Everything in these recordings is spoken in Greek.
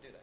και να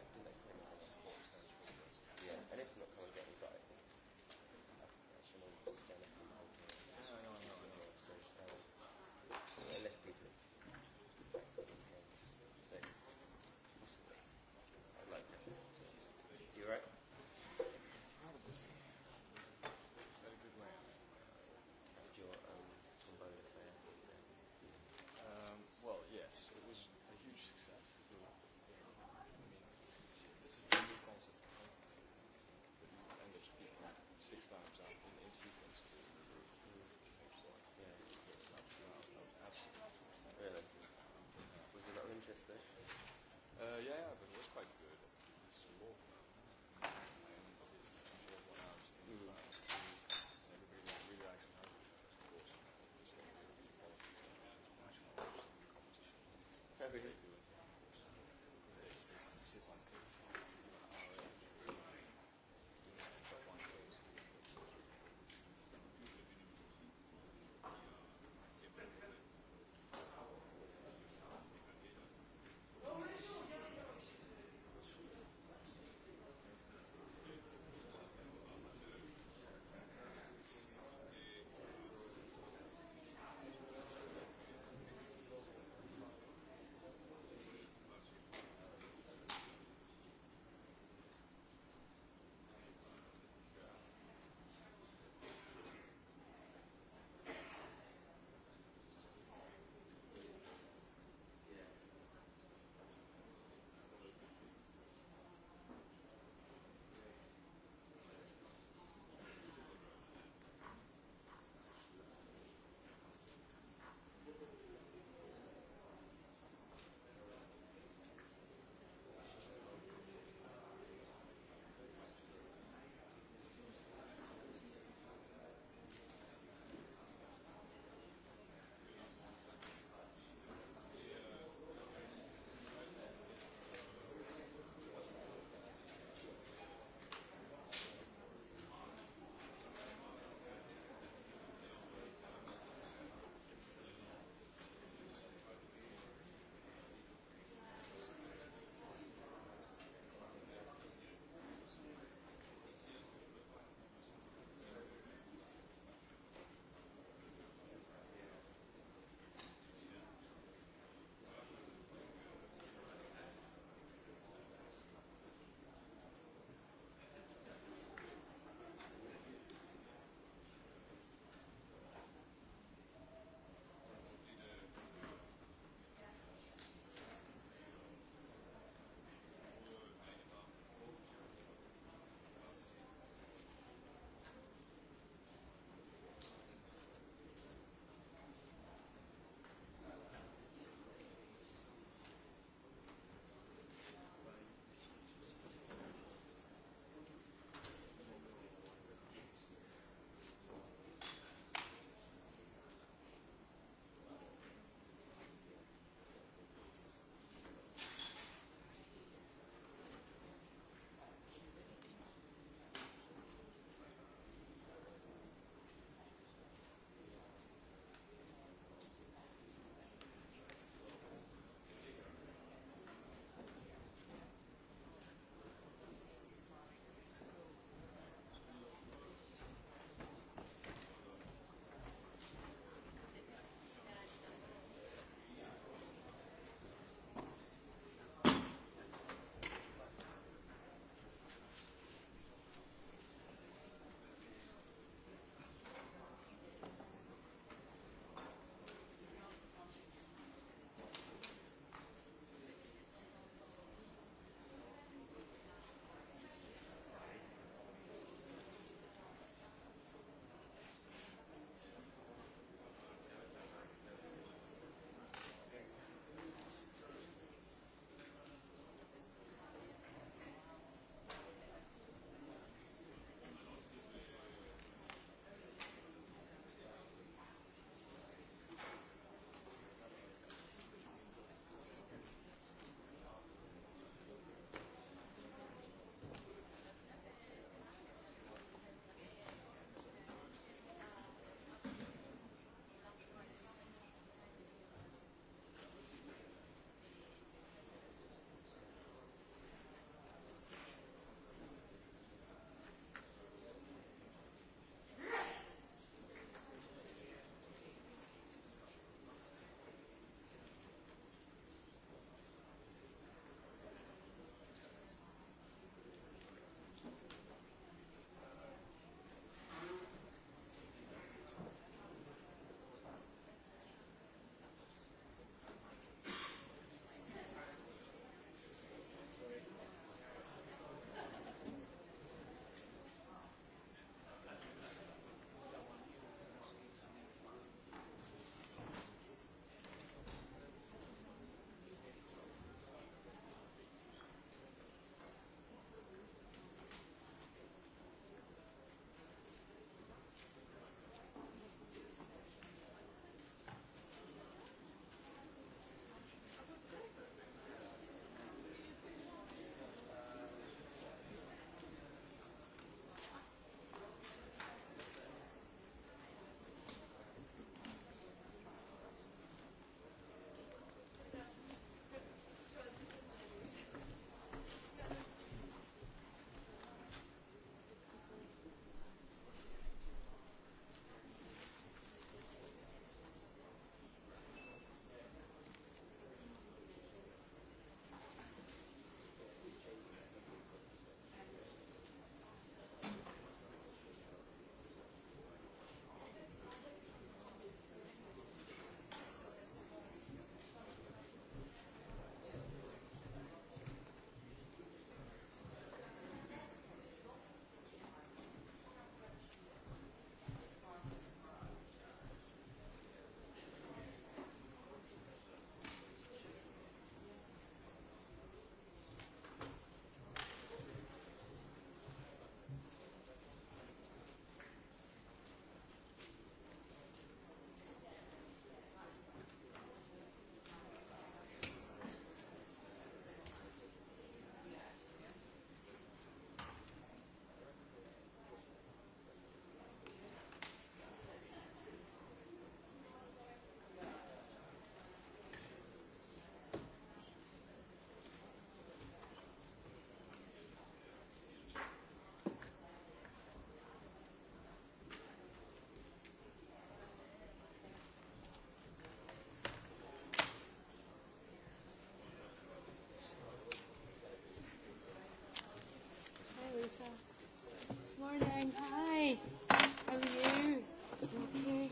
darling. Hi. How are you? Okay.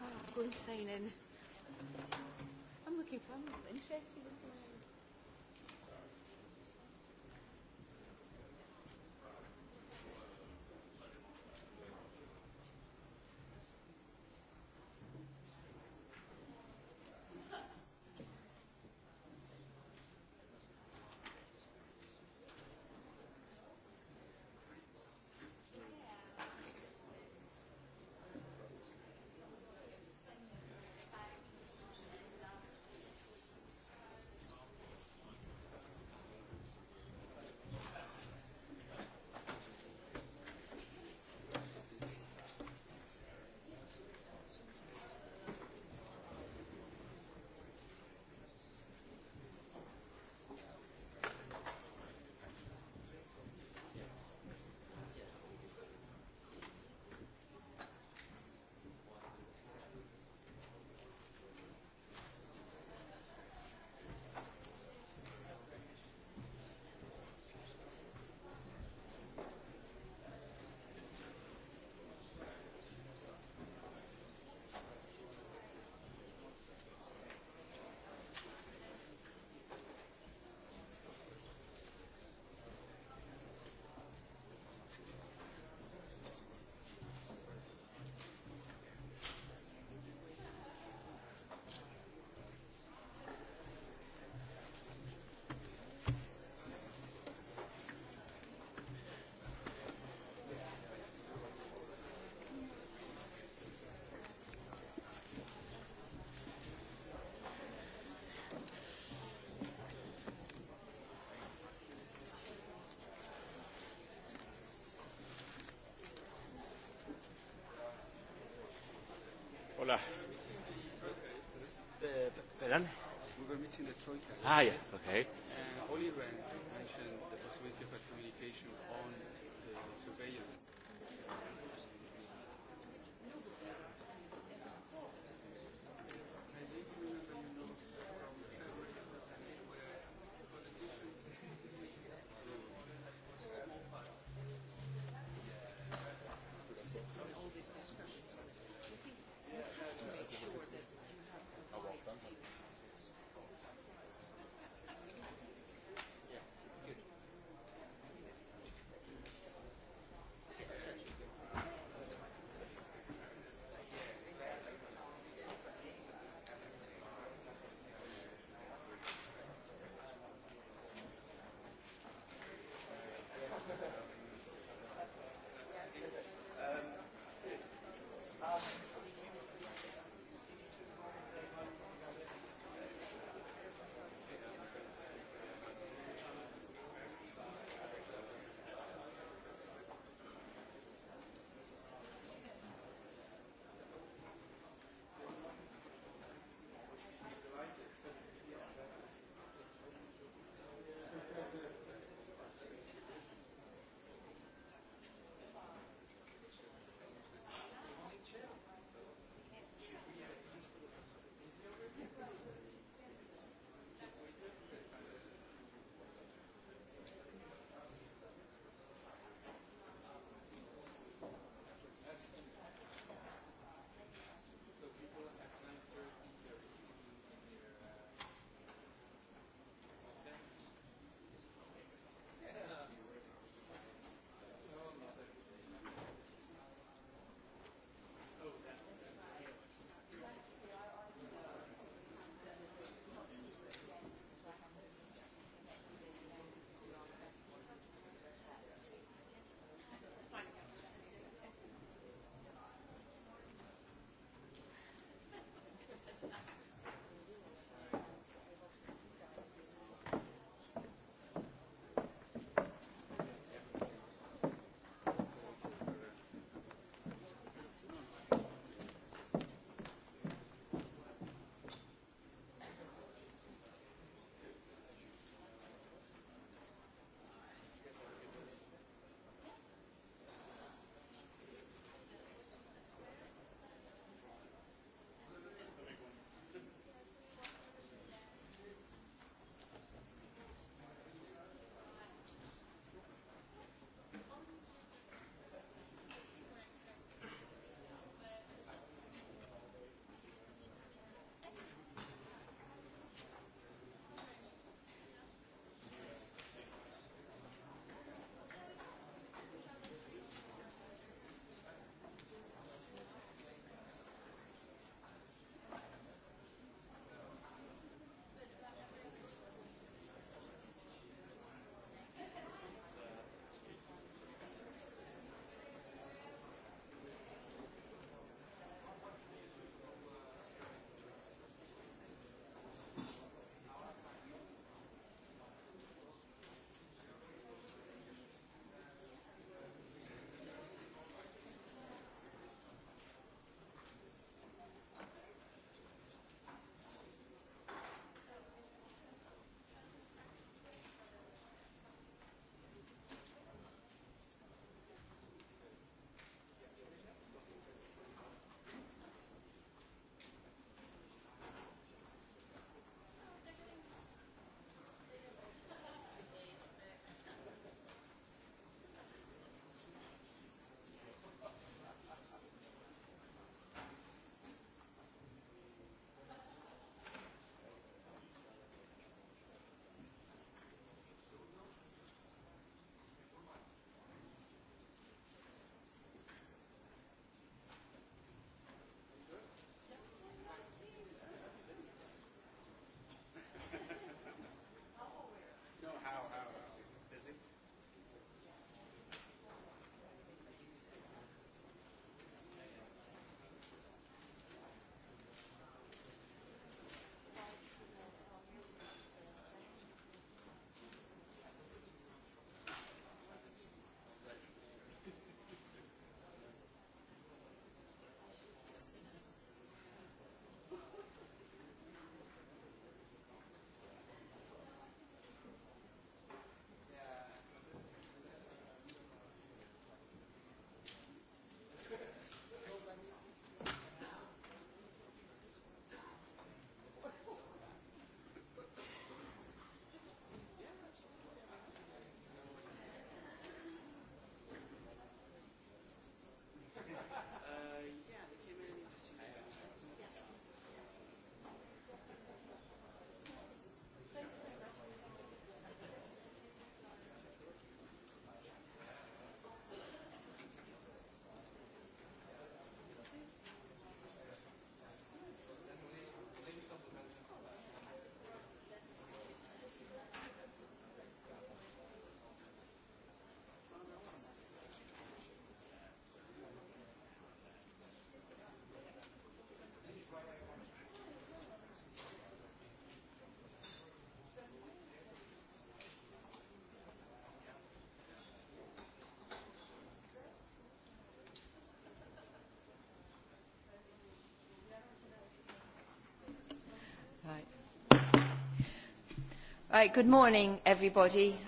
Oh, go and sign in. I'm looking for. I'm not interested. Hola. Pardon? We were meeting the Troika. Ah, yeah, okay. And Oliver mentioned the possibility of a communication on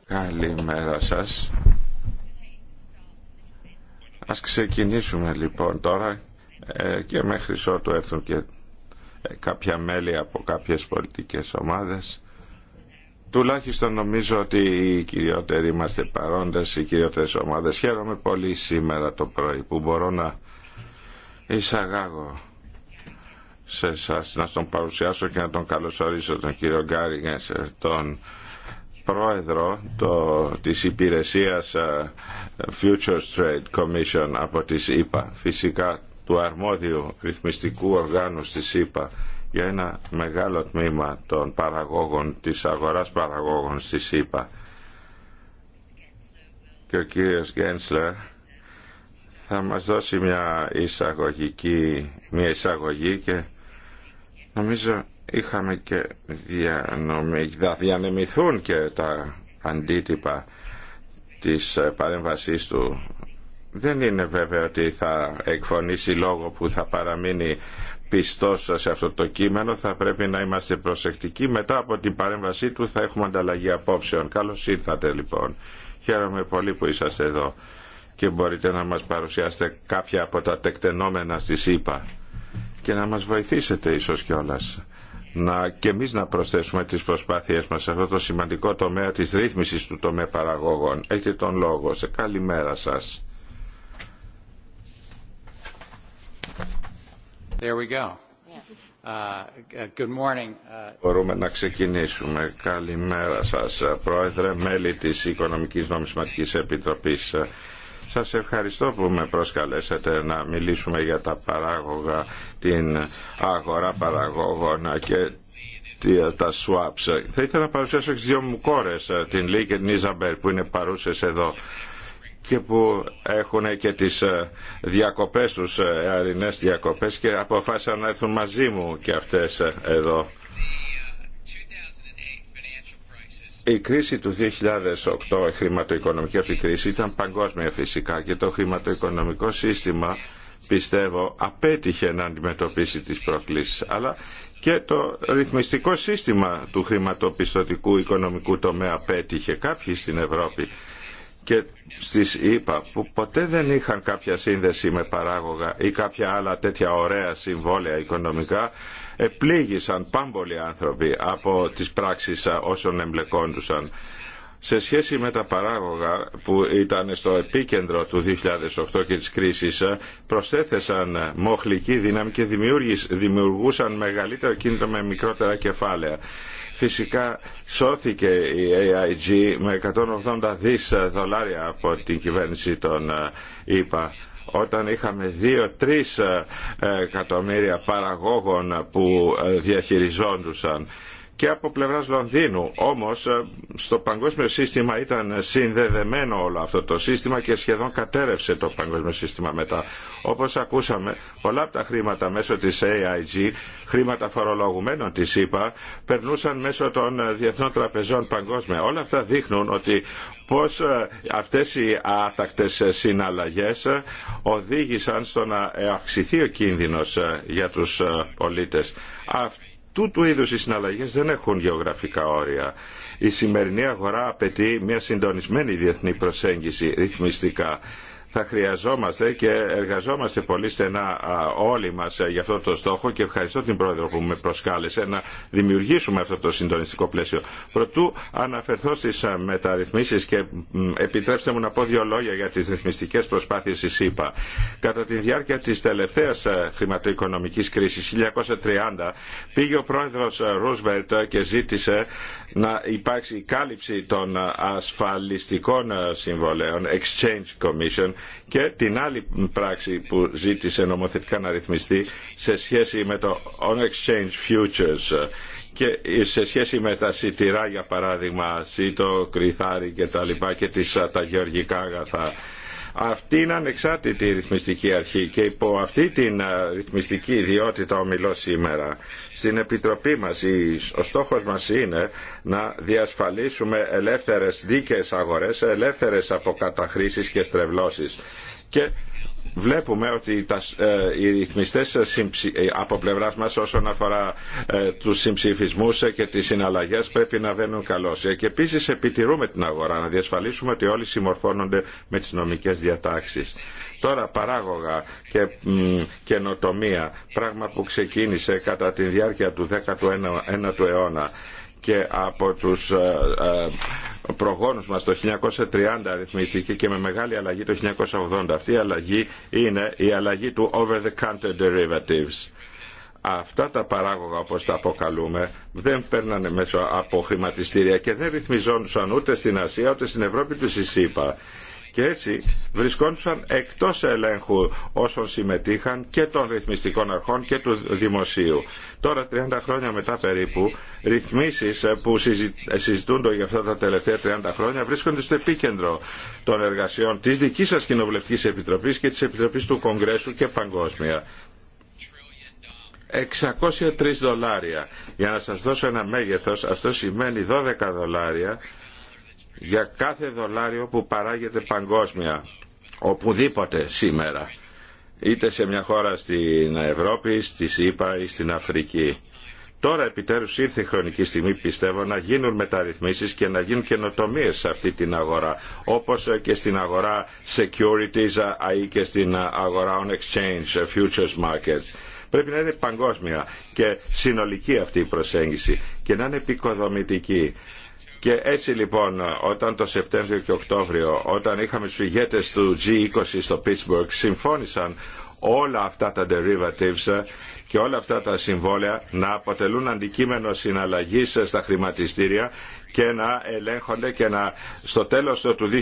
Καλημέρα σας. Ας ξεκινήσουμε λοιπόν τώρα ε, και μέχρι ότου έρθουν και ε, κάποια μέλη από κάποιες πολιτικές ομάδες. Τουλάχιστον νομίζω ότι οι κυριότεροι είμαστε παρόντες, οι κυριότερες ομάδες. Χαίρομαι πολύ σήμερα το πρωί που μπορώ να εισαγάγω σε σας να τον παρουσιάσω και να τον καλωσορίσω τον κύριο Γκάριγκες, τον πρόεδρο το, της υπηρεσίας ε, Future Trade Commission από της ΗΠΑ, φυσικά του αρμόδιου ρυθμιστικού οργάνου της ΗΠΑ για ένα μεγάλο τμήμα των παραγόγων, της αγοράς παραγόγων της ΗΠΑ. Και ο κύριος Γκένσλερ θα μας δώσει μια εισαγωγική, μια εισαγωγή και Νομίζω είχαμε και διανομή, θα διανεμηθούν και τα αντίτυπα της παρέμβασής του. Δεν είναι βέβαιο ότι θα εκφωνήσει λόγο που θα παραμείνει πιστός σε αυτό το κείμενο. Θα πρέπει να είμαστε προσεκτικοί. Μετά από την παρέμβασή του θα έχουμε ανταλλαγή απόψεων. Καλώς ήρθατε λοιπόν. Χαίρομαι πολύ που είσαστε εδώ και μπορείτε να μας παρουσιάσετε κάποια από τα τεκτενόμενα στη ΣΥΠΑ και να μας βοηθήσετε ίσως κιόλας να και εμείς να προσθέσουμε τις προσπάθειές μας σε αυτό το σημαντικό τομέα της ρύθμισης του τομέα παραγωγών. Έχετε τον λόγο. Σε καλημέρα σας. There uh, Good morning. Uh, Μπορούμε να ξεκινήσουμε. Καλημέρα σας, Πρόεδρε, μέλη της Οικονομικής Νομισματικής Επιτροπής. Σας ευχαριστώ που με προσκαλέσατε να μιλήσουμε για τα παράγωγα, την αγορά παραγωγών και τα swaps. Θα ήθελα να παρουσιάσω τις δύο μου κόρες, την Λί και την που είναι παρούσες εδώ και που έχουν και τις ε, διακοπές τους, αρινές ε, διακοπές και αποφάσισαν να έρθουν μαζί μου και αυτές ε, εδώ. Η κρίση του 2008, η χρηματοοικονομική αυτή κρίση, ήταν παγκόσμια φυσικά και το χρηματοοικονομικό σύστημα πιστεύω απέτυχε να αντιμετωπίσει τις προκλήσεις αλλά και το ρυθμιστικό σύστημα του χρηματοπιστωτικού οικονομικού τομέα απέτυχε κάποιοι στην Ευρώπη και στις ΗΠΑ που ποτέ δεν είχαν κάποια σύνδεση με παράγωγα ή κάποια άλλα τέτοια ωραία συμβόλαια οικονομικά επλήγησαν πάμπολοι άνθρωποι από τις πράξεις όσων εμπλεκόντουσαν σε σχέση με τα παράγωγα που ήταν στο επίκεντρο του 2008 και της κρίσης προσέθεσαν μοχλική δύναμη και δημιουργούσαν μεγαλύτερο κίνητο με μικρότερα κεφάλαια. Φυσικά σώθηκε η AIG με 180 δις δολάρια από την κυβέρνηση των ε, ΗΠΑ όταν είχαμε 2-3 ε, εκατομμύρια παραγόγων που ε, διαχειριζόντουσαν και από πλευράς Λονδίνου. Όμως ε, στο παγκόσμιο σύστημα ήταν συνδεδεμένο όλο αυτό το σύστημα και σχεδόν κατέρευσε το παγκόσμιο σύστημα μετά. Όπως ακούσαμε, πολλά από τα χρήματα μέσω της AIG, χρήματα φορολογουμένων της ΕΠΑ, περνούσαν μέσω των ε, διεθνών τραπεζών παγκόσμια. Όλα αυτά δείχνουν ότι πως ε, αυτές οι άτακτε συναλλαγέ οδήγησαν στο να αυξηθεί ο κίνδυνο για του πολίτε. Τούτου είδους οι συναλλαγές δεν έχουν γεωγραφικά όρια. Η σημερινή αγορά απαιτεί μια συντονισμένη διεθνή προσέγγιση ρυθμιστικά θα χρειαζόμαστε και εργαζόμαστε πολύ στενά όλοι μας ε, για αυτό το στόχο και ευχαριστώ την Πρόεδρο που με προσκάλεσε να δημιουργήσουμε αυτό το συντονιστικό πλαίσιο. Προτού αναφερθώ στις μεταρρυθμίσεις και επιτρέψτε μου να πω δύο λόγια για τις ρυθμιστικές προσπάθειες της ΕΠΑ. Κατά τη διάρκεια της τελευταίας χρηματοοικονομικής κρίσης 1930 πήγε ο Πρόεδρος Ρούσβελτ και ζήτησε να υπάρξει κάλυψη των ασφαλιστικών ε, συμβολέων, Exchange Commission, και την άλλη πράξη που ζήτησε νομοθετικά να ρυθμιστεί σε σχέση με το On Exchange Futures και σε σχέση με τα σιτηρά για παράδειγμα, σίτο, κρυθάρι και τα λοιπά και τις, ε, τα γεωργικά αγαθά. Αυτή είναι ανεξάρτητη ρυθμιστική αρχή και υπό αυτή την ε, ρυθμιστική ιδιότητα ομιλώ σήμερα. Στην Επιτροπή μας ο στόχος μας είναι να διασφαλίσουμε ελεύθερες δίκαιες αγορές, ελεύθερες από καταχρήσεις και στρεβλώσεις. Και βλέπουμε ότι τα, ε, οι ρυθμιστές ε, από πλευράς μας όσον αφορά ε, τους συμψηφισμούς και τις συναλλαγές πρέπει να βαίνουν καλώς. Ε, και επίσης επιτηρούμε την αγορά, να διασφαλίσουμε ότι όλοι συμμορφώνονται με τις νομικές διατάξεις. Τώρα παράγωγα και καινοτομία, πράγμα που ξεκίνησε κατά τη διάρκεια του 19ου αιώνα και από τους ε, ε, προγόνους μας το 1930 αριθμίστηκε και με μεγάλη αλλαγή το 1980. Αυτή η αλλαγή είναι η αλλαγή του over-the-counter derivatives. Αυτά τα παράγωγα όπως τα αποκαλούμε δεν παίρνανε μέσω από χρηματιστήρια και δεν ρυθμιζόντουσαν ούτε στην Ασία ούτε στην Ευρώπη του ΣΥΣΥΠΑ και έτσι βρισκόντουσαν εκτός ελέγχου όσων συμμετείχαν και των ρυθμιστικών αρχών και του δημοσίου. Τώρα 30 χρόνια μετά περίπου ρυθμίσεις που συζητούνται για αυτά τα τελευταία 30 χρόνια βρίσκονται στο επίκεντρο των εργασιών της δικής σας Κοινοβουλευτικής Επιτροπής και της Επιτροπής του Κογκρέσου και παγκόσμια. 603 δολάρια. Για να σας δώσω ένα μέγεθος, αυτό σημαίνει 12 δολάρια για κάθε δολάριο που παράγεται παγκόσμια, οπουδήποτε σήμερα, είτε σε μια χώρα στην Ευρώπη, στη ΣΥΠΑ ή στην Αφρική. Τώρα επιτέλους ήρθε η χρονική στιγμή πιστεύω να γίνουν μεταρρυθμίσεις και να γίνουν καινοτομίε σε αυτή την αγορά όπως και στην αγορά securities ή και στην αγορά on exchange, ε, futures markets. Πρέπει να είναι παγκόσμια και συνολική αυτή η προσέγγιση και να είναι επικοδομητική. Και έτσι λοιπόν όταν το Σεπτέμβριο και Οκτώβριο όταν είχαμε του ηγέτες του G20 στο Pittsburgh συμφώνησαν όλα αυτά τα derivatives και όλα αυτά τα συμβόλαια να αποτελούν αντικείμενο συναλλαγής στα χρηματιστήρια και να ελέγχονται και να στο τέλος του 2012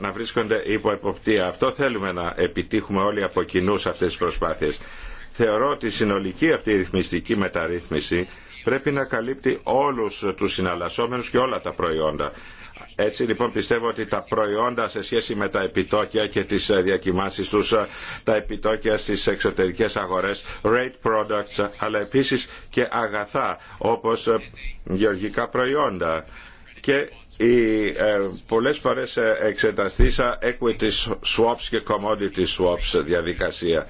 να βρίσκονται υπό εποπτεία. Αυτό θέλουμε να επιτύχουμε όλοι από κοινού σε αυτές τις προσπάθειες. Θεωρώ ότι η συνολική αυτή η ρυθμιστική μεταρρύθμιση πρέπει να καλύπτει όλους τους συναλλασσόμενους και όλα τα προϊόντα. Έτσι λοιπόν πιστεύω ότι τα προϊόντα σε σχέση με τα επιτόκια και τις ε, διακοιμάνσεις τους, ε, τα επιτόκια στις εξωτερικές αγορές, rate products, αλλά επίσης και αγαθά όπως ε, γεωργικά προϊόντα και οι, ε, πολλές φορές εξεταστήσα equity swaps και commodity swaps διαδικασία.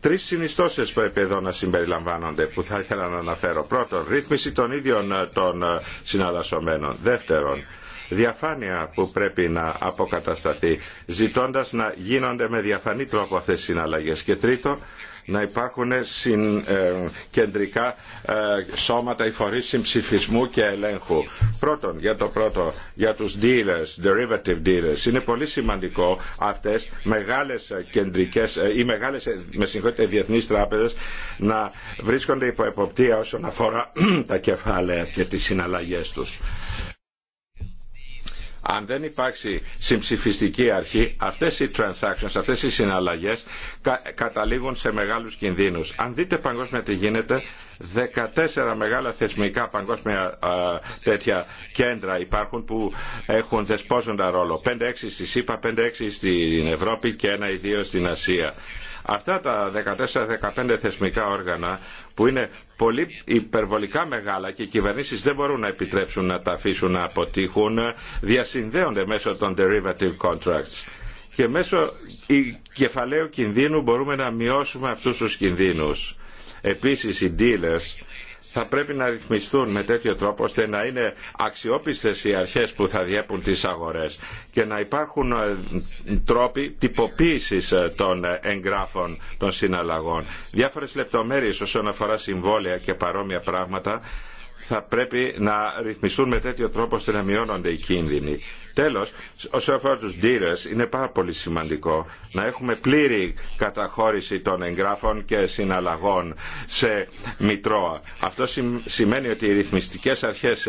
Τρεις συνιστώσεις πρέπει εδώ να συμπεριλαμβάνονται που θα ήθελα να αναφέρω. Πρώτον, ρύθμιση των ίδιων ε, των ε, συναλλασσομένων. Δεύτερον, διαφάνεια που πρέπει να αποκατασταθεί, ζητώντας να γίνονται με διαφανή τρόπο αυτές οι συναλλαγές. Και τρίτον, να υπάρχουν ε, κεντρικά ε, σώματα ή φορείς συμψηφισμού και ελέγχου. Πρώτον, για το πρώτο, για τους dealers, derivative dealers, είναι πολύ σημαντικό αυτές μεγάλες κεντρικές ε, ή μεγάλες, με συγχωρείτε, διεθνείς τράπεζες να βρίσκονται υπό εποπτεία όσον αφορά τα κεφάλαια και τις συναλλαγές τους αν δεν υπάρξει συμψηφιστική αρχή, αυτές οι transactions, αυτές οι συναλλαγές καταλήγουν σε μεγάλους κινδύνους. Αν δείτε παγκόσμια τι γίνεται, 14 μεγάλα θεσμικά παγκόσμια τέτοια κέντρα υπάρχουν που έχουν δεσπόζοντα ρόλο. 5-6 στη ΣΥΠΑ, 5-6 στην Ευρώπη και ένα ή στην Ασία. Αυτά τα 14-15 θεσμικά όργανα που είναι πολύ υπερβολικά μεγάλα και οι κυβερνήσεις δεν μπορούν να επιτρέψουν να τα αφήσουν να αποτύχουν, διασυνδέονται μέσω των derivative contracts. Και μέσω κεφαλαίου κινδύνου μπορούμε να μειώσουμε αυτούς τους κινδύνους. Επίσης οι dealers θα πρέπει να ρυθμιστούν με τέτοιο τρόπο ώστε να είναι αξιόπιστες οι αρχές που θα διέπουν τις αγορές και να υπάρχουν ε, τρόποι τυποποίησης ε, των εγγράφων των συναλλαγών. Διάφορες λεπτομέρειες όσον αφορά συμβόλαια και παρόμοια πράγματα θα πρέπει να ρυθμιστούν με τέτοιο τρόπο ώστε να μειώνονται οι κίνδυνοι. Τέλος, όσον αφορά τους dealers είναι πάρα πολύ σημαντικό να έχουμε πλήρη καταχώρηση των εγγράφων και συναλλαγών σε Μητρώα. Αυτό σημαίνει ότι οι ρυθμιστικές αρχές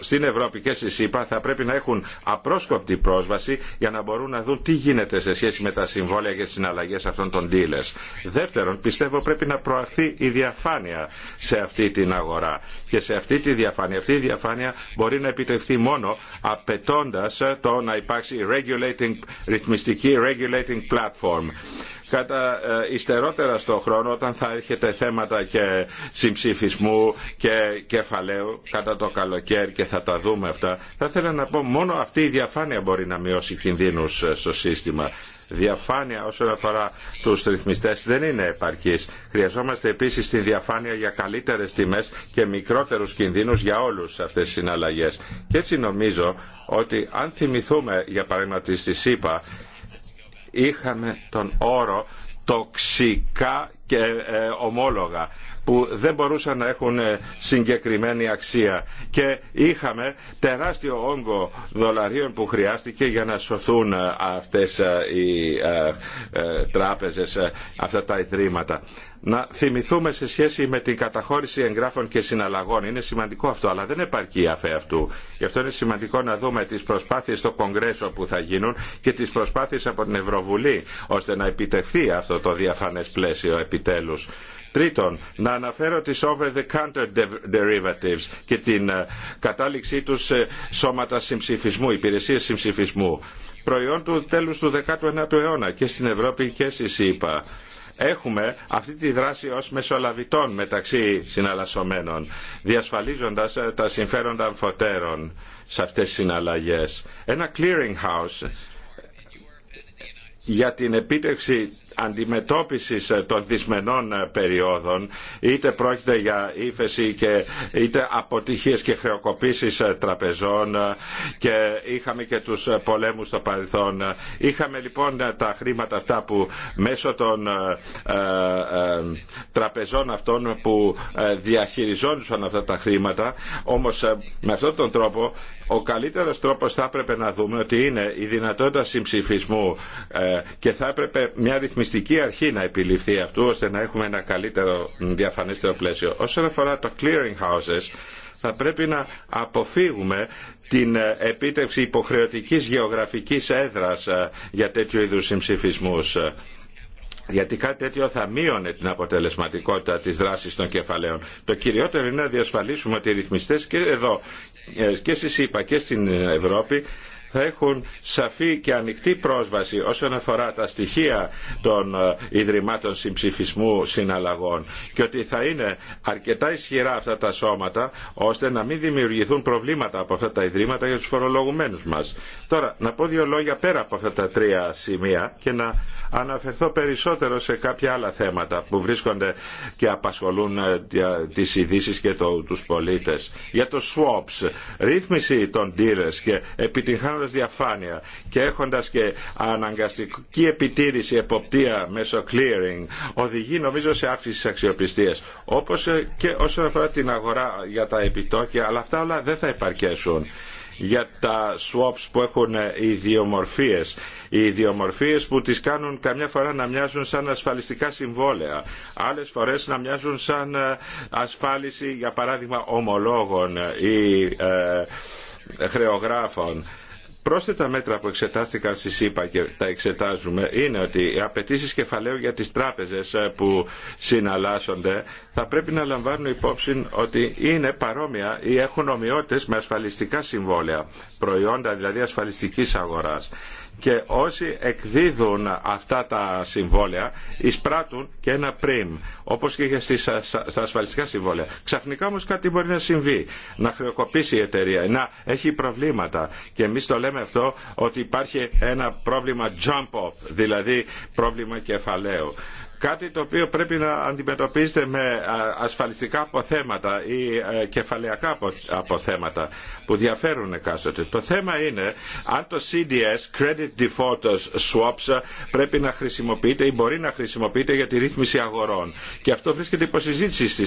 στην Ευρώπη και στη ΣΥΠΑ θα πρέπει να έχουν απρόσκοπτη πρόσβαση για να μπορούν να δουν τι γίνεται σε σχέση με τα συμβόλαια και τις συναλλαγές αυτών των dealers. Δεύτερον, πιστεύω πρέπει να προαρθεί η διαφάνεια σε αυτή την αγορά. Και σε αυτή τη διαφάνεια, αυτή η διαφάνεια μπορεί να επιτευχθεί μόνο απαιτώντα ε, το να υπάρξει regulating, ρυθμιστική regulating platform κατά ιστερότερα ε, στο χρόνο όταν θα έρχεται θέματα και συμψηφισμού και κεφαλαίου κατά το καλοκαίρι και θα τα δούμε αυτά θα ήθελα να πω μόνο αυτή η διαφάνεια μπορεί να μειώσει κινδύνους ε, στο σύστημα διαφάνεια όσον αφορά τους ρυθμιστές δεν είναι επαρκή. Χρειαζόμαστε επίσης τη διαφάνεια για καλύτερες τιμέ και μικρότερου κινδύνους για όλους αυτέ αυτές τις συναλλαγές. Και έτσι νομίζω ότι αν θυμηθούμε για παράδειγμα τη ΣΥΠΑ είχαμε τον όρο τοξικά και ε, ομόλογα που δεν μπορούσαν να έχουν ε, συγκεκριμένη αξία. Και είχαμε τεράστιο όγκο δολαρίων που χρειάστηκε για να σωθούν ε, αυτές ε, οι τράπεζες, αυτά τα ιδρύματα να θυμηθούμε σε σχέση με την καταχώρηση εγγράφων και συναλλαγών. Είναι σημαντικό αυτό, αλλά δεν επαρκεί αφέ αυτού. Γι' αυτό είναι σημαντικό να δούμε τι προσπάθειες στο Κογκρέσο που θα γίνουν και τι προσπάθειες από την Ευρωβουλή, ώστε να επιτευχθεί αυτό το διαφανέ πλαίσιο επιτέλου. Τρίτον, να αναφέρω τις over-the-counter derivatives και την ε, κατάληξή τους σε σώματα συμψηφισμού, υπηρεσίες συμψηφισμού. Προϊόν του τέλους του 19ου αιώνα και στην Ευρώπη και στη ΣΥΠΑ έχουμε αυτή τη δράση ως μεσολαβητών μεταξύ συναλλασσομένων, διασφαλίζοντας ε, τα συμφέροντα φωτέρων σε αυτές τις συναλλαγές. Ένα clearing house για την επίτευξη αντιμετώπισης των δυσμενών περιόδων είτε πρόκειται για ύφεση και είτε αποτυχίες και χρεοκοπήσεις τραπεζών και είχαμε και τους πολέμους στο παρελθόν. Είχαμε λοιπόν τα χρήματα αυτά που μέσω των ε, ε, τραπεζών αυτών που ε, διαχειριζόντουσαν αυτά τα χρήματα όμως με αυτόν τον τρόπο ο καλύτερος τρόπος θα έπρεπε να δούμε ότι είναι η δυνατότητα συμψηφισμού και θα έπρεπε μια ρυθμιστική αρχή να επιληφθεί αυτού ώστε να έχουμε ένα καλύτερο διαφανέστερο πλαίσιο. Όσον αφορά το clearing houses, θα πρέπει να αποφύγουμε την ε, επίτευξη υποχρεωτικής γεωγραφικής έδρας ε, για τέτοιου είδους συμψηφισμούς γιατί κάτι τέτοιο θα μείωνε την αποτελεσματικότητα της δράσης των κεφαλαίων. Το κυριότερο είναι να διασφαλίσουμε ότι οι ρυθμιστές και εδώ ε, και στη ΣΥΠΑ και στην Ευρώπη θα έχουν σαφή και ανοιχτή πρόσβαση όσον αφορά τα στοιχεία των ε, Ιδρυμάτων Συμψηφισμού Συναλλαγών και ότι θα είναι αρκετά ισχυρά αυτά τα σώματα ώστε να μην δημιουργηθούν προβλήματα από αυτά τα Ιδρύματα για τους φορολογουμένους μας. Τώρα, να πω δύο λόγια πέρα από αυτά τα τρία σημεία και να αναφερθώ περισσότερο σε κάποια άλλα θέματα που βρίσκονται και απασχολούν ε, τις ειδήσει και το, τους πολίτες. Για το swaps, ρύθμιση των dealers και μεγάλο διαφάνεια και έχοντας και αναγκαστική επιτήρηση εποπτεία μέσω clearing οδηγεί νομίζω σε αύξηση τη αξιοπιστία. όπως ε, και όσον αφορά την αγορά για τα επιτόκια αλλά αυτά όλα δεν θα υπαρκέσουν για τα swaps που έχουν ε, ιδιομορφίες. Οι ιδιομορφίες που τις κάνουν καμιά φορά να μοιάζουν σαν ασφαλιστικά συμβόλαια. Άλλες φορές να μοιάζουν σαν ε, ασφάλιση για παράδειγμα ομολόγων ή χρεογράφων πρόσθετα μέτρα που εξετάστηκαν στη ΣΥΠΑ και τα εξετάζουμε είναι ότι οι απαιτήσει κεφαλαίου για τις τράπεζες ε, που συναλλάσσονται θα πρέπει να λαμβάνουν υπόψη ότι είναι παρόμοια ή έχουν ομοιότητες με ασφαλιστικά συμβόλαια, προϊόντα δηλαδή ασφαλιστικής αγοράς και όσοι εκδίδουν αυτά τα συμβόλαια εισπράττουν και ένα πριμ όπως και στα ασφαλιστικά συμβόλαια. Ξαφνικά όμως κάτι μπορεί να συμβεί, να χρεοκοπήσει η εταιρεία, να έχει προβλήματα και εμείς το λέμε αυτό ότι υπάρχει ένα πρόβλημα jump off, δηλαδή πρόβλημα κεφαλαίου. Κάτι το οποίο πρέπει να αντιμετωπίσετε με ασφαλιστικά αποθέματα ή ε, κεφαλαιακά αποθέματα που διαφέρουν εκάστοτε. Το θέμα είναι αν το CDS, Credit Default Swaps, πρέπει να χρησιμοποιείται ή μπορεί να χρησιμοποιείται για τη ρύθμιση αγορών. Και αυτό βρίσκεται υποσυζήτηση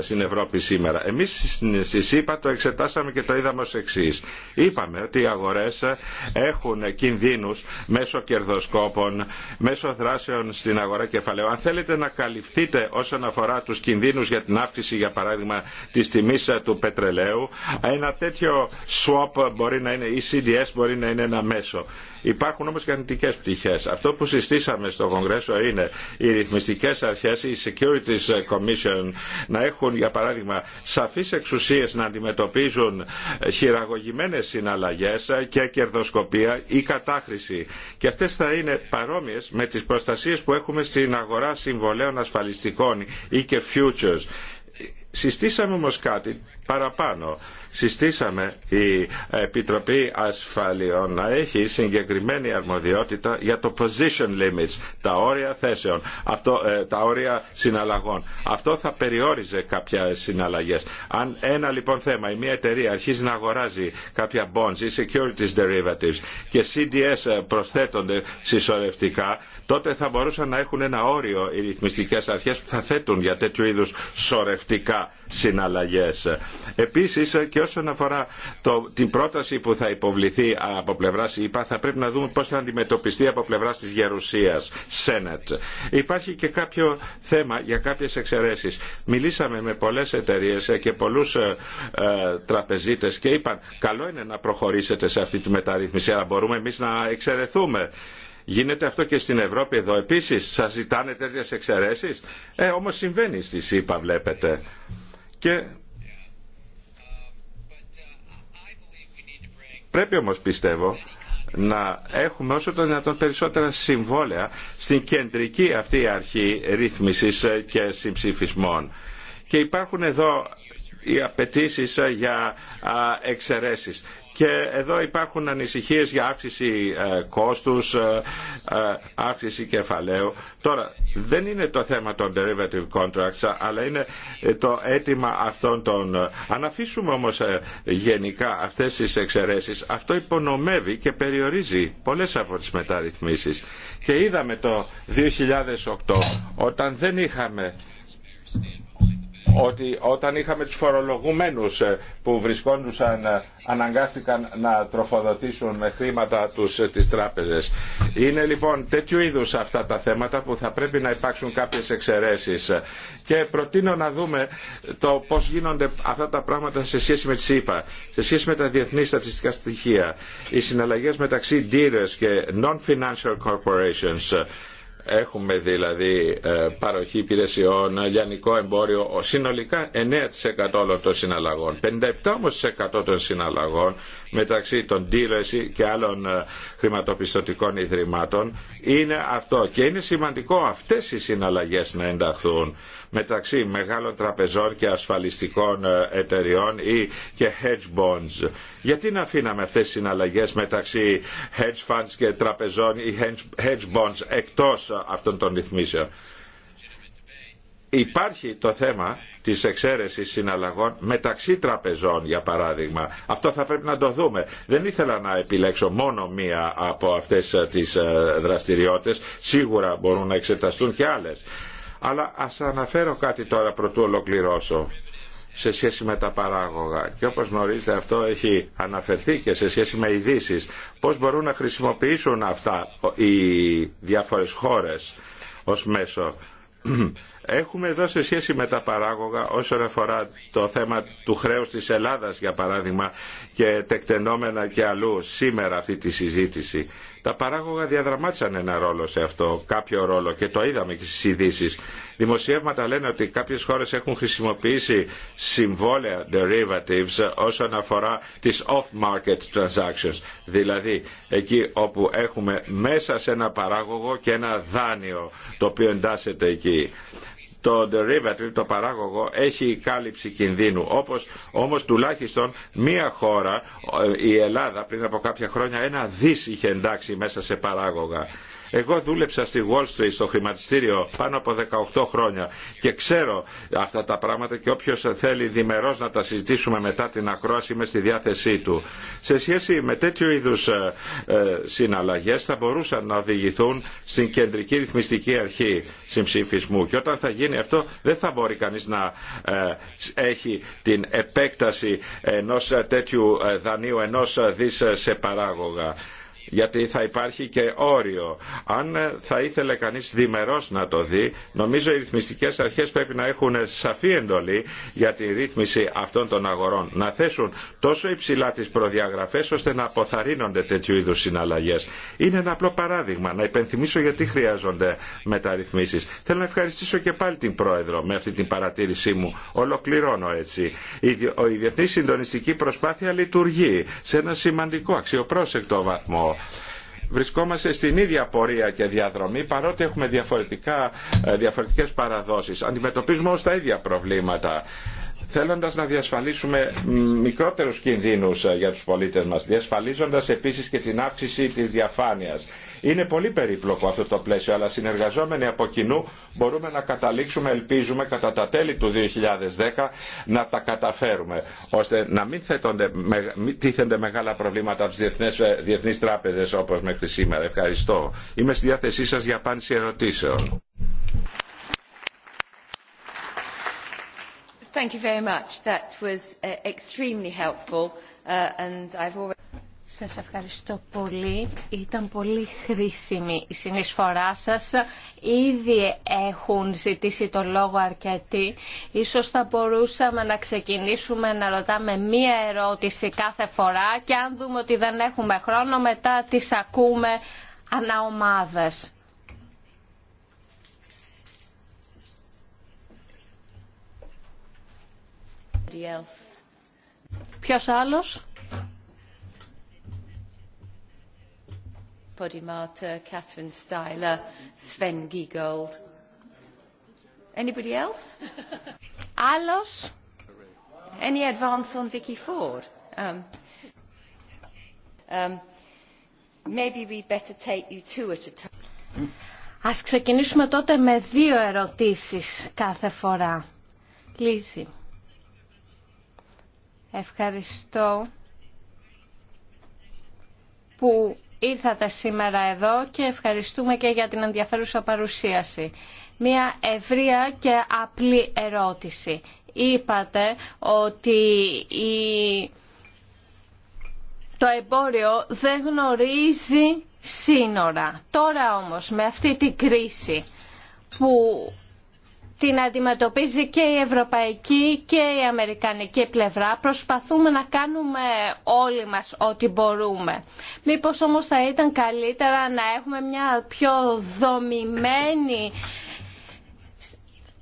στην Ευρώπη σήμερα. Εμείς στη ΣΥΠΑ το εξετάσαμε και το είδαμε ως εξή. Είπαμε ότι οι αγορές έχουν κινδύνους μέσω κερδοσκόπων, μέσω δράσεων στην αγορά κεφαλαίου αν θέλετε να καλυφθείτε όσον αφορά τους κινδύνους για την αύξηση για παράδειγμα της τιμής ε, του πετρελαίου ένα τέτοιο swap μπορεί να είναι ή CDS μπορεί να είναι ένα μέσο. Υπάρχουν όμως και αρνητικές πτυχές. Αυτό που συστήσαμε στο Κογκρέσο είναι οι ρυθμιστικές αρχές, οι Securities Commission, να έχουν για παράδειγμα σαφείς εξουσίες να αντιμετωπίζουν χειραγωγημένες συναλλαγές και κερδοσκοπία ή κατάχρηση. Και αυτές θα είναι παρόμοιες με τις προστασίες που έχουμε στην αγορά συμβολέων ασφαλιστικών ή και futures συστήσαμε όμως κάτι παραπάνω. Συστήσαμε η Επιτροπή Ασφαλιών να έχει συγκεκριμένη αρμοδιότητα για το position limits, τα όρια θέσεων, αυτό, ε, τα όρια συναλλαγών. Αυτό θα περιόριζε κάποια συναλλαγέ. Αν ένα λοιπόν θέμα η μια εταιρεία αρχίζει να αγοράζει κάποια bonds ή securities derivatives και CDS προσθέτονται συσσωρευτικά, τότε θα μπορούσαν να έχουν ένα όριο οι ρυθμιστικές αρχές που θα θέτουν για τέτοιου είδους σορευτικά συναλλαγές. Επίσης και όσον αφορά το, την πρόταση που θα υποβληθεί από πλευρά ΙΠΑ θα πρέπει να δούμε πώς θα αντιμετωπιστεί από πλευρά της Γερουσίας, Σένετ. Υπάρχει και κάποιο θέμα για κάποιες εξαιρέσεις. Μιλήσαμε με πολλές εταιρείε και πολλούς ε, ε, τραπεζίτες και είπαν καλό είναι να προχωρήσετε σε αυτή τη μεταρρύθμιση αλλά μπορούμε εμείς να εξαιρεθούμε. Γίνεται αυτό και στην Ευρώπη εδώ επίσης. Σας ζητάνε τέτοιες εξαιρέσεις. Ε, όμως συμβαίνει στη ΣΥΠΑ βλέπετε. Και πρέπει όμως πιστεύω να έχουμε όσο το δυνατόν περισσότερα συμβόλαια στην κεντρική αυτή αρχή ρύθμισης και συμψηφισμών. Και υπάρχουν εδώ οι απαιτήσει για εξαιρέσεις και εδώ υπάρχουν ανησυχίες για αύξηση ε, κόστους, ε, ε, αύξηση κεφαλαίου. Τώρα, δεν είναι το θέμα των derivative contracts, αλλά είναι το αίτημα αυτών των... Αν αφήσουμε όμως γενικά αυτές τις εξαιρέσεις, αυτό υπονομεύει και περιορίζει πολλές από τις μεταρρυθμίσεις. Και είδαμε το 2008, όταν δεν είχαμε ότι όταν είχαμε τους φορολογουμένους ε, που βρισκόντουσαν, ε, αναγκάστηκαν να τροφοδοτήσουν με χρήματα τους, ε, τις τράπεζες. Είναι λοιπόν τέτοιου είδους αυτά τα θέματα που θα πρέπει να υπάρξουν κάποιες εξαιρέσεις. Και προτείνω να δούμε το πώς γίνονται αυτά τα πράγματα σε σχέση με τις σε σχέση με τα διεθνή στατιστικά στοιχεία. Οι συναλλαγές μεταξύ dealers και non-financial corporations Έχουμε δηλαδή ε, παροχή υπηρεσιών, λιανικό εμπόριο, συνολικά 9% όλων των συναλλαγών. 57% των συναλλαγών μεταξύ των τήρεση και άλλων ε, χρηματοπιστωτικών ιδρυμάτων είναι αυτό. Και είναι σημαντικό αυτές οι συναλλαγές να ενταχθούν μεταξύ μεγάλων τραπεζών και ασφαλιστικών ε, εταιριών ή και hedge bonds γιατί να αφήναμε αυτές τις συναλλαγές μεταξύ hedge funds και τραπεζών ή hedge bonds εκτός αυτών των ρυθμίσεων. Υπάρχει το θέμα της εξαίρεσης συναλλαγών μεταξύ τραπεζών για παράδειγμα. Αυτό θα πρέπει να το δούμε. Δεν ήθελα να επιλέξω μόνο μία από αυτές τις ε, δραστηριότητες. Σίγουρα μπορούν να εξεταστούν και άλλες. Αλλά ας αναφέρω κάτι τώρα προτού ολοκληρώσω σε σχέση με τα παράγωγα. Και όπως γνωρίζετε αυτό έχει αναφερθεί και σε σχέση με ειδήσει πώς μπορούν να χρησιμοποιήσουν αυτά οι διάφορες χώρες ως μέσο. Έχουμε εδώ σε σχέση με τα παράγωγα όσον αφορά το θέμα του χρέους της Ελλάδας για παράδειγμα και τεκτενόμενα και αλλού σήμερα αυτή τη συζήτηση. Τα παράγωγα διαδραμάτισαν ένα ρόλο σε αυτό, κάποιο ρόλο και το είδαμε και στις ειδήσει. Δημοσιεύματα λένε ότι κάποιες χώρες έχουν χρησιμοποιήσει συμβόλαια derivatives όσον αφορά τις off-market transactions. Δηλαδή εκεί όπου έχουμε μέσα σε ένα παράγωγο και ένα δάνειο το οποίο εντάσσεται εκεί το derivative, το παράγωγο, έχει κάλυψη κινδύνου. Όπως, όμως τουλάχιστον μία χώρα, ε, η Ελλάδα πριν από κάποια χρόνια, ένα δις είχε εντάξει μέσα σε παράγωγα. Εγώ δούλεψα στη Wall Street, στο χρηματιστήριο, πάνω από 18 χρόνια και ξέρω αυτά τα πράγματα και όποιο θέλει διμερώς να τα συζητήσουμε μετά την ακρόαση είμαι στη διάθεσή του. Σε σχέση με τέτοιου είδου ε, ε, συναλλαγέ θα μπορούσαν να οδηγηθούν στην κεντρική ρυθμιστική αρχή συμψηφισμού και όταν θα γίνει αυτό δεν θα μπορεί κανεί να ε, έχει την επέκταση ενό τέτοιου δανείου ενό δι σε παράγωγα γιατί θα υπάρχει και όριο. Αν θα ήθελε κανείς διμερός να το δει, νομίζω οι ρυθμιστικές αρχές πρέπει να έχουν σαφή εντολή για τη ρύθμιση αυτών των αγορών. Να θέσουν τόσο υψηλά τις προδιαγραφές ώστε να αποθαρρύνονται τέτοιου είδους συναλλαγές. Είναι ένα απλό παράδειγμα. Να υπενθυμίσω γιατί χρειάζονται μεταρρυθμίσεις. Θέλω να ευχαριστήσω και πάλι την Πρόεδρο με αυτή την παρατήρησή μου. Ολοκληρώνω έτσι. Η διεθνή συντονιστική προσπάθεια λειτουργεί σε ένα σημαντικό αξιοπρόσεκτο βαθμό Βρισκόμαστε στην ίδια πορεία και διαδρομή παρότι έχουμε διαφορετικά, ε, διαφορετικές παραδόσεις. Αντιμετωπίζουμε όμως τα ίδια προβλήματα θέλοντας να διασφαλίσουμε μικρότερους κινδύνους ε, για τους πολίτες μας, διασφαλίζοντας επίσης και την αύξηση της διαφάνειας είναι πολύ περίπλοκο αυτό το πλαίσιο, αλλά συνεργαζόμενοι από κοινού μπορούμε να καταλήξουμε, ελπίζουμε, κατά τα τέλη του 2010 να τα καταφέρουμε, ώστε να μην, θέτονται, τίθενται μεγάλα προβλήματα από τι ε, διεθνεί τράπεζε όπω μέχρι σήμερα. Ευχαριστώ. Είμαι στη διάθεσή σα για απάντηση ερωτήσεων. Σας ευχαριστώ πολύ. Ήταν πολύ χρήσιμη η συνεισφορά σας. Ήδη έχουν ζητήσει το λόγο αρκετοί. Ίσως θα μπορούσαμε να ξεκινήσουμε να ρωτάμε μία ερώτηση κάθε φορά και αν δούμε ότι δεν έχουμε χρόνο μετά τις ακούμε αναομάδες. Ποιος άλλος? Podimata, Catherine Styler, Sven Giegold. Anybody else? Alos. Any advance on Vicky Ford? Um, um, maybe we better take you two at a time. Ας ξεκινήσουμε τότε με δύο ερωτήσεις κάθε φορά. Κλείσει. Ευχαριστώ που ήρθατε σήμερα εδώ και ευχαριστούμε και για την ενδιαφέρουσα παρουσίαση. Μία ευρία και απλή ερώτηση. Είπατε ότι το εμπόριο δεν γνωρίζει σύνορα. Τώρα όμως με αυτή την κρίση που την αντιμετωπίζει και η ευρωπαϊκή και η αμερικανική πλευρά. Προσπαθούμε να κάνουμε όλοι μας ό,τι μπορούμε. Μήπως όμως θα ήταν καλύτερα να έχουμε μια πιο δομημένη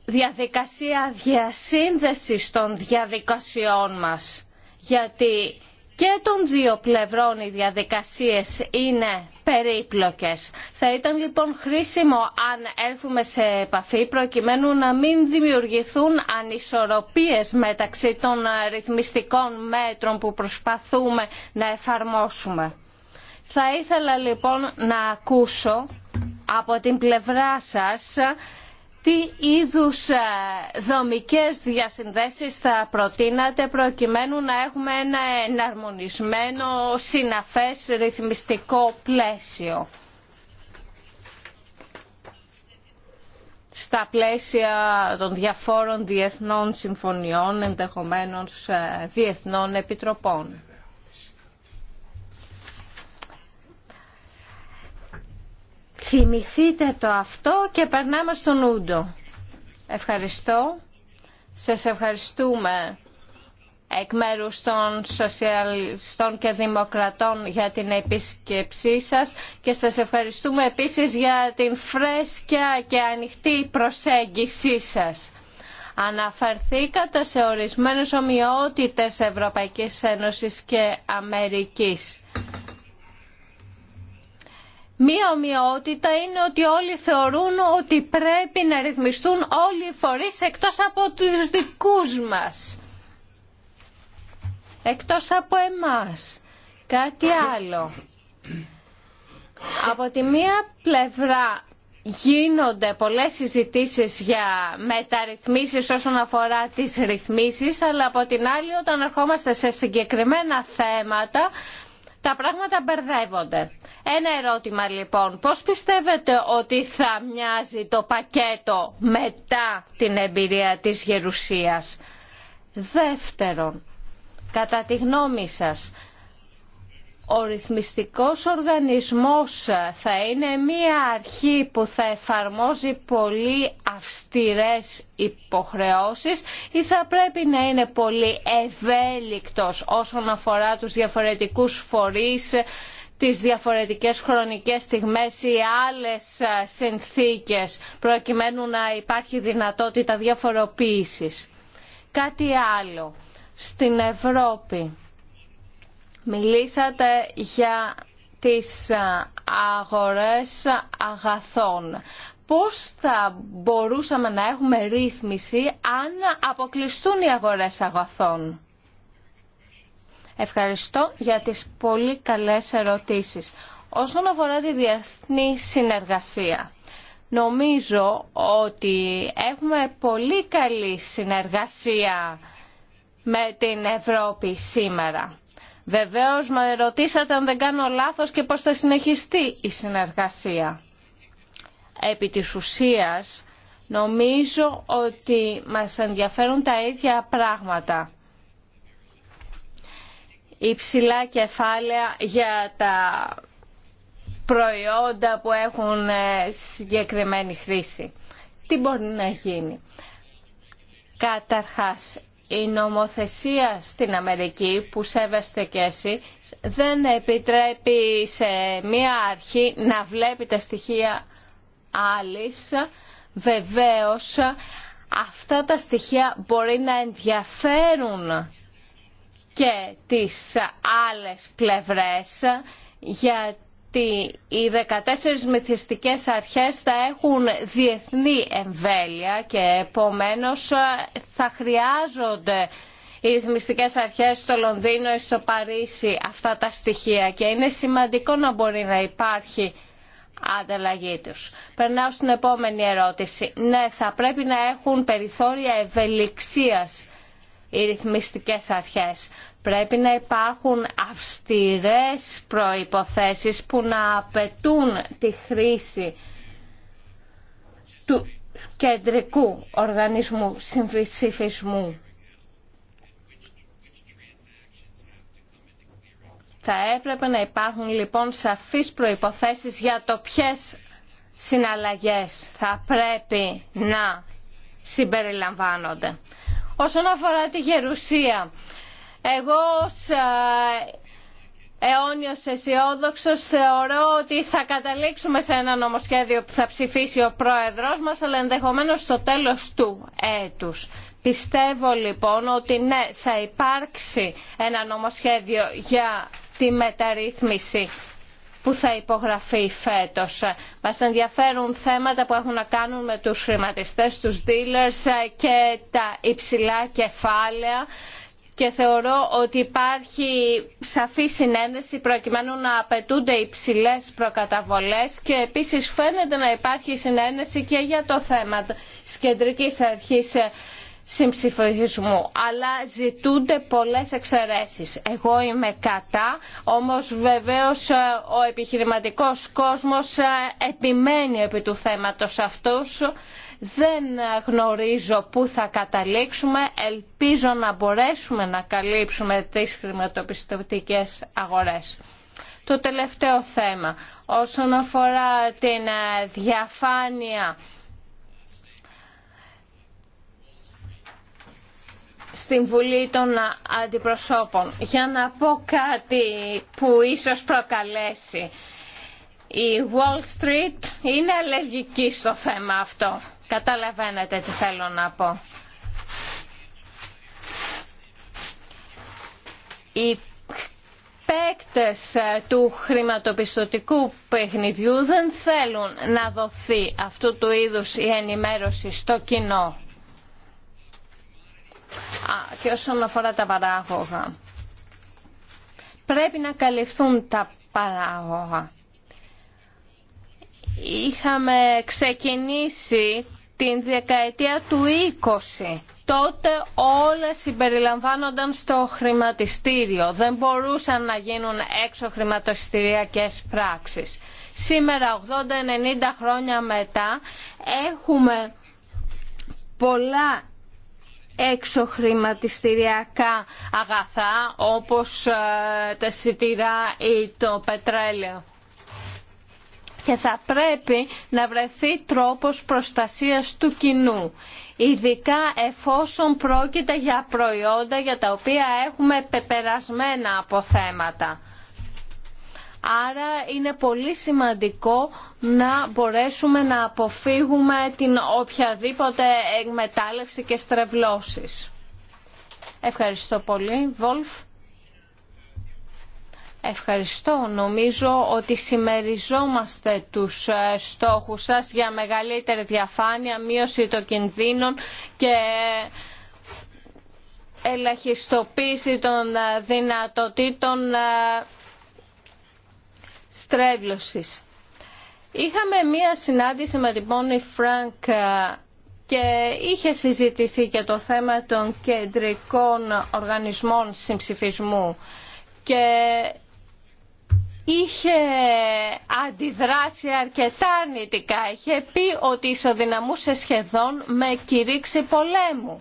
διαδικασία διασύνδεσης των διαδικασιών μας. Γιατί και των δύο πλευρών οι διαδικασίες είναι περίπλοκες. Θα ήταν λοιπόν χρήσιμο αν έλθουμε σε επαφή προκειμένου να μην δημιουργηθούν ανισορροπίες μεταξύ των ρυθμιστικών μέτρων που προσπαθούμε να εφαρμόσουμε. Θα ήθελα λοιπόν να ακούσω από την πλευρά σας τι είδους ε, δομικές διασυνδέσεις θα προτείνατε προκειμένου να έχουμε ένα εναρμονισμένο συναφές ρυθμιστικό πλαίσιο στα πλαίσια των διαφόρων διεθνών συμφωνιών, ενδεχομένως ε, διεθνών επιτροπών. Θυμηθείτε το αυτό και περνάμε στον Ούντο. Ευχαριστώ. Σας ευχαριστούμε εκ μέρους των σοσιαλιστών και δημοκρατών για την επίσκεψή σας και σας ευχαριστούμε επίσης για την φρέσκια και ανοιχτή προσέγγισή σας. Αναφερθήκατε σε ορισμένες ομοιότητες Ευρωπαϊκής Ένωσης και Αμερικής. Μία ομοιότητα είναι ότι όλοι θεωρούν ότι πρέπει να ρυθμιστούν όλοι οι φορείς εκτός από τους δικούς μας. Εκτός από εμάς. Κάτι άλλο. Από τη μία πλευρά γίνονται πολλές συζητήσεις για μεταρρυθμίσεις όσον αφορά τις ρυθμίσεις, αλλά από την άλλη όταν ερχόμαστε σε συγκεκριμένα θέματα τα πράγματα μπερδεύονται. Ένα ερώτημα λοιπόν. Πώς πιστεύετε ότι θα μοιάζει το πακέτο μετά την εμπειρία της Γερουσίας. Δεύτερον, κατά τη γνώμη σας, ο ρυθμιστικός οργανισμός θα είναι μία αρχή που θα εφαρμόζει πολύ αυστηρές υποχρεώσεις ή θα πρέπει να είναι πολύ ευέλικτος όσον αφορά τους διαφορετικούς φορείς τις διαφορετικές χρονικές στιγμές ή άλλες ε, συνθήκες προκειμένου να υπάρχει δυνατότητα διαφοροποίησης. Κάτι άλλο. Στην Ευρώπη μιλήσατε για τις ε, αγορές αγαθών. Πώς θα μπορούσαμε να έχουμε ρύθμιση αν αποκλειστούν οι αγορές αγαθών. Ευχαριστώ για τις πολύ καλές ερωτήσεις. Όσον αφορά τη διεθνή συνεργασία, νομίζω ότι έχουμε πολύ καλή συνεργασία με την Ευρώπη σήμερα. Βεβαίως με ρωτήσατε αν δεν κάνω λάθος και πώς θα συνεχιστεί η συνεργασία. Επί της ουσίας νομίζω ότι μας ενδιαφέρουν τα ίδια πράγματα υψηλά κεφάλαια για τα προϊόντα που έχουν ε, συγκεκριμένη χρήση. Τι μπορεί να γίνει. Καταρχάς, η νομοθεσία στην Αμερική που σέβεστε και εσύ δεν επιτρέπει σε μία αρχή να βλέπει τα στοιχεία άλλης. Βεβαίως, αυτά τα στοιχεία μπορεί να ενδιαφέρουν και τις άλλες πλευρές γιατί οι 14 μεθυστικές αρχές θα έχουν διεθνή εμβέλεια και επομένως θα χρειάζονται οι ρυθμιστικές αρχές στο Λονδίνο ή στο Παρίσι αυτά τα στοιχεία και είναι σημαντικό να μπορεί να υπάρχει ανταλλαγή τους. Περνάω στην επόμενη ερώτηση. Ναι, θα πρέπει να έχουν περιθώρια ευελιξίας οι ρυθμιστικές αρχές. Πρέπει να υπάρχουν αυστηρές προϋποθέσεις που να απαιτούν τη χρήση του κεντρικού οργανισμού συμφισισμού. Θα έπρεπε να υπάρχουν λοιπόν σαφείς προϋποθέσεις για το ποιες συναλλαγές θα πρέπει να συμπεριλαμβάνονται. Όσον αφορά τη γερουσία, εγώ ως ε, αιώνιος αισιόδοξο θεωρώ ότι θα καταλήξουμε σε ένα νομοσχέδιο που θα ψηφίσει ο πρόεδρός μας, αλλά ενδεχομένως στο τέλος του έτους. Πιστεύω λοιπόν ότι ναι, θα υπάρξει ένα νομοσχέδιο για τη μεταρρύθμιση που θα υπογραφεί φέτος. Μας ενδιαφέρουν θέματα που έχουν να κάνουν με τους χρηματιστές, τους dealers και τα υψηλά κεφάλαια και θεωρώ ότι υπάρχει σαφή συνένεση προκειμένου να απαιτούνται υψηλές προκαταβολές και επίσης φαίνεται να υπάρχει συνένεση και για το θέμα της κεντρικής αρχής συμψηφισμού, αλλά ζητούνται πολλές εξαιρέσεις. Εγώ είμαι κατά, όμως βεβαίως ε, ο επιχειρηματικός κόσμος ε, επιμένει επί του θέματος αυτούς. Δεν γνωρίζω πού θα καταλήξουμε. Ελπίζω να μπορέσουμε να καλύψουμε τις χρηματοπιστωτικές αγορές. Το τελευταίο θέμα, όσον αφορά την ε, διαφάνεια στην Βουλή των Αντιπροσώπων για να πω κάτι που ίσως προκαλέσει. Η Wall Street είναι αλλεργική στο θέμα αυτό. Καταλαβαίνετε τι θέλω να πω. Οι παίκτες ε, του χρηματοπιστωτικού παιχνιδιού δεν θέλουν να δοθεί αυτού του είδους η ενημέρωση στο κοινό και όσον αφορά τα παράγωγα. Πρέπει να καλυφθούν τα παράγωγα. Είχαμε ξεκινήσει την δεκαετία του 20. Τότε όλα συμπεριλαμβάνονταν στο χρηματιστήριο. Δεν μπορούσαν να γίνουν έξω χρηματιστηριακές πράξεις. Σήμερα, 80-90 χρόνια μετά, έχουμε πολλά έξω αγαθά όπως ε, τα σιτηρά ή το πετρέλαιο. Και θα πρέπει να βρεθεί τρόπος προστασίας του κοινού, ειδικά εφόσον πρόκειται για προϊόντα για τα οποία έχουμε πεπερασμένα αποθέματα. Άρα είναι πολύ σημαντικό να μπορέσουμε να αποφύγουμε την οποιαδήποτε εκμετάλλευση και στρεβλώσεις. Ευχαριστώ πολύ. Βόλφ. Ευχαριστώ. Νομίζω ότι συμμεριζόμαστε τους ε, στόχους σας για μεγαλύτερη διαφάνεια, μείωση των κινδύνων και ελαχιστοποίηση των ε, δυνατοτήτων ε, στρέβλωσης. Είχαμε μία συνάντηση με την Πόνη Φρανκ ε, και είχε συζητηθεί και το θέμα των κεντρικών οργανισμών συμψηφισμού και είχε αντιδράσει αρκετά αρνητικά. Είχε πει ότι ισοδυναμούσε σχεδόν με κηρύξη πολέμου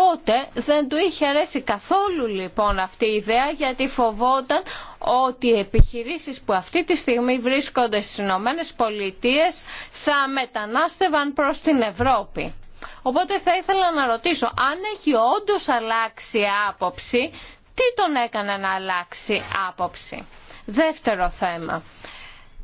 τότε δεν του είχε αρέσει καθόλου λοιπόν αυτή η ιδέα γιατί φοβόταν ότι οι επιχειρήσεις που αυτή τη στιγμή βρίσκονται στις Ηνωμένε Πολιτείε θα μετανάστευαν προς την Ευρώπη. Οπότε θα ήθελα να ρωτήσω, αν έχει όντως αλλάξει άποψη, τι τον έκανε να αλλάξει άποψη. Δεύτερο θέμα.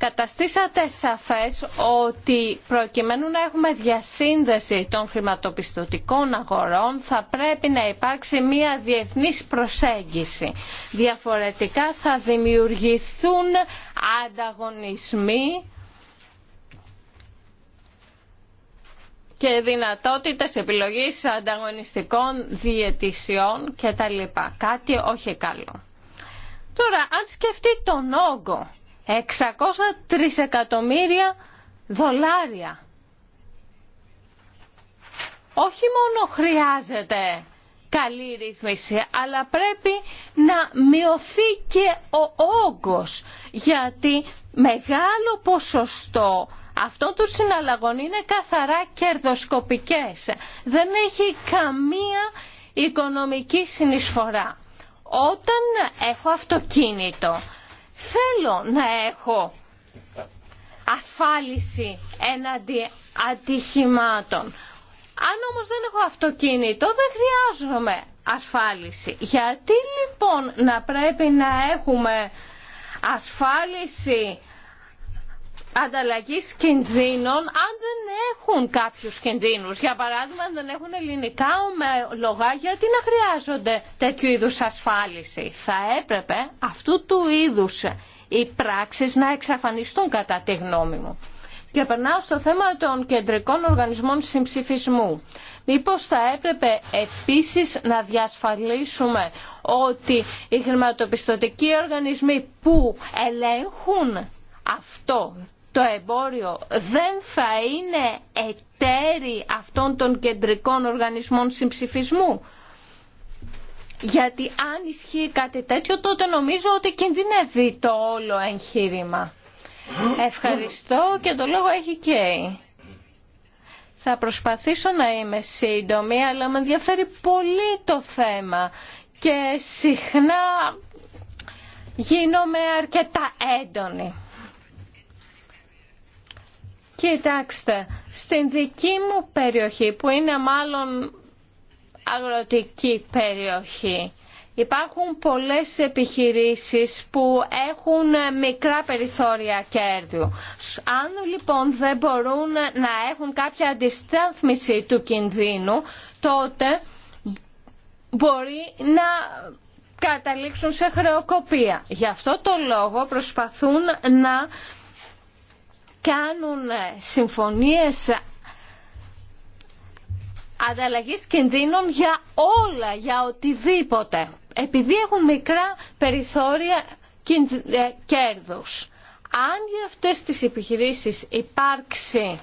Καταστήσατε σαφές ότι προκειμένου να έχουμε διασύνδεση των χρηματοπιστωτικών αγορών θα πρέπει να υπάρξει μια διεθνής προσέγγιση. Διαφορετικά θα δημιουργηθούν ανταγωνισμοί και δυνατότητες επιλογής ανταγωνιστικών διαιτησιών κτλ. Κάτι όχι καλό. Τώρα, αν σκεφτεί τον όγκο 600 τρισεκατομμύρια δολάρια. Όχι μόνο χρειάζεται καλή ρύθμιση, αλλά πρέπει να μειωθεί και ο όγκος, γιατί μεγάλο ποσοστό αυτό του συναλλαγών είναι καθαρά κερδοσκοπικές. Δεν έχει καμία οικονομική συνεισφορά. Όταν έχω αυτοκίνητο, θέλω να έχω ασφάλιση έναντι ατυχημάτων. Αν όμως δεν έχω αυτοκίνητο δεν χρειάζομαι ασφάλιση. Γιατί λοιπόν να πρέπει να έχουμε ασφάλιση ανταλλαγής κινδύνων αν δεν έχουν κάποιους κινδύνους. Για παράδειγμα, αν δεν έχουν ελληνικά ομολογά, γιατί να χρειάζονται τέτοιου είδους ασφάλιση. Θα έπρεπε αυτού του είδους οι πράξεις να εξαφανιστούν κατά τη γνώμη μου. Και περνάω στο θέμα των κεντρικών οργανισμών συμψηφισμού. Μήπως θα έπρεπε επίσης να διασφαλίσουμε ότι οι χρηματοπιστωτικοί οργανισμοί που ελέγχουν αυτό το εμπόριο δεν θα είναι εταίροι αυτών των κεντρικών οργανισμών συμψηφισμού. Γιατί αν ισχύει κάτι τέτοιο τότε νομίζω ότι κινδυνεύει το όλο εγχείρημα. Ευχαριστώ και το λόγο έχει και θα προσπαθήσω να είμαι σύντομη, αλλά με ενδιαφέρει πολύ το θέμα και συχνά γίνομαι αρκετά έντονη. Κοιτάξτε, στην δική μου περιοχή που είναι μάλλον αγροτική περιοχή υπάρχουν πολλές επιχειρήσεις που έχουν μικρά περιθώρια κέρδου. Αν λοιπόν δεν μπορούν να έχουν κάποια αντιστάθμιση του κινδύνου τότε μπορεί να καταλήξουν σε χρεοκοπία. Γι' αυτό το λόγο προσπαθούν να κάνουν ε, συμφωνίες ανταλλαγής κινδύνων για όλα, για οτιδήποτε, επειδή έχουν μικρά περιθώρια ε, κέρδους. Αν για αυτές τις επιχειρήσεις υπάρξει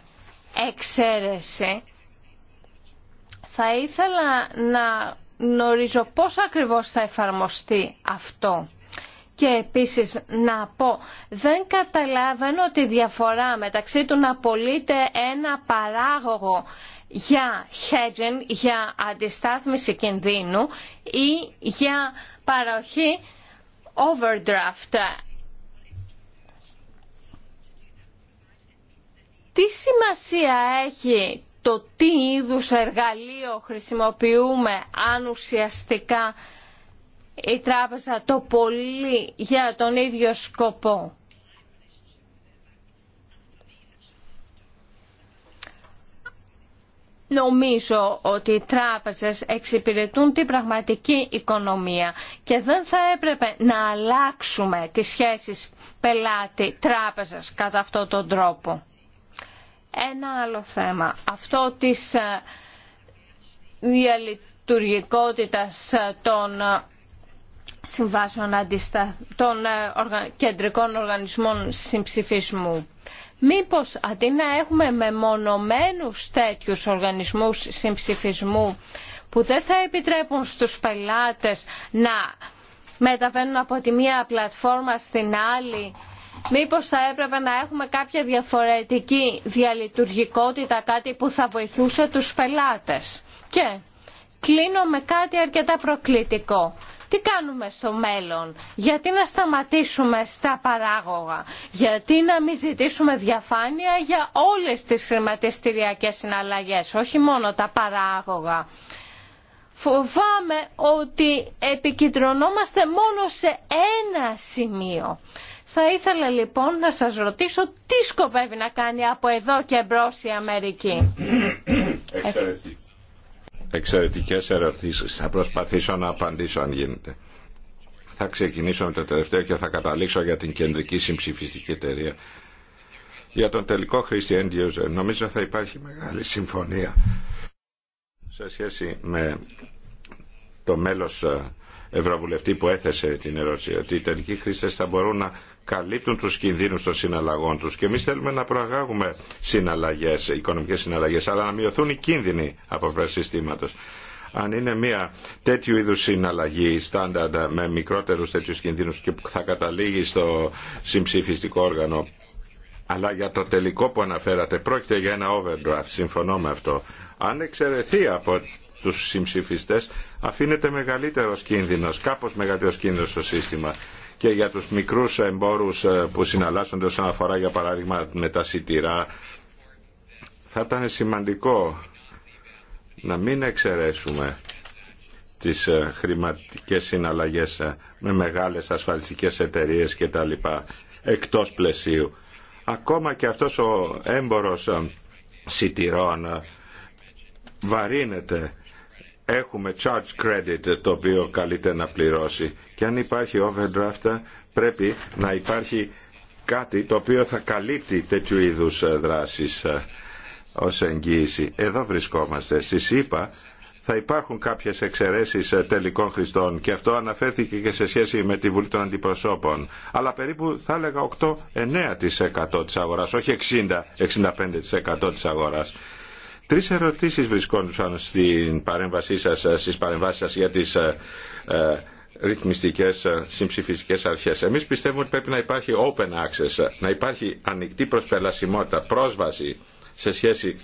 εξαίρεση, θα ήθελα να γνωρίζω πώς ακριβώς θα εφαρμοστεί αυτό. Και επίσης να πω, δεν καταλαβαίνω τη διαφορά μεταξύ του να πωλείται ένα παράγωγο για hedging, για αντιστάθμιση κινδύνου ή για παροχή overdraft. Τι σημασία έχει το τι είδους εργαλείο χρησιμοποιούμε αν ουσιαστικά η τράπεζα το πολύ για τον ίδιο σκοπό. Νομίζω ότι οι τράπεζες εξυπηρετούν την πραγματική οικονομία και δεν θα έπρεπε να αλλάξουμε τις σχέσεις πελάτη-τράπεζας κατά αυτόν τον τρόπο. Ένα άλλο θέμα, αυτό της ε, διαλειτουργικότητας ε, των συμβάσεων των ε, κεντρικών οργανισμών συμψηφίσμου. Μήπως αντί να έχουμε μεμονωμένους τέτοιους οργανισμούς συμψηφισμού που δεν θα επιτρέπουν στους πελάτες να μεταβαίνουν από τη μία πλατφόρμα στην άλλη Μήπως θα έπρεπε να έχουμε κάποια διαφορετική διαλειτουργικότητα, κάτι που θα βοηθούσε τους πελάτες. Και κλείνω με κάτι αρκετά προκλητικό. Τι κάνουμε στο μέλλον, γιατί να σταματήσουμε στα παράγωγα, γιατί να μην ζητήσουμε διαφάνεια για όλες τις χρηματιστηριακές συναλλαγές, όχι μόνο τα παράγωγα. Φοβάμαι ότι επικεντρωνόμαστε μόνο σε ένα σημείο. Θα ήθελα λοιπόν να σας ρωτήσω τι σκοπεύει να κάνει από εδώ και μπρος η Αμερική εξαιρετικές ερωτήσεις. Θα προσπαθήσω να απαντήσω αν γίνεται. Θα ξεκινήσω με το τελευταίο και θα καταλήξω για την κεντρική συμψηφιστική εταιρεία. Για τον τελικό χρήστη end νομίζω θα υπάρχει μεγάλη συμφωνία σε σχέση με το μέλος ε, Ευρωβουλευτή που έθεσε την ερώτηση ότι οι τελικοί χρήστες θα μπορούν να καλύπτουν τους κινδύνους των συναλλαγών τους και εμείς θέλουμε να προαγάγουμε συναλλαγές, οικονομικές συναλλαγές αλλά να μειωθούν οι κίνδυνοι από πλευρά συστήματος. Αν είναι μια τέτοιου είδου συναλλαγή στάνταρτα με μικρότερου τέτοιου κινδύνου και που θα καταλήγει στο συμψηφιστικό όργανο αλλά για το τελικό που αναφέρατε πρόκειται για ένα overdraft, συμφωνώ με αυτό. Αν εξαιρεθεί από τους συμψηφιστές αφήνεται μεγαλύτερος κίνδυνος, κάπως μεγαλύτερος κίνδυνο στο σύστημα και για τους μικρούς εμπόρους ε, που συναλλάσσονται όσον αφορά για παράδειγμα με τα σιτηρά θα ήταν σημαντικό να μην εξαιρέσουμε τις ε, χρηματικές συναλλαγές ε, με μεγάλες ασφαλιστικές εταιρείες και τα λοιπά εκτός πλαισίου. Ακόμα και αυτός ο έμπορος σιτηρών βαρύνεται έχουμε charge credit το οποίο καλείται να πληρώσει. Και αν υπάρχει overdraft πρέπει να υπάρχει κάτι το οποίο θα καλύπτει τέτοιου είδους ε, δράσεις ε, ως εγγύηση. Εδώ βρισκόμαστε. Στη ΣΥΠΑ θα υπάρχουν κάποιες εξαιρέσεις ε, τελικών χρηστών και αυτό αναφέρθηκε και σε σχέση με τη Βουλή των Αντιπροσώπων. Αλλά περίπου θα έλεγα 8-9% της αγοράς, όχι 60-65% της αγοράς. Τρεις ερωτήσεις βρισκόντουσαν στην παρέμβασή σας, ε, στις παρεμβάσεις σας για τις ε, ε ρυθμιστικές ε, συμψηφιστικές αρχές. Εμείς πιστεύουμε ότι πρέπει να υπάρχει open access, να υπάρχει ανοιχτή προσπελασιμότητα, πρόσβαση σε σχέση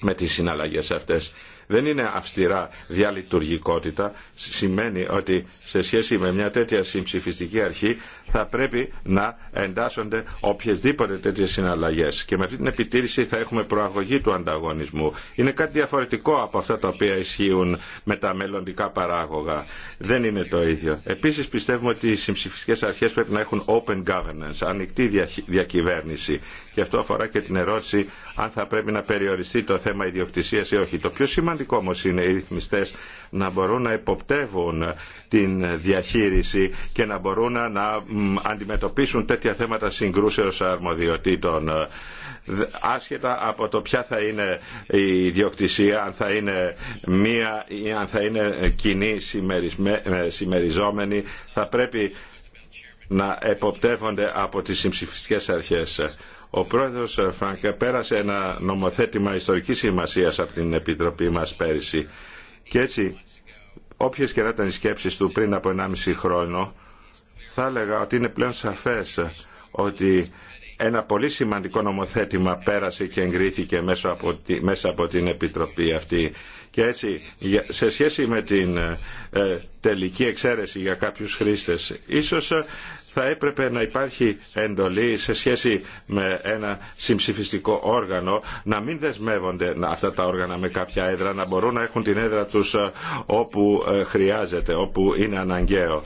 με τις συναλλαγές αυτές δεν είναι αυστηρά διαλειτουργικότητα. Σημαίνει ότι σε σχέση με μια τέτοια συμψηφιστική αρχή θα πρέπει να εντάσσονται οποιασδήποτε τέτοιε συναλλαγέ. Και με αυτή την επιτήρηση θα έχουμε προαγωγή του ανταγωνισμού. Είναι κάτι διαφορετικό από αυτά τα οποία ισχύουν με τα μελλοντικά παράγωγα. Δεν είναι το ίδιο. Επίση, πιστεύουμε ότι οι συμψηφιστικέ αρχέ πρέπει να έχουν open governance, ανοιχτή διακυβέρνηση. Και αυτό αφορά και την ερώτηση αν θα πρέπει να περιοριστεί το θέμα ιδιοκτησία ή όχι. Το πιο σημαντικό όμω είναι οι ρυθμιστές να μπορούν να υποπτεύουν την διαχείριση και να μπορούν να αντιμετωπίσουν τέτοια θέματα συγκρούσεως αρμοδιοτήτων άσχετα από το ποια θα είναι η ιδιοκτησία, αν θα είναι μία ή αν θα είναι κοινή ε, συμμεριζόμενη, θα πρέπει να εποπτεύονται από τις συμψηφιστικές αρχές. Ο πρόεδρος ε, Φρανκ πέρασε ένα νομοθέτημα ιστορική σημασίας από την Επιτροπή μας πέρυσι και έτσι όποιε και να ήταν οι σκέψεις του πριν από 1,5 χρόνο θα έλεγα ότι είναι πλέον σαφέ ότι ένα πολύ σημαντικό νομοθέτημα πέρασε και εγκρίθηκε μέσα από, μέσα από την Επιτροπή αυτή. Και έτσι, σε σχέση με την ε, τελική εξαίρεση για κάποιους χρήστες, ίσως θα έπρεπε να υπάρχει εντολή σε σχέση με ένα συμψηφιστικό όργανο να μην δεσμεύονται αυτά τα όργανα με κάποια έδρα, να μπορούν να έχουν την έδρα τους ε, όπου ε, χρειάζεται, όπου είναι αναγκαίο.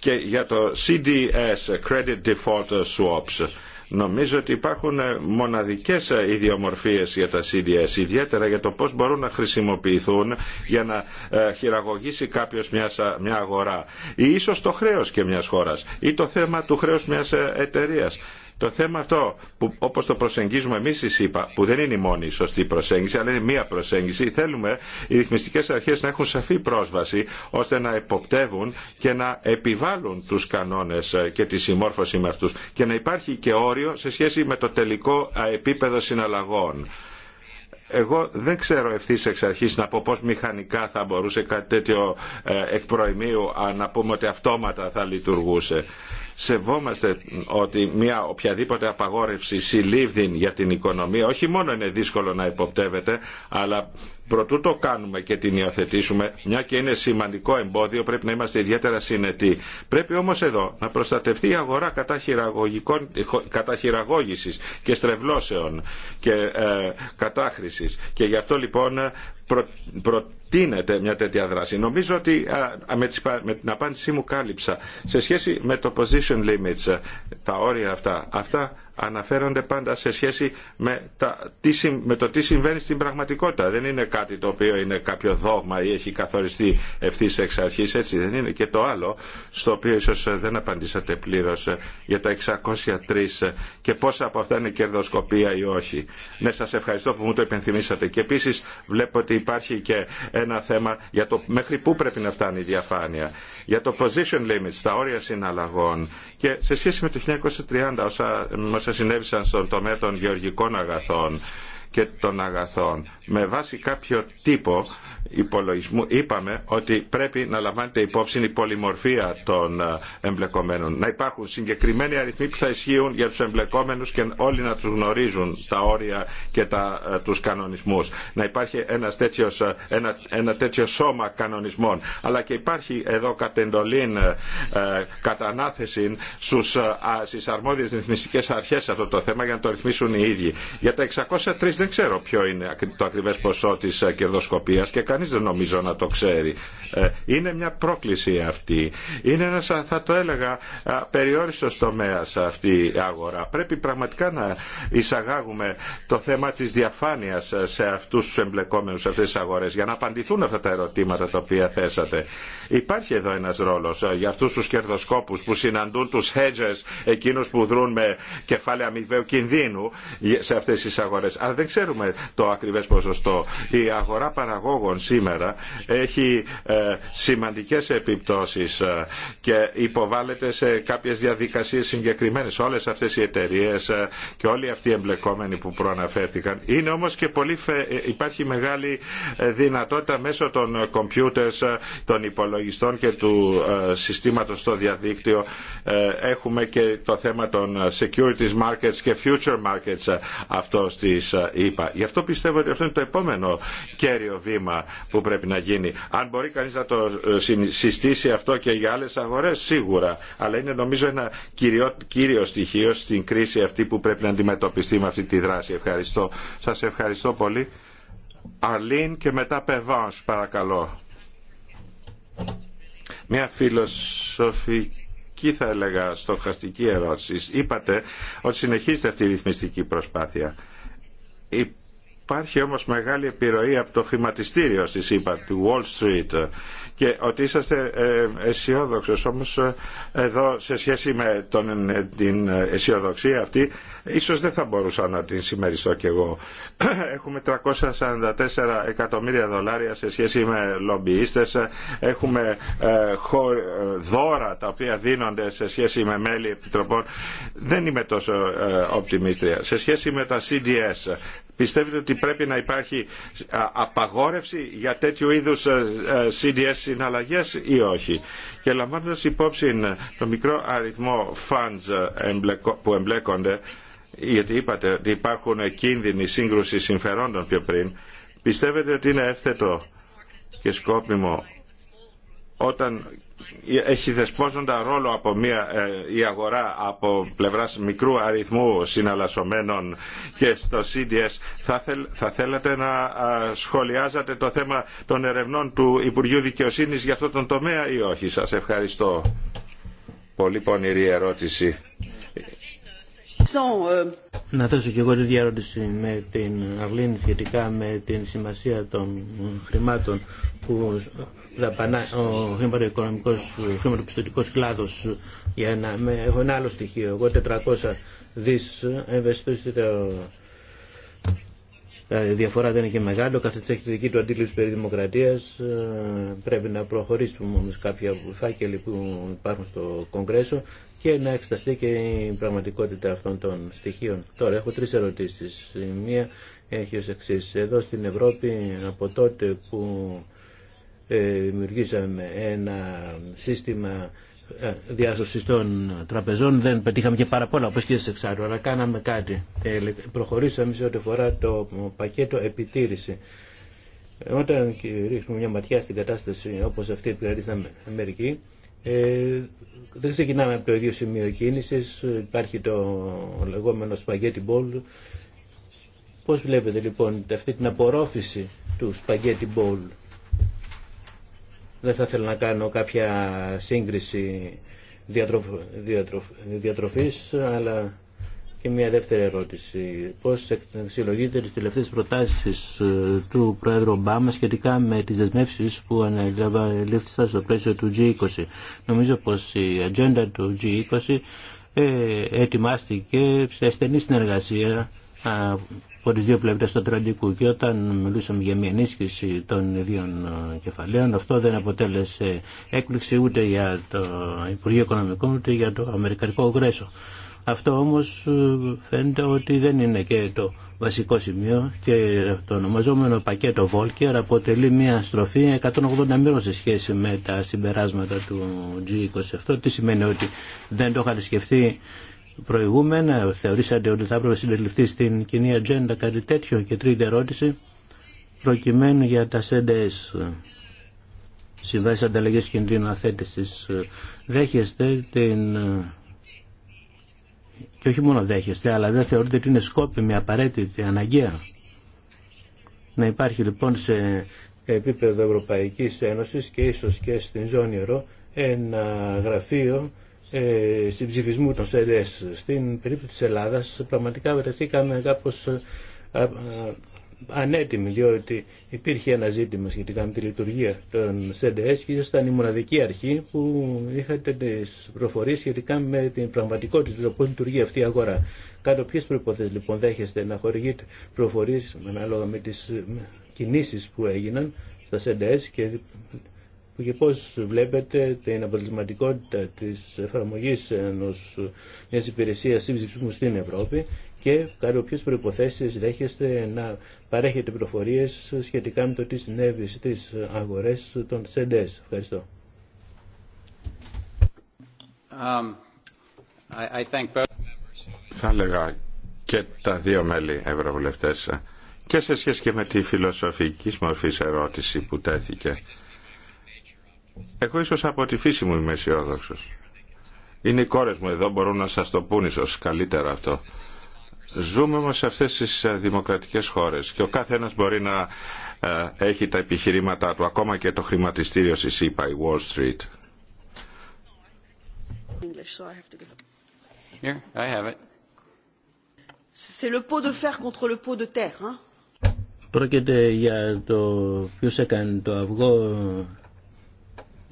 Και για το CDS, Credit Default Swaps, Νομίζω ότι υπάρχουν ε, μοναδικές ε, ιδιομορφίες για τα CDS, ιδιαίτερα για το πώς μπορούν να χρησιμοποιηθούν για να ε, χειραγωγήσει κάποιος μια αγορά ή ίσως το χρέος και μια χώρας ή το θέμα του χρέους μιας εταιρείας. Το θέμα αυτό που όπως το προσεγγίζουμε εμείς στη ΣΥΠΑ, που δεν είναι η μόνη σωστή προσέγγιση, αλλά είναι μία προσέγγιση, θέλουμε οι ρυθμιστικές αρχές να έχουν σαφή πρόσβαση, ώστε να εποπτεύουν και να επιβάλλουν τους κανόνες ε, και τη συμμόρφωση με αυτούς και να υπάρχει και όριο σε σχέση με το τελικό επίπεδο συναλλαγών. Εγώ δεν ξέρω ευθύ εξ αρχή να πω πώ μηχανικά θα μπορούσε κάτι τέτοιο ε, εκ να πούμε ότι αυτόματα θα λειτουργούσε σεβόμαστε ότι μια οποιαδήποτε απαγόρευση συλλήβδη για την οικονομία όχι μόνο είναι δύσκολο να υποπτεύεται αλλά προτού το κάνουμε και την υιοθετήσουμε μια και είναι σημαντικό εμπόδιο πρέπει να είμαστε ιδιαίτερα συνετοί. Πρέπει όμως εδώ να προστατευτεί η αγορά κατά, κατά χειραγώγησης και στρεβλώσεων και ε, κατάχρησης και γι' αυτό λοιπόν προ, τίνεται μια τέτοια δράση. Νομίζω ότι με την απάντησή μου κάλυψα σε σχέση με το position limits, τα όρια αυτά. Αυτά αναφέρονται πάντα σε σχέση με, τα, τι, με το τι συμβαίνει στην πραγματικότητα. Δεν είναι κάτι το οποίο είναι κάποιο δόγμα ή έχει καθοριστεί ευθύ εξ αρχή. Έτσι δεν είναι. Και το άλλο, στο οποίο ίσω δεν απαντήσατε πλήρω για τα 603 και πόσα από αυτά είναι κερδοσκοπία ή όχι. Ναι, σα ευχαριστώ που μου το υπενθυμίσατε. Και επίση βλέπω ότι υπάρχει και ένα θέμα για το μέχρι πού πρέπει να φτάνει η διαφάνεια. Για το position limits, τα όρια συναλλαγών και σε σχέση με το 1930 όσα συνέβησαν στον τομέα των γεωργικών αγαθών και των αγαθών. Με βάση κάποιο τύπο υπολογισμού είπαμε ότι πρέπει να λαμβάνεται υπόψη η πολυμορφία των ε, εμπλεκομένων. Να υπάρχουν συγκεκριμένοι αριθμοί που θα ισχύουν για τους εμπλεκόμενους και όλοι να τους γνωρίζουν τα όρια και τα, ε, τους κανονισμούς. Να υπάρχει ε, ένα, τέτοιο σώμα κανονισμών. Αλλά και υπάρχει εδώ κατ' εντολήν ε, κατανάθεση στις αρμόδιες ρυθμιστικές αρχές αυτό το θέμα για να το ρυθμίσουν οι ίδιοι. Για τα 603 δεν ξέρω ποιο είναι το ακριβές ποσό της ε, κερδοσκοπίας και κανείς δεν νομίζω να το ξέρει. Ε, είναι μια πρόκληση αυτή. Είναι ένας, θα το έλεγα, περιόριστος τομέας αυτή η αγορά. Πρέπει πραγματικά να εισαγάγουμε το θέμα της διαφάνειας ε, σε αυτούς τους εμπλεκόμενους σε αυτές τις αγορές για να απαντηθούν αυτά τα ερωτήματα τα οποία θέσατε. Υπάρχει εδώ ένας ρόλος για αυτούς τους κερδοσκόπους που συναντούν τους hedges, εκείνους που δρούν με κεφάλαια αμοιβαίου κινδύνου σε αυτές τις αγορές. Αλλά ξέρουμε το ακριβές ποσοστό. Η αγορά παραγόγων σήμερα έχει ε, σημαντικές επιπτώσεις ε, και υποβάλλεται σε κάποιες διαδικασίες συγκεκριμένες. Όλες αυτές οι εταιρείες ε, και όλοι αυτοί οι εμπλεκόμενοι που προαναφέρθηκαν. Είναι όμως και πολύ υπάρχει μεγάλη δυνατότητα μέσω των κομπιούτερς, των υπολογιστών και του συστήματος στο διαδίκτυο. Έχουμε και το θέμα των securities markets και future markets αυτό στις είπα. Γι' αυτό πιστεύω ότι αυτό είναι το επόμενο κέριο βήμα που πρέπει να γίνει. Αν μπορεί κανείς να το ε, συστήσει αυτό και για άλλες αγορές, σίγουρα. Αλλά είναι νομίζω ένα κύριο, κύριο στοιχείο στην κρίση αυτή που πρέπει να αντιμετωπιστεί με αυτή τη δράση. Ευχαριστώ. Σας ευχαριστώ πολύ. Αλίν και μετά Πεβάνς, παρακαλώ. Μια φιλοσοφική θα έλεγα στοχαστική ερώτηση. Είπατε ότι συνεχίζεται αυτή η ρυθμιστική προσπάθεια. Υπάρχει όμως μεγάλη επιρροή από το χρηματιστήριο στη ΣΥΠΑ, του Wall Street και ότι είσαστε ε, αισιόδοξο. όμως ε, εδώ σε σχέση με τον, ε, την αισιοδοξία αυτή ίσως δεν θα μπορούσα να την συμμεριστώ κι εγώ. Έχουμε 344 εκατομμύρια δολάρια σε σχέση με λομπιίστες, έχουμε δώρα τα οποία δίνονται σε σχέση με μέλη επιτροπών. Δεν είμαι τόσο οπτιμίστρια. Σε σχέση με τα CDS Πιστεύετε ότι πρέπει να υπάρχει απαγόρευση για τέτοιου είδους ε, ε, CDS συναλλαγές ή όχι. Και λαμβάνοντας υπόψη ε, το μικρό αριθμό funds που εμπλέκονται, γιατί είπατε ότι υπάρχουν κίνδυνοι σύγκρουση συμφερόντων πιο πριν, πιστεύετε ότι είναι εύθετο και σκόπιμο όταν έχει δεσπόζοντα ρόλο από μια, ε, η αγορά από πλευράς μικρού αριθμού συναλλασσομένων και στο CDS θα, θέλατε να σχολιάζατε το θέμα των ερευνών του Υπουργείου Δικαιοσύνης για αυτόν τον τομέα ή όχι. Σας ευχαριστώ. Πολύ πονηρή ερώτηση. Να θέσω και εγώ τη διαρώτηση με την Αρλίνη σχετικά με την σημασία των χρημάτων που δαπανά, ο χρηματοοικονομικός, ο χρηματοπιστωτικός κλάδος για να με, έχω ένα άλλο στοιχείο. Εγώ 400 δις ευαισθητούστε η διαφορά δεν είναι και μεγάλο, της έχει τη δική του αντίληψη περί δημοκρατίας. Ε, πρέπει να προχωρήσουμε όμως κάποια φάκελοι που υπάρχουν στο Κογκρέσο και να εξεταστεί και η πραγματικότητα αυτών των στοιχείων. Τώρα έχω τρεις ερωτήσεις. Η μία έχει ως εξής. Εδώ στην Ευρώπη από τότε που ε, δημιουργήσαμε ένα σύστημα ε, διάσωση των τραπεζών δεν πετύχαμε και πάρα πολλά όπως και σε εξάρτου αλλά κάναμε κάτι προχωρήσαμε σε ό,τι αφορά το πακέτο επιτήρηση όταν ρίχνουμε μια ματιά στην κατάσταση όπως αυτή επικρατεί δηλαδή στην Αμερική ε, δεν ξεκινάμε από το ίδιο σημείο κίνηση. υπάρχει το λεγόμενο spaghetti ball πώς βλέπετε λοιπόν αυτή την απορρόφηση του spaghetti ball δεν θα ήθελα να κάνω κάποια σύγκριση διατροφ, διατροφής, αλλά και μια δεύτερη ερώτηση. Πώς συλλογείται τις τελευταίες προτάσεις ε, του Πρόεδρου Ομπάμα σχετικά με τις δεσμεύσεις που ανελήφθησαν στο πλαίσιο του G20. Νομίζω πως η ατζέντα του G20 ε, ετοιμάστηκε σε στενή συνεργασία από τις δύο πλευρές του Ατλαντικού και όταν μιλούσαμε για μια ενίσχυση των ιδίων ε, κεφαλαίων αυτό δεν αποτέλεσε έκπληξη ούτε για το Υπουργείο Οικονομικών ούτε για το Αμερικανικό Κογκρέσο. Αυτό όμως ε, φαίνεται ότι δεν είναι και το βασικό σημείο και το ονομαζόμενο πακέτο Volcker αποτελεί μια στροφή 180 μοίρων σε σχέση με τα συμπεράσματα του G27. Τι σημαίνει ότι δεν το είχατε σκεφτεί προηγούμενα, θεωρήσατε ότι θα έπρεπε να συμπεριληφθεί στην κοινή ατζέντα κάτι τέτοιο και τρίτη ερώτηση προκειμένου για τα ΣΕΝΤΕΣ συμβάσει ανταλλαγή κινδύνου αθέτηση. Δέχεστε την. Και όχι μόνο δέχεστε, αλλά δεν θεωρείτε ότι είναι σκόπιμη, απαραίτητη, αναγκαία. Να υπάρχει λοιπόν σε επίπεδο Ευρωπαϊκής Ένωσης και ίσως και στην ζώνη Ρο ένα γραφείο ε, συμψηφισμού των ΣΕΡΕΣ στην περίπτωση της Ελλάδας πραγματικά βρεθήκαμε κάπως ε, ανέτοιμοι διότι υπήρχε ένα ζήτημα σχετικά με τη λειτουργία των ΣΕΝΤΕΣ και ήσασταν η μοναδική αρχή που είχατε τις προφορίες σχετικά με την πραγματικότητα του πώς λειτουργεί αυτή η αγορά. Κάτω ποιες προϋποθέσεις λοιπόν δέχεστε να χορηγείτε προφορίες ανάλογα με τις κινήσεις που έγιναν στα ΣΕΝΤΕΣ και που και πώς βλέπετε την αποτελεσματικότητα της εφαρμογής ενός, μιας υπηρεσίας μου στην Ευρώπη και κατά ποιε προϋποθέσεις δέχεστε να παρέχετε πληροφορίες σχετικά με το τι συνέβη στις αγορές των ΣΕΝΤΕΣ. Ευχαριστώ. Um, Θα έλεγα και τα δύο μέλη ευρωβουλευτές ε, και σε σχέση και με τη φιλοσοφική μορφή ερώτηση που τέθηκε εγώ ίσω από τη φύση μου είμαι αισιόδοξο. Είναι οι κόρε μου εδώ, μπορούν να σας το πούν ίσω καλύτερα αυτό. Ζούμε όμω σε αυτέ τι ε, δημοκρατικές χώρες και ο κάθε μπορεί να ε, έχει τα επιχειρήματά του, ακόμα και το χρηματιστήριο στη ΣΥΠΑ, η Wall Street. Πρόκειται για το ποιος έκανε το αυγό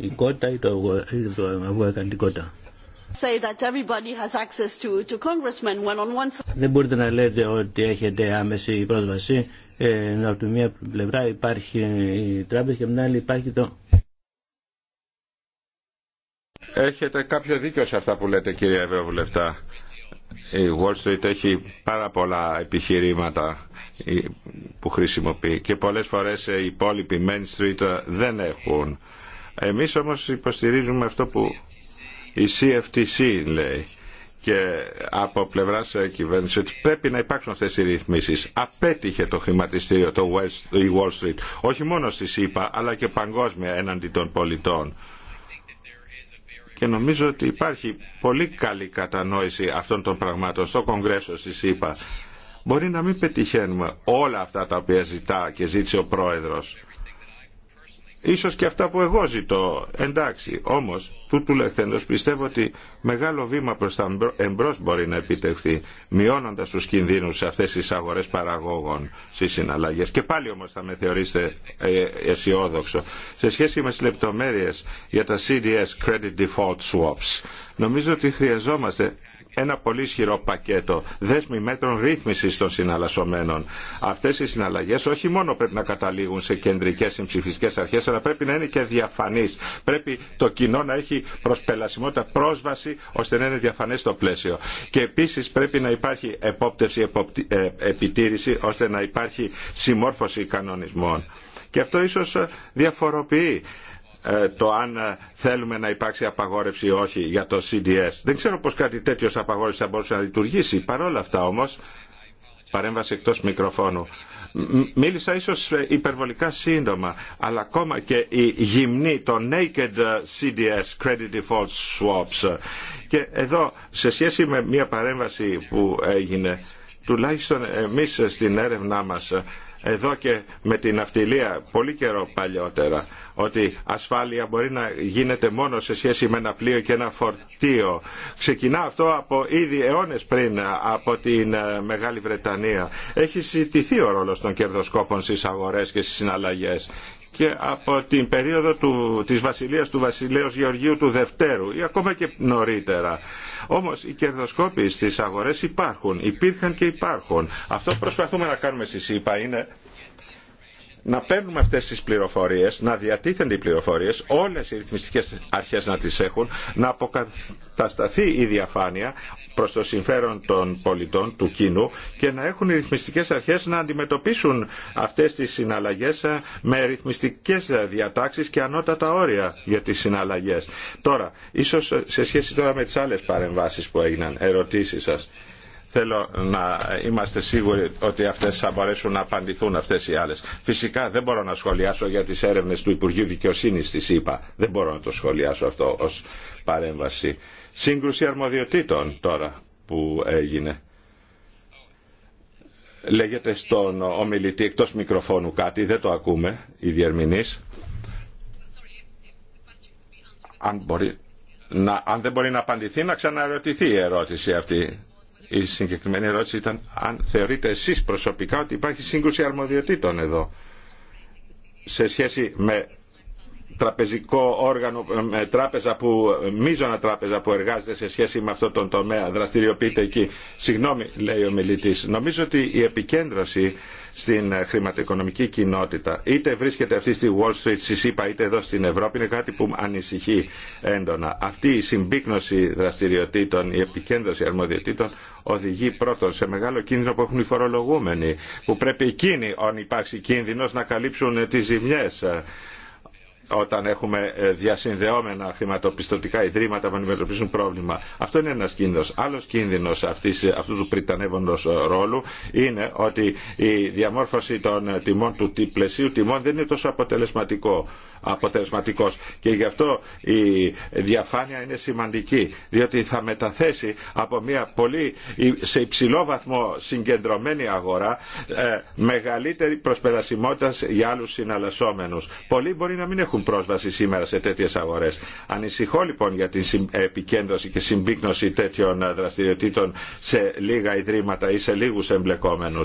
η κότα ή το αυγό έκανε την κότα. Δεν μπορείτε να λέτε ότι έχετε άμεση πρόσβαση. Ε, από τη μία πλευρά υπάρχει η τράπεζα και από την άλλη υπάρχει το... Έχετε αμεση προσβαση απο τη μια πλευρα υπαρχει η τραπεζα δίκιο σε αυτά που λέτε κύριε Ευρωβουλευτά. Η Wall Street έχει πάρα πολλά επιχειρήματα ε, που χρησιμοποιεί και πολλές φορές ε, οι υπόλοιποι Main Street ε, δεν έχουν. Εμείς όμως υποστηρίζουμε αυτό που η CFTC λέει και από πλευρά ε, κυβέρνηση ότι πρέπει να υπάρξουν αυτές οι ρυθμίσεις. Απέτυχε το χρηματιστήριο, το η Wall Street, όχι μόνο στη ΣΥΠΑ αλλά και παγκόσμια έναντι των πολιτών. Και νομίζω ότι υπάρχει πολύ καλή κατανόηση αυτών των πραγμάτων στο Κογκρέσο στη ΣΥΠΑ. Μπορεί να μην πετυχαίνουμε όλα αυτά τα οποία ζητά και ζήτησε ο Πρόεδρος ίσως και αυτά που εγώ ζητώ. Εντάξει, όμως, τούτου λεχθέντος πιστεύω ότι μεγάλο βήμα προς τα εμπρός μπορεί να επιτευχθεί, μειώνοντας τους κινδύνους σε αυτές τις αγορές παραγόγων στις συναλλαγές. Και πάλι όμως θα με θεωρήσετε ε, αισιόδοξο. Σε σχέση με τις λεπτομέρειες για τα CDS, Credit Default Swaps, νομίζω ότι χρειαζόμαστε ένα πολύ ισχυρό πακέτο δέσμη μέτρων ρύθμιση των συναλλασσομένων. Αυτέ οι συναλλαγέ όχι μόνο πρέπει να καταλήγουν σε κεντρικέ συμψηφιστικέ αρχέ, αλλά πρέπει να είναι και διαφανεί. Πρέπει το κοινό να έχει προσπελασιμότητα πρόσβαση ώστε να είναι διαφανέ το πλαίσιο. Και επίση πρέπει να υπάρχει επόπτευση, ε, επιτήρηση ώστε να υπάρχει συμμόρφωση κανονισμών. Και αυτό ίσω διαφοροποιεί ε, το αν ε, θέλουμε να υπάρξει απαγόρευση ή όχι για το CDS. Δεν ξέρω πως κάτι τέτοιο απαγόρευση θα μπορούσε να λειτουργήσει. Παρ' όλα αυτά όμως, παρέμβαση εκτός μικροφώνου, μίλησα ίσως ε, υπερβολικά σύντομα, αλλά ακόμα και η γυμνή, το Naked CDS, Credit Default Swaps. Και εδώ, σε σχέση με μια παρέμβαση που έγινε, τουλάχιστον εμείς στην έρευνά μας, εδώ και με την αυτιλία πολύ καιρό παλιότερα, ότι ασφάλεια μπορεί να γίνεται μόνο σε σχέση με ένα πλοίο και ένα φορτίο. Ξεκινά αυτό από ήδη αιώνε πριν από την ε, Μεγάλη Βρετανία. Έχει ζητηθεί ο ρόλο των κερδοσκόπων στι αγορέ και στι συναλλαγέ και από την περίοδο του, της βασιλείας του βασιλέως Γεωργίου του Δευτέρου ή ακόμα και νωρίτερα. Όμως οι κερδοσκόποι στις αγορές υπάρχουν, υπήρχαν και υπάρχουν. Αυτό που προσπαθούμε να κάνουμε στη ΣΥΠΑ είναι να παίρνουμε αυτές τις πληροφορίες, να διατίθενται οι πληροφορίες, όλες οι ρυθμιστικές αρχές να τις έχουν, να αποκατασταθεί η διαφάνεια προς το συμφέρον των πολιτών, του κοινού και να έχουν οι ρυθμιστικές αρχές να αντιμετωπίσουν αυτές τις συναλλαγές ε, με ρυθμιστικές διατάξεις και ανώτατα όρια για τις συναλλαγές. Τώρα, ίσως σε σχέση τώρα με τις άλλες παρεμβάσεις που έγιναν, ερωτήσεις σας θέλω να είμαστε σίγουροι ότι αυτές θα μπορέσουν να απαντηθούν αυτές οι άλλες. Φυσικά δεν μπορώ να σχολιάσω για τις έρευνες του Υπουργείου Δικαιοσύνης της ΕΠΑ. Δεν μπορώ να το σχολιάσω αυτό ως παρέμβαση. Σύγκρουση αρμοδιοτήτων τώρα που έγινε. Λέγεται στον ομιλητή εκτός μικροφώνου κάτι, δεν το ακούμε, οι διερμηνείς. Αν, να, αν δεν μπορεί να απαντηθεί, να ξαναρωτηθεί η ερώτηση αυτή η συγκεκριμένη ερώτηση ήταν αν θεωρείτε εσείς προσωπικά ότι υπάρχει σύγκρουση αρμοδιοτήτων εδώ σε σχέση με τραπεζικό όργανο, ε, τράπεζα που, ε, μείζωνα τράπεζα που εργάζεται σε σχέση με αυτό τον τομέα, δραστηριοποιείται εκεί. Συγγνώμη, λέει ο μιλητή. Νομίζω ότι η επικέντρωση στην ε, χρηματοοικονομική κοινότητα, είτε βρίσκεται αυτή στη Wall Street, στη ΣΥΠΑ, είτε εδώ στην Ευρώπη, είναι κάτι που ανησυχεί έντονα. Αυτή η συμπίκνωση δραστηριοτήτων, η επικέντρωση αρμοδιοτήτων, οδηγεί πρώτον σε μεγάλο κίνδυνο που έχουν οι φορολογούμενοι, που πρέπει εκείνοι, αν υπάρξει κίνδυνος, να καλύψουν τις ζημιές όταν έχουμε ε, διασυνδεόμενα χρηματοπιστωτικά ιδρύματα που αντιμετωπίζουν πρόβλημα. Αυτό είναι ένα κίνδυνο. Άλλο κίνδυνο αυτού του πριτανεύοντο ε, ρόλου είναι ότι η διαμόρφωση των ε, τιμών του πλαισίου τιμών δεν είναι τόσο αποτελεσματικό αποτελεσματικός. Και γι' αυτό η διαφάνεια είναι σημαντική, διότι θα μεταθέσει από μια πολύ σε υψηλό βαθμό συγκεντρωμένη αγορά ε, μεγαλύτερη προσπερασιμότητα για άλλους συναλλασσόμενους. Πολλοί μπορεί να μην έχουν πρόσβαση σήμερα σε τέτοιες αγορές. Ανησυχώ λοιπόν για την επικέντρωση και συμπίκνωση τέτοιων ε, δραστηριοτήτων σε λίγα ιδρύματα ή σε λίγου εμπλεκόμενου.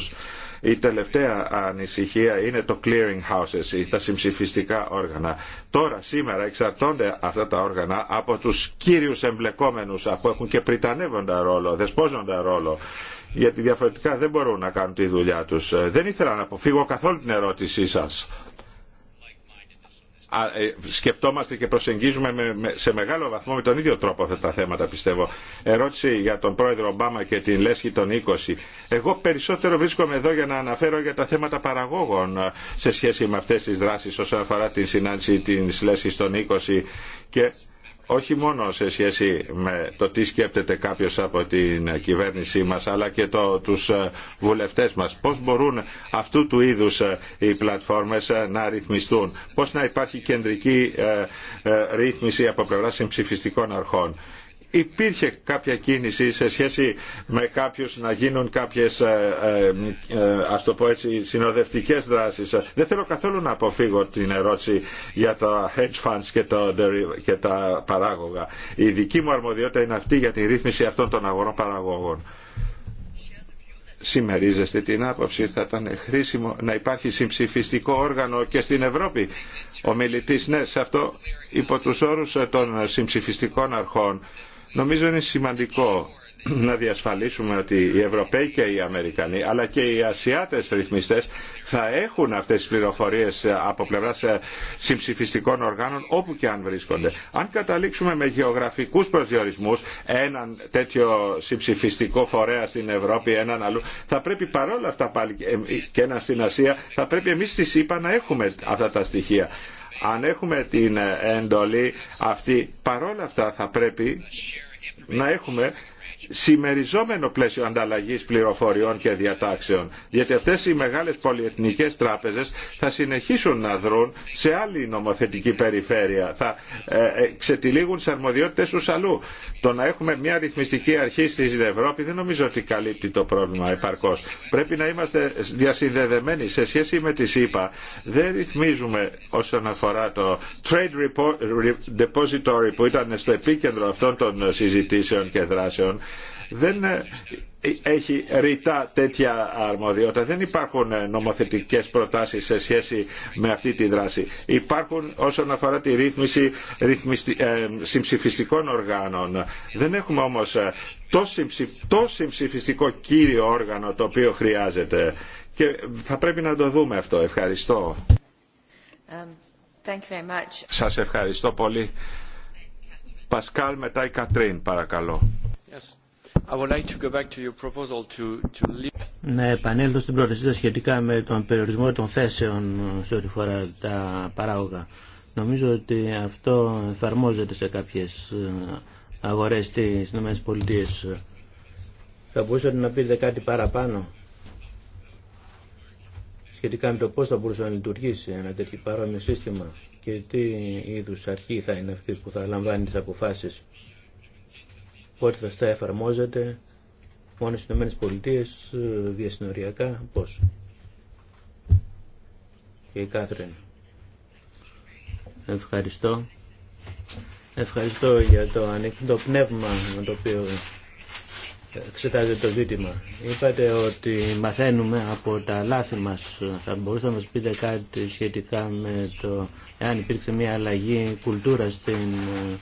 Η τελευταία ανησυχία είναι το clearing houses, τα συμψηφιστικά όργανα. Τώρα, σήμερα, εξαρτώνται αυτά τα όργανα από τους κύριους εμπλεκόμενους που έχουν και πριτανεύοντα ρόλο, δεσπόζοντα ρόλο γιατί διαφορετικά δεν μπορούν να κάνουν τη δουλειά τους. Δεν ήθελα να αποφύγω καθόλου την ερώτησή σας ε, σκεπτόμαστε και προσεγγίζουμε σε μεγάλο βαθμό με τον ίδιο τρόπο αυτά τα θέματα πιστεύω. Ερώτηση για τον πρόεδρο Ομπάμα και την λέσχη των 20. Εγώ περισσότερο βρίσκομαι εδώ για να αναφέρω για τα θέματα παραγόγων ε, σε σχέση με αυτές τις δράσεις όσον αφορά την συνάντηση της λέσχης των 20 και όχι μόνο σε σχέση με το τι σκέπτεται κάποιος από την κυβέρνησή μας αλλά και το, τους ε, βουλευτές μας. Πώς μπορούν αυτού του είδους ε, οι πλατφόρμες ε, να ρυθμιστούν. Πώς να υπάρχει κεντρική ρύθμιση από πλευρά συμψηφιστικών αρχών υπήρχε κάποια κίνηση σε σχέση με κάποιους να γίνουν κάποιες ε, ε, ε, ας το συνοδευτικές δράσεις. Δεν θέλω καθόλου να αποφύγω την ερώτηση για τα hedge funds και, και τα παράγωγα. Η δική μου αρμοδιότητα είναι αυτή για τη ρύθμιση αυτών των αγορών παραγωγών Σημερίζεστε την άποψη θα ήταν χρήσιμο να υπάρχει συμψηφιστικό όργανο και στην Ευρώπη. Ο μιλητής, ναι, σε αυτό υπό τους όρους των συμψηφιστικών αρχών Νομίζω είναι σημαντικό να διασφαλίσουμε ότι οι Ευρωπαίοι και οι Αμερικανοί αλλά και οι Ασιάτες ρυθμιστές θα έχουν αυτές τις πληροφορίες από πλευράς ε, συμψηφιστικών οργάνων όπου και αν βρίσκονται. Αν καταλήξουμε με γεωγραφικούς προσδιορισμούς έναν τέτοιο συμψηφιστικό φορέα στην Ευρώπη, έναν αλλού, θα πρέπει παρόλα αυτά πάλι ε, και ένα στην Ασία, θα πρέπει εμείς στη ΣΥΠΑ να έχουμε αυτά τα στοιχεία. Αν έχουμε την ε, εντολή αυτή, παρόλα αυτά θα πρέπει να έχουμε σημεριζόμενο πλαίσιο ανταλλαγής πληροφοριών και διατάξεων. Γιατί αυτές οι μεγάλες πολυεθνικές τράπεζες θα συνεχίσουν να δρουν σε άλλη νομοθετική περιφέρεια. Θα ε, ε, ξετυλίγουν τις αρμοδιότητες τους αλλού. Το να έχουμε μια ρυθμιστική αρχή στην Ευρώπη δεν νομίζω ότι καλύπτει το πρόβλημα επαρκώς. Πρέπει να είμαστε διασυνδεδεμένοι σε σχέση με τη ΣΥΠΑ. Δεν ρυθμίζουμε όσον αφορά το Trade Depository που ήταν στο επίκεντρο αυτών των συζητήσεων και δράσεων δεν ε, έχει ρητά τέτοια αρμοδιότητα. Δεν υπάρχουν ε, νομοθετικές προτάσεις σε σχέση με αυτή τη δράση. Υπάρχουν όσον αφορά τη ρύθμιση ε, συμψηφιστικών οργάνων. Δεν έχουμε όμως το, συμψηφιστικό κύριο όργανο το οποίο χρειάζεται. Και θα πρέπει να το δούμε αυτό. Ευχαριστώ. Um, thank Σας ευχαριστώ πολύ. Πασκάλ μετά η Κατρίν παρακαλώ. Yes. Να επανέλθω στην πρότασή σας σχετικά με τον περιορισμό των θέσεων σε ό,τι φορά τα παράγωγα. Νομίζω ότι αυτό εφαρμόζεται σε κάποιες ε, αγορές στις ΗΠΑ. Θα μπορούσατε να πείτε κάτι παραπάνω σχετικά με το πώς θα μπορούσε να λειτουργήσει ένα τέτοιο παρόμοιο σύστημα και τι είδους αρχή θα είναι αυτή που θα λαμβάνει τις αποφάσεις θα θα εφαρμόζεται μόνο στι ΗΠΑ ε, διασυνοριακά πώς. Και η Κάθριν. Ευχαριστώ. Ευχαριστώ για το ανοιχτό πνεύμα με το οποίο εξετάζεται το ζήτημα. Είπατε ότι μαθαίνουμε από τα λάθη μας. Θα μπορούσατε να μας πείτε κάτι σχετικά με το εάν υπήρξε μια αλλαγή κουλτούρα στην ε,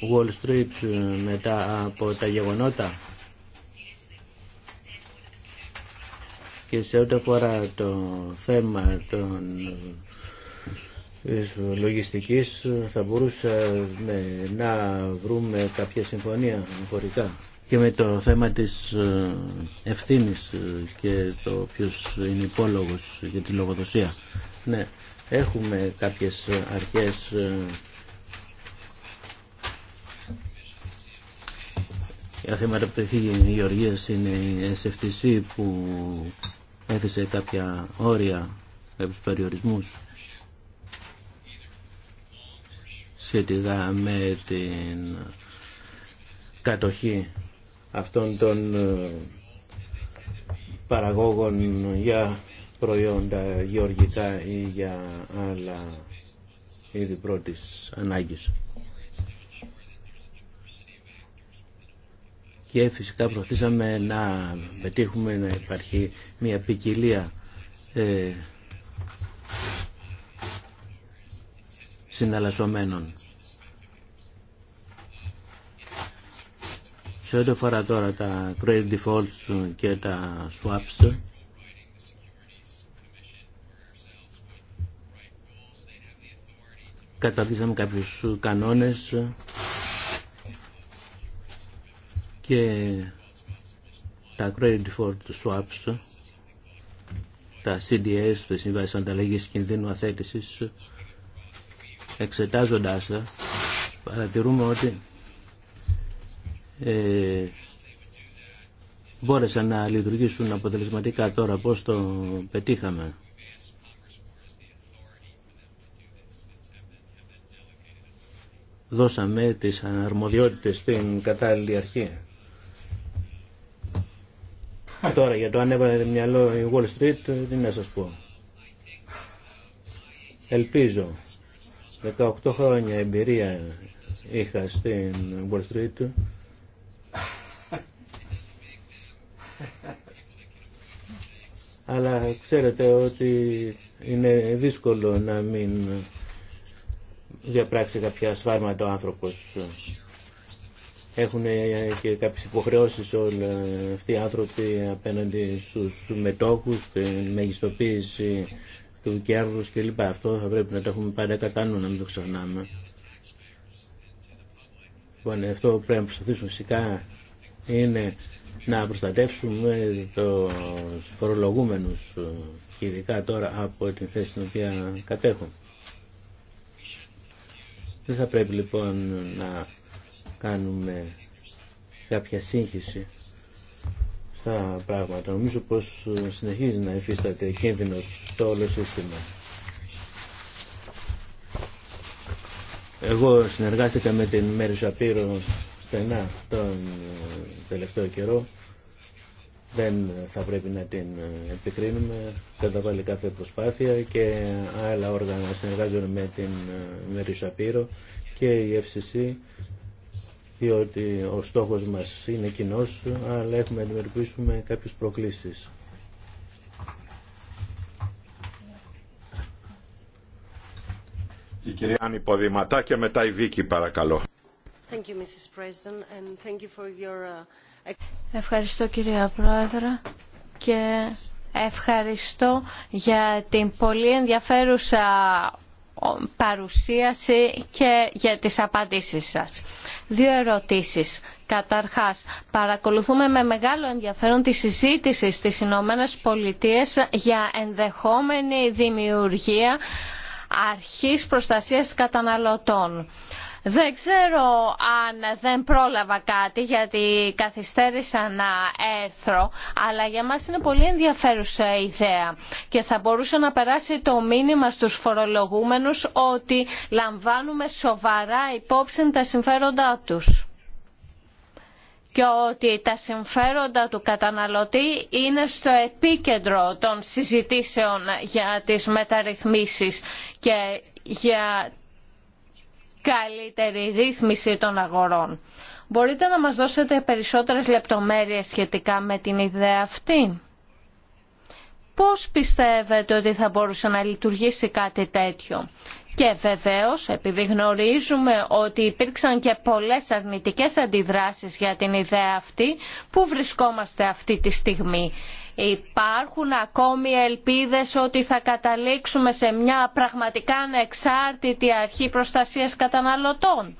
Wall Street ε, μετά από τα γεγονότα και σε ό,τι αφορά το θέμα των ε, λογιστικής ε, θα μπορούσαμε να βρούμε κάποια συμφωνία χωρικά και με το θέμα της ευθύνης και το ποιος είναι υπόλογος για τη λογοδοσία. Ναι, έχουμε κάποιες αρχές για θέματα που η Γεωργία είναι η SFTC που έθεσε κάποια όρια, κάποιου περιορισμού σχετικά με την κατοχή αυτών των ε, παραγόγων για προϊόντα γεωργικά ή για άλλα είδη πρώτης ανάγκης. και φυσικά προσπαθήσαμε να πετύχουμε να υπάρχει μια ποικιλία ε, συναλλασσομένων. Σε ό,τι αφορά τώρα τα credit defaults και τα swaps, καταδίσαμε κάποιους κανόνες και τα credit for swaps, τα CDS, τα Συμβάσεις Ανταλλαγής Κινδύνου Αθέτησης, εξετάζοντάς τα, παρατηρούμε ότι ε, μπόρεσαν να λειτουργήσουν αποτελεσματικά τώρα πώς το πετύχαμε. Δώσαμε τις αρμοδιότητες στην κατάλληλη αρχή. Τώρα για το αν έβαλε μυαλό η Wall Street, ε, τι να σας πω. Ελπίζω. 18 χρόνια εμπειρία είχα στην Wall Street. Αλλά ξέρετε ότι είναι δύσκολο να μην διαπράξει κάποια σφάρματα ο άνθρωπος έχουν ε, και κάποιες υποχρεώσεις όλοι ε, αυτοί οι άνθρωποι απέναντι στους μετόχους, τη ε, μεγιστοποίηση του κέρδους κλπ. Αυτό θα πρέπει να το έχουμε πάντα κατά νου, να μην το ξεχνάμε. Λοιπόν, αυτό που πρέπει να προσπαθήσουμε φυσικά είναι να προστατεύσουμε τους φορολογούμενους, ειδικά τώρα από την θέση την οποία κατέχουν. Δεν θα πρέπει λοιπόν να κάνουμε κάποια σύγχυση στα πράγματα. Νομίζω πως συνεχίζει να υφίσταται κίνδυνο στο όλο σύστημα. Εγώ συνεργάστηκα με την Μέρη Σαπύρο στενά τον ε, τελευταίο καιρό. Δεν θα πρέπει να την ε, επικρίνουμε. Καταβάλει κάθε προσπάθεια και άλλα όργανα συνεργάζονται με την ε, Μέρη Σαπύρο και η FCC ότι ο στόχος μας είναι κοινό, αλλά έχουμε να αντιμετωπίσουμε κάποιες προκλήσεις. Η κυρία Άννη Ποδηματά και μετά η Βίκη παρακαλώ. Ευχαριστώ κυρία Πρόεδρε και ευχαριστώ για την πολύ ενδιαφέρουσα παρουσίαση και για τις απαντήσεις σας. Δύο ερωτήσεις. Καταρχάς, παρακολουθούμε με μεγάλο ενδιαφέρον τη συζήτηση στις Ηνωμένε Πολιτείες για ενδεχόμενη δημιουργία αρχής προστασίας καταναλωτών. Δεν ξέρω αν δεν πρόλαβα κάτι γιατί καθυστέρησα να έρθω, αλλά για μας είναι πολύ ενδιαφέρουσα ιδέα και θα μπορούσε να περάσει το μήνυμα στους φορολογούμενους ότι λαμβάνουμε σοβαρά υπόψη τα συμφέροντά τους και ότι τα συμφέροντα του καταναλωτή είναι στο επίκεντρο των συζητήσεων για τις μεταρρυθμίσεις και για καλύτερη ρύθμιση των αγορών. Μπορείτε να μας δώσετε περισσότερες λεπτομέρειες σχετικά με την ιδέα αυτή. Πώς πιστεύετε ότι θα μπορούσε να λειτουργήσει κάτι τέτοιο. Και βεβαίως, επειδή γνωρίζουμε ότι υπήρξαν και πολλές αρνητικές αντιδράσεις για την ιδέα αυτή, που βρισκόμαστε αυτή τη στιγμή. Υπάρχουν ακόμη ελπίδες ότι θα καταλήξουμε σε μια πραγματικά ανεξάρτητη αρχή προστασίας καταναλωτών.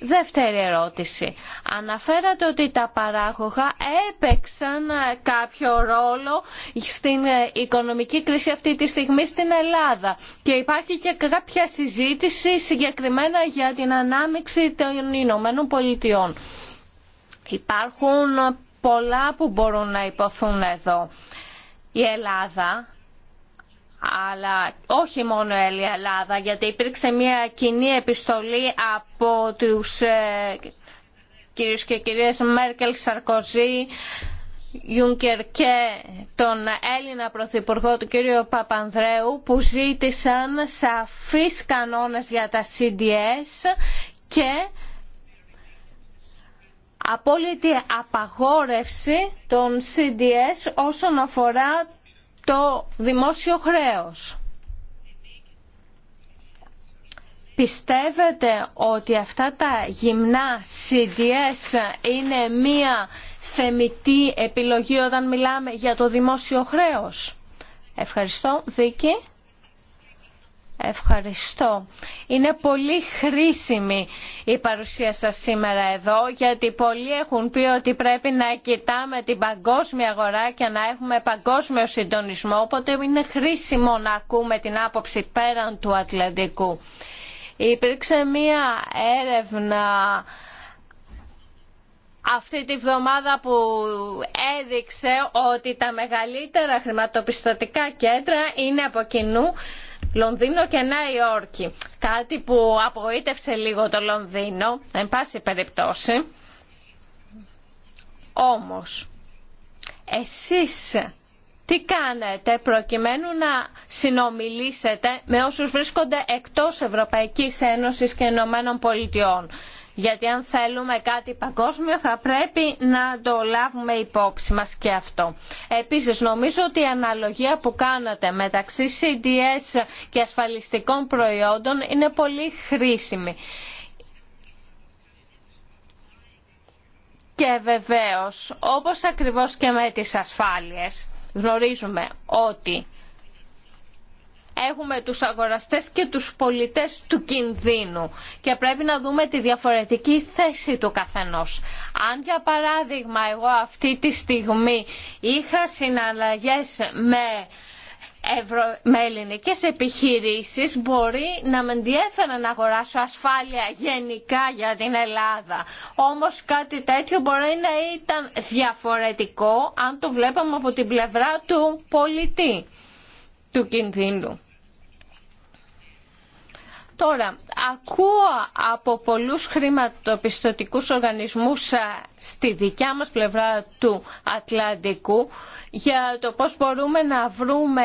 Δεύτερη ερώτηση. Αναφέρατε ότι τα παράγωγα έπαιξαν κάποιο ρόλο στην οικονομική κρίση αυτή τη στιγμή στην Ελλάδα και υπάρχει και κάποια συζήτηση συγκεκριμένα για την ανάμειξη των Ηνωμένων Πολιτειών. Υπάρχουν πολλά που μπορούν να υποθούν εδώ. Η Ελλάδα, αλλά όχι μόνο η Ελλάδα, γιατί υπήρξε μια κοινή επιστολή από τους ε, κυρίους και κυρίες Μέρκελ, Σαρκοζή, Γιούνκερ και τον Έλληνα Πρωθυπουργό του κύριο Παπανδρέου που ζήτησαν σαφείς κανόνες για τα CDS και απόλυτη απαγόρευση των CDS όσον αφορά το δημόσιο χρέος. Πιστεύετε ότι αυτά τα γυμνά CDS είναι μία θεμητή επιλογή όταν μιλάμε για το δημόσιο χρέος. Ευχαριστώ, Δίκη. Ευχαριστώ. Είναι πολύ χρήσιμη η παρουσία σας σήμερα εδώ γιατί πολλοί έχουν πει ότι πρέπει να κοιτάμε την παγκόσμια αγορά και να έχουμε παγκόσμιο συντονισμό οπότε είναι χρήσιμο να ακούμε την άποψη πέραν του Ατλαντικού. Υπήρξε μία έρευνα αυτή τη βδομάδα που έδειξε ότι τα μεγαλύτερα χρηματοπιστωτικά κέντρα είναι από κοινού Λονδίνο και Νέα Υόρκη. Κάτι που απογοήτευσε λίγο το Λονδίνο, εν πάση περιπτώσει. Όμως, εσείς τι κάνετε προκειμένου να συνομιλήσετε με όσους βρίσκονται εκτός Ευρωπαϊκής Ένωσης και Ηνωμένων Πολιτειών. Γιατί αν θέλουμε κάτι παγκόσμιο θα πρέπει να το λάβουμε υπόψη μας και αυτό. Επίσης νομίζω ότι η αναλογία που κάνατε μεταξύ CDS και ασφαλιστικών προϊόντων είναι πολύ χρήσιμη. Και βεβαίως, όπως ακριβώς και με τις ασφάλειες, γνωρίζουμε ότι έχουμε τους αγοραστές και τους πολιτές του κινδύνου και πρέπει να δούμε τη διαφορετική θέση του καθενός. Αν για παράδειγμα εγώ αυτή τη στιγμή είχα συναλλαγές με με ελληνικές επιχειρήσεις μπορεί να με ενδιέφερε να αγοράσω ασφάλεια γενικά για την Ελλάδα. Όμως κάτι τέτοιο μπορεί να ήταν διαφορετικό αν το βλέπαμε από την πλευρά του πολιτή του κινδύνου. Τώρα, ακούω από πολλούς χρηματοπιστωτικούς οργανισμούς ε, στη δικιά μας πλευρά του Ατλαντικού για το πώς μπορούμε να βρούμε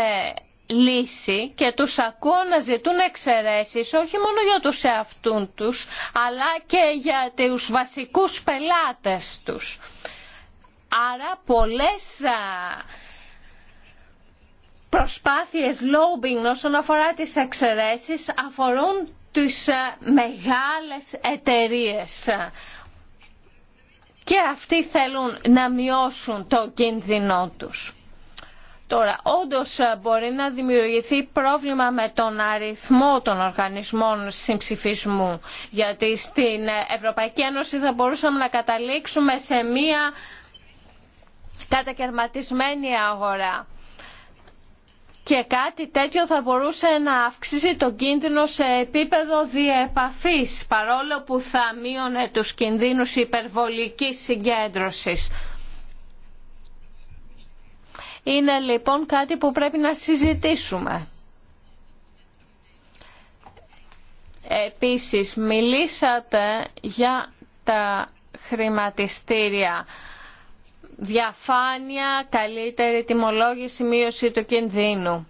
λύση και τους ακούω να ζητούν εξαιρέσεις όχι μόνο για τους εαυτούς τους αλλά και για τους βασικούς πελάτες τους. Άρα πολλές ε, προσπάθειες lobbying όσον αφορά τις εξαιρέσει αφορούν τις ε, μεγάλες εταιρείες. Και αυτοί θέλουν να μειώσουν το κίνδυνό τους. Τώρα, όντως ε, μπορεί να δημιουργηθεί πρόβλημα με τον αριθμό των οργανισμών συμψηφισμού, γιατί στην Ευρωπαϊκή Ένωση θα μπορούσαμε να καταλήξουμε σε μία κατακαιρματισμένη αγορά και κάτι τέτοιο θα μπορούσε να αυξήσει τον κίνδυνο σε επίπεδο διεπαφής παρόλο που θα μείωνε τους κινδύνους υπερβολικής συγκέντρωσης. Είναι λοιπόν κάτι που πρέπει να συζητήσουμε. Επίσης, μιλήσατε για τα χρηματιστήρια διαφάνεια, καλύτερη τιμολόγηση, μείωση του κινδύνου.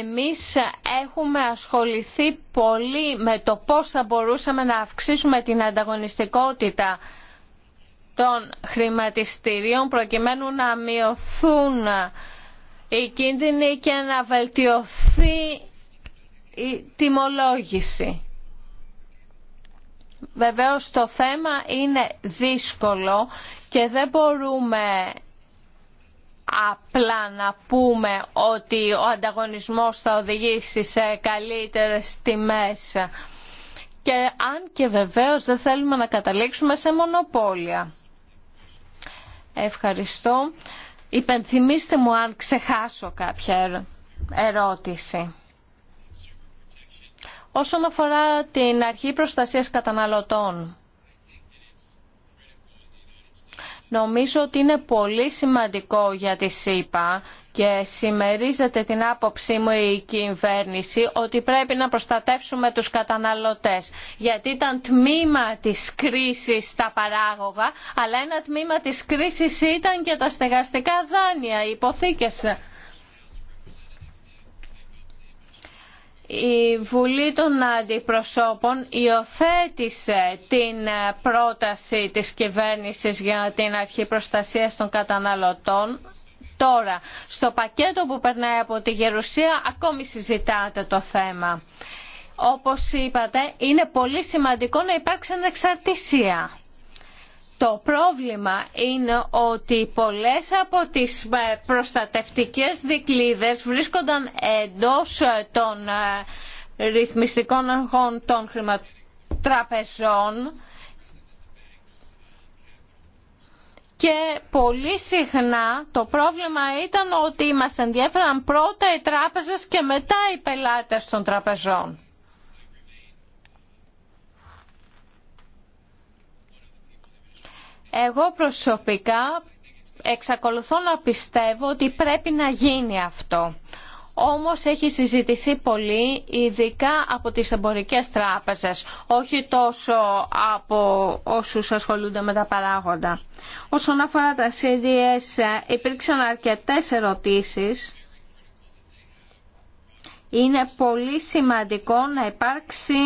Εμείς έχουμε ασχοληθεί πολύ με το πώς θα μπορούσαμε να αυξήσουμε την ανταγωνιστικότητα των χρηματιστηρίων προκειμένου να μειωθούν οι κίνδυνοι και να βελτιωθεί η τιμολόγηση. Βεβαίως το θέμα είναι δύσκολο και δεν μπορούμε απλά να πούμε ότι ο ανταγωνισμός θα οδηγήσει σε καλύτερες τιμές. Και αν και βεβαίως δεν θέλουμε να καταλήξουμε σε μονοπόλια. Ευχαριστώ. Υπενθυμίστε μου αν ξεχάσω κάποια ερώτηση. Όσον αφορά την αρχή προστασίας καταναλωτών, νομίζω ότι είναι πολύ σημαντικό για τη ΣΥΠΑ και συμμερίζεται την άποψή μου η κυβέρνηση ότι πρέπει να προστατεύσουμε τους καταναλωτές γιατί ήταν τμήμα της κρίσης τα παράγωγα αλλά ένα τμήμα της κρίσης ήταν και τα στεγαστικά δάνεια, οι υποθήκες. η Βουλή των Αντιπροσώπων υιοθέτησε την ε, πρόταση της κυβέρνησης για την αρχή προστασίας των καταναλωτών. Τώρα, στο πακέτο που περνάει από τη Γερουσία ακόμη συζητάτε το θέμα. Όπως είπατε, είναι πολύ σημαντικό να υπάρξει ανεξαρτησία. Το πρόβλημα είναι ότι πολλές από τις ε, προστατευτικές δικλίδες βρίσκονταν εντός ε, των ε, ρυθμιστικών αρχών των χρηματραπεζών και πολύ συχνά το πρόβλημα ήταν ότι μας ενδιέφεραν πρώτα οι τράπεζες και μετά οι πελάτες των τραπεζών. Εγώ προσωπικά εξακολουθώ να πιστεύω ότι πρέπει να γίνει αυτό. Όμως έχει συζητηθεί πολύ, ειδικά από τις εμπορικές τράπεζες, όχι τόσο από όσους ασχολούνται με τα παράγοντα. Όσον αφορά τα CDS, υπήρξαν αρκετές ερωτήσεις. Είναι πολύ σημαντικό να υπάρξει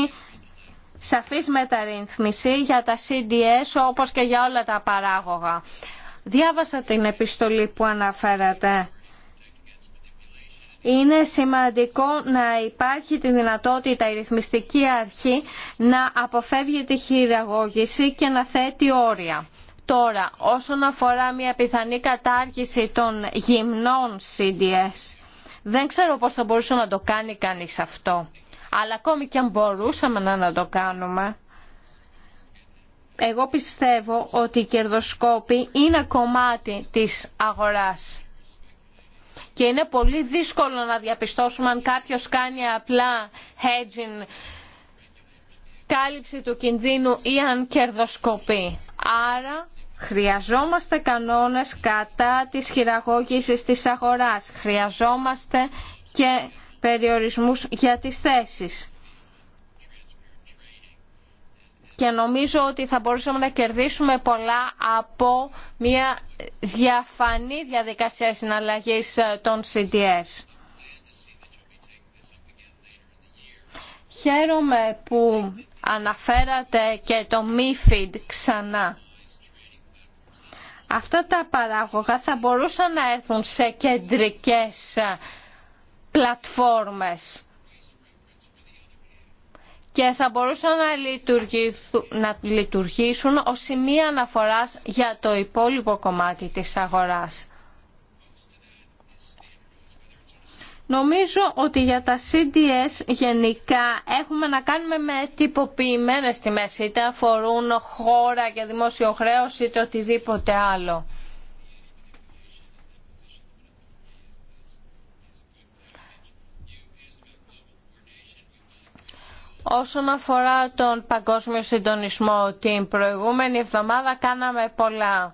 σαφής μεταρρύθμιση για τα CDS όπως και για όλα τα παράγωγα. Διάβασα την επιστολή που αναφέρατε. Είναι σημαντικό να υπάρχει τη δυνατότητα η ρυθμιστική αρχή να αποφεύγει τη χειραγώγηση και να θέτει όρια. Τώρα, όσον αφορά μια πιθανή κατάργηση των γυμνών CDS, δεν ξέρω πώς θα μπορούσε να το κάνει κανείς αυτό. Αλλά ακόμη και αν μπορούσαμε να το κάνουμε, εγώ πιστεύω ότι η κερδοσκόπη είναι κομμάτι της αγοράς. Και είναι πολύ δύσκολο να διαπιστώσουμε αν κάποιος κάνει απλά hedging, κάλυψη του κινδύνου ή αν κερδοσκοπεί. Άρα χρειαζόμαστε κανόνες κατά της χειραγώγησης της αγοράς. Χρειαζόμαστε και περιορισμούς για τις θέσεις. Και νομίζω ότι θα μπορούσαμε να κερδίσουμε πολλά από μια διαφανή διαδικασία συναλλαγής ε, των CDS. Χαίρομαι που αναφέρατε και το MIFID ξανά. Αυτά τα παράγωγα θα μπορούσαν να έρθουν σε κεντρικές ε, πλατφόρμες και θα μπορούσαν να, να λειτουργήσουν ως σημεία αναφοράς για το υπόλοιπο κομμάτι της αγοράς. Νομίζω ότι για τα CDS γενικά έχουμε να κάνουμε με τυποποιημένες τιμές, είτε αφορούν χώρα για δημόσιο χρέος, είτε οτιδήποτε άλλο. Όσον αφορά τον παγκόσμιο συντονισμό, την προηγούμενη εβδομάδα κάναμε πολλά.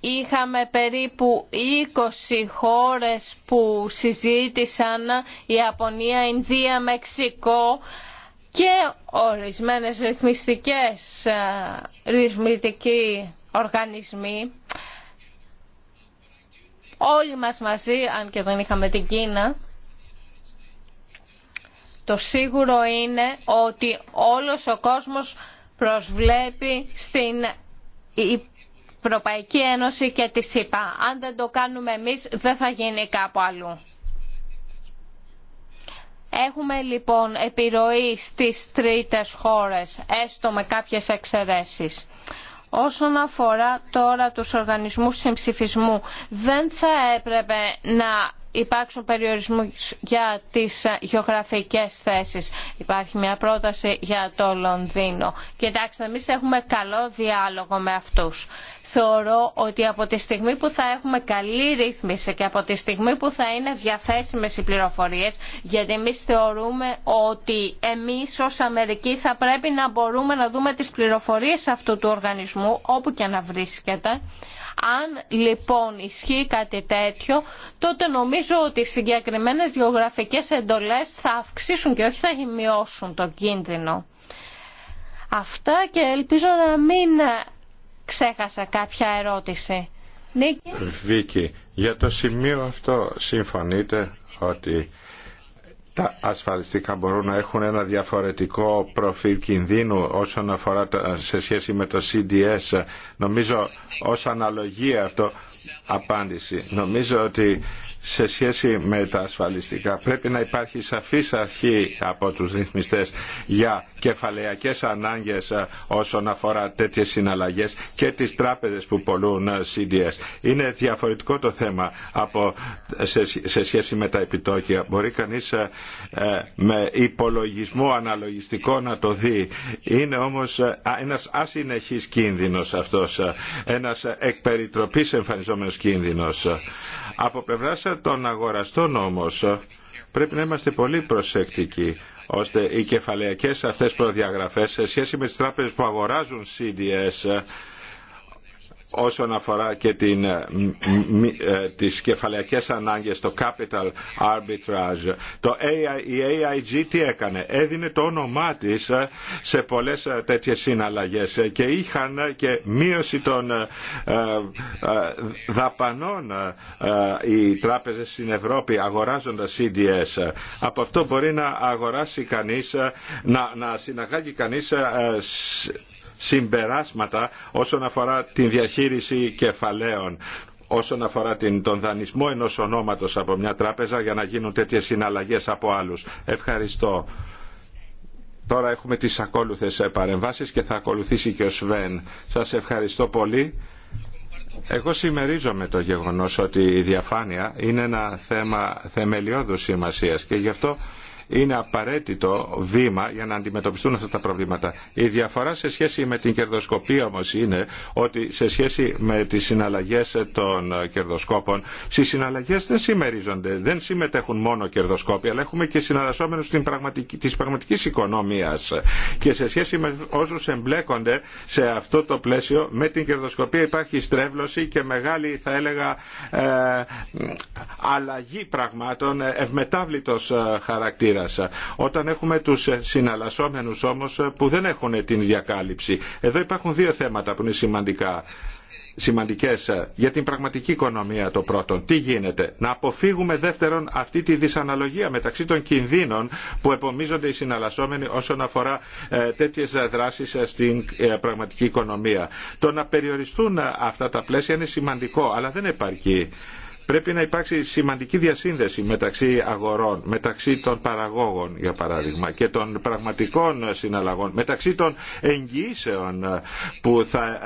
Είχαμε περίπου 20 χώρες που συζήτησαν, η Ιαπωνία, Ινδία, Μεξικό και ορισμένες ρυθμιστικές ε, ρυθμιστικοί οργανισμοί. Όλοι μας μαζί, αν και δεν είχαμε την Κίνα. Το σίγουρο είναι ότι όλος ο κόσμος προσβλέπει στην Ευρωπαϊκή Ένωση και τη ΣΥΠΑ. Αν δεν το κάνουμε εμείς δεν θα γίνει κάπου αλλού. Έχουμε λοιπόν επιρροή στις τρίτες χώρες, έστω με κάποιες εξαιρέσεις. Όσον αφορά τώρα τους οργανισμούς συμψηφισμού, δεν θα έπρεπε να υπάρξουν περιορισμού για τις ε, γεωγραφικές θέσεις. Υπάρχει μια πρόταση για το Λονδίνο. Κοιτάξτε, εμείς έχουμε καλό διάλογο με αυτούς. Θεωρώ ότι από τη στιγμή που θα έχουμε καλή ρύθμιση και από τη στιγμή που θα είναι διαθέσιμες οι πληροφορίες, γιατί εμείς θεωρούμε ότι εμείς ως Αμερική θα πρέπει να μπορούμε να δούμε τις πληροφορίες αυτού του οργανισμού, όπου και να βρίσκεται, αν λοιπόν ισχύει κάτι τέτοιο, τότε νομίζω ότι οι συγκεκριμένες γεωγραφικές εντολές θα αυξήσουν και όχι θα μειώσουν το κίνδυνο. Αυτά και ελπίζω να μην ξέχασα κάποια ερώτηση. Βίκη, για το σημείο αυτό συμφωνείτε ότι τα ασφαλιστικά μπορούν να έχουν ένα διαφορετικό προφίλ κινδύνου όσον αφορά σε σχέση με το CDS. Νομίζω ως αναλογία αυτό απάντηση. Νομίζω ότι σε σχέση με τα ασφαλιστικά. Πρέπει να υπάρχει σαφής αρχή από τους ρυθμιστές για κεφαλαιακές ανάγκες ε, όσον αφορά τέτοιες συναλλαγές και τις τράπεζες που πολλούν ε, CDS. Είναι διαφορετικό το θέμα από, σε, σχέση με τα επιτόκια. Μπορεί κανείς ε, με υπολογισμό αναλογιστικό να το δει. Είναι όμως ένας ασυνεχής κίνδυνος αυτός, ένας εκπεριτροπής εμφανιζόμενος κίνδυνος. Από πλευρά των αγοραστών όμως πρέπει να είμαστε πολύ προσεκτικοί ώστε οι κεφαλαιακές αυτές προδιαγραφές σε σχέση με τις τράπεζες που αγοράζουν CDS όσον αφορά και την, ε, ε, τις κεφαλαιακές ανάγκες, το capital arbitrage. Το η AIG τι έκανε, έδινε το όνομά της ε, σε πολλές τέτοιες συναλλαγές και είχαν και μείωση των δαπανών οι τράπεζες στην Ευρώπη αγοράζοντας CDS. Από αυτό μπορεί να αγοράσει κανείς, να, να συναγάγει κανείς συμπεράσματα όσον αφορά την διαχείριση κεφαλαίων όσον αφορά την, τον δανεισμό ενός ονόματος από μια τράπεζα για να γίνουν τέτοιες συναλλαγές από άλλους. Ευχαριστώ. Τώρα έχουμε τις ακόλουθες παρεμβάσεις και θα ακολουθήσει και ο Σβέν. Σας ευχαριστώ πολύ. Εγώ συμμερίζομαι το γεγονός ότι η διαφάνεια είναι ένα θέμα θεμελιώδους σημασίας και γι' αυτό είναι απαραίτητο βήμα για να αντιμετωπιστούν αυτά τα προβλήματα. Η διαφορά σε σχέση με την κερδοσκοπία όμως είναι ότι σε σχέση με τις συναλλαγές των κερδοσκόπων, στις συναλλαγές δεν συμμερίζονται, δεν συμμετέχουν μόνο κερδοσκόποι, αλλά έχουμε και συναλλασσόμενους της πραγματικής, οικονομία οικονομίας. Και σε σχέση με όσους εμπλέκονται σε αυτό το πλαίσιο, με την κερδοσκοπία υπάρχει στρέβλωση και μεγάλη, θα έλεγα, ε, αλλαγή πραγμάτων, ευμετάβλητο ε, χαρακτήρα όταν έχουμε τους συναλλασσόμενους όμως που δεν έχουν την διακάλυψη. Εδώ υπάρχουν δύο θέματα που είναι σημαντικά σημαντικές για την πραγματική οικονομία το πρώτο. Τι γίνεται. Να αποφύγουμε δεύτερον αυτή τη δυσαναλογία μεταξύ των κινδύνων που επομίζονται οι συναλλασσόμενοι όσον αφορά ε, τέτοιες δράσεις ε, στην ε, πραγματική οικονομία. Το να περιοριστούν αυτά τα πλαίσια είναι σημαντικό αλλά δεν επαρκεί πρέπει να υπάρξει σημαντική διασύνδεση μεταξύ αγορών, μεταξύ των παραγόγων για παράδειγμα και των πραγματικών συναλλαγών, μεταξύ των εγγυήσεων που θα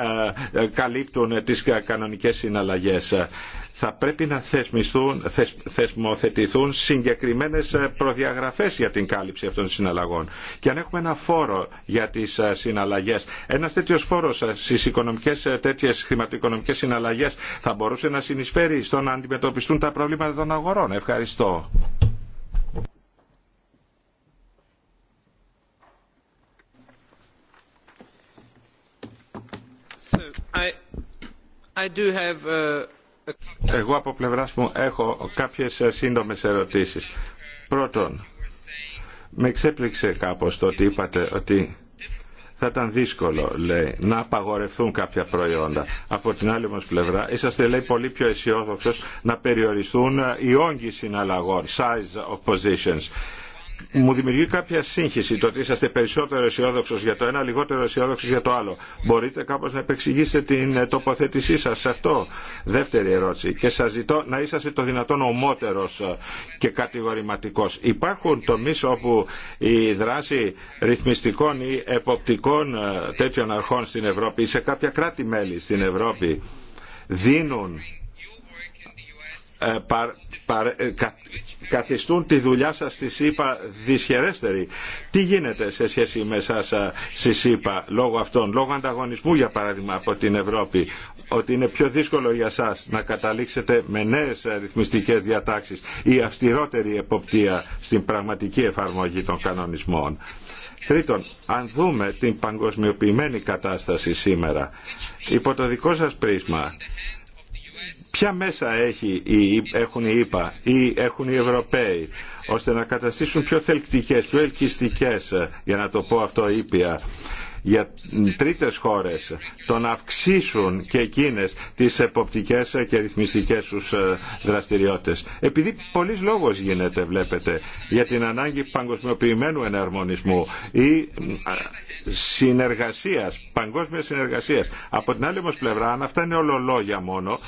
ε, ε, καλύπτουν τις κανονικές συναλλαγές θα πρέπει να θεσμιστούν, θεσμοθετηθούν συγκεκριμένες ε, προδιαγραφές για την κάλυψη αυτών των συναλλαγών. Και αν έχουμε ένα φόρο για τις συναλλαγές, ένας τέτοιος φόρος στις οικονομικές, τέτοιες χρηματοοικονομικές συναλλαγές θα μπορούσε να συνεισφέρει στον να αντιμετωπιστούν τα προβλήματα των αγορών. Ευχαριστώ. Uh, Εγώ από πλευρά μου έχω κάποιε σύντομε ερωτήσει. Πρώτον, με εξέπληξε κάπω το ότι είπατε ότι θα ήταν δύσκολο, λέει, να απαγορευτούν κάποια προϊόντα. Από την άλλη όμως πλευρά, είσαστε, λέει, πολύ πιο αισιόδοξο να περιοριστούν ε, οι όγκοι συναλλαγών, size of positions μου δημιουργεί κάποια σύγχυση το ότι είσαστε περισσότερο αισιόδοξο για το ένα, λιγότερο αισιόδοξο για το άλλο. Μπορείτε κάπω να επεξηγήσετε την ε, τοποθέτησή σα σε αυτό. Δεύτερη ερώτηση. Και σα ζητώ να είσαστε το δυνατόν ομότερο ε, και κατηγορηματικό. Υπάρχουν τομεί όπου η δράση ρυθμιστικών ή εποπτικών ε, τέτοιων αρχών στην Ευρώπη ή σε κάποια κράτη-μέλη στην Ευρώπη δίνουν ε, ε, καθιστούν τη δουλειά σας στη ΣΥΠΑ δυσχερέστερη. Τι γίνεται σε σχέση με σας ε, στη ΣΥΠΑ λόγω αυτών, λόγω ανταγωνισμού για παράδειγμα από την Ευρώπη, ότι είναι πιο δύσκολο για σας να καταλήξετε με νέες ρυθμιστικές διατάξεις ή αυστηρότερη εποπτεία στην πραγματική εφαρμογή των κανονισμών. Τρίτον, αν δούμε την παγκοσμιοποιημένη κατάσταση σήμερα, υπό το δικό σας πρίσμα, Ποια μέσα έχει, έχουν οι ΙΠΑ ή έχουν οι Ευρωπαίοι ώστε να καταστήσουν πιο θελκτικές, πιο ελκυστικές, ε, για να το πω αυτό ήπια, για τρίτες χώρες το να αυξήσουν και εκείνες τις εποπτικές και ρυθμιστικές τους ε, δραστηριότητες. Επειδή πολλής λόγος γίνεται βλέπετε για την ανάγκη παγκοσμιοποιημένου εναρμονισμού ή ε, συνεργασίας, παγκόσμιας συνεργασίας. Από την άλλη όμως πλευρά, αν αυτά είναι ολολόγια μόνο,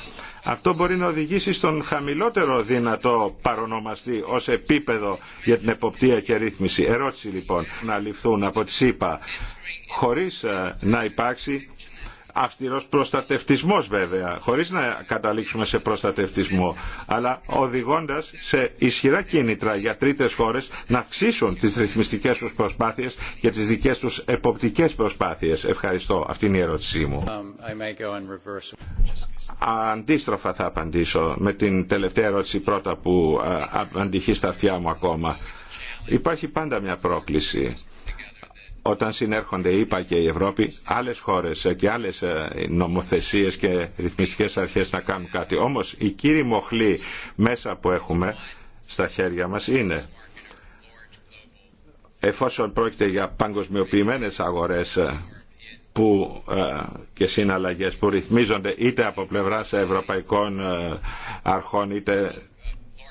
αυτό μπορεί να οδηγήσει στον χαμηλότερο δυνατό παρονομαστή ως επίπεδο για την εποπτεία και ρύθμιση. Ερώτηση λοιπόν να ληφθούν από χωρίς ε, να υπάρξει αυστηρός προστατευτισμός βέβαια, χωρίς να καταλήξουμε σε προστατευτισμό, αλλά οδηγώντας σε ισχυρά κίνητρα για τρίτες χώρες να αυξήσουν τις ρυθμιστικές τους προσπάθειες και τις δικές τους εποπτικές προσπάθειες. Ευχαριστώ. Αυτή είναι η ερώτησή μου. Um, Αντίστροφα θα απαντήσω με την τελευταία ερώτηση πρώτα που ε, αντυχεί στα αυτιά μου ακόμα. Υπάρχει πάντα μια πρόκληση όταν συνέρχονται η και η Ευρώπη, άλλε χώρες και άλλε ε, νομοθεσίες και ρυθμιστικές αρχές να κάνουν κάτι. Όμως η κύριη μοχλή μέσα που έχουμε στα χέρια μας είναι εφόσον πρόκειται για παγκοσμιοποιημένε αγορές ε, που, ε, και συναλλαγές που ρυθμίζονται είτε από πλευράς ευρωπαϊκών αρχών είτε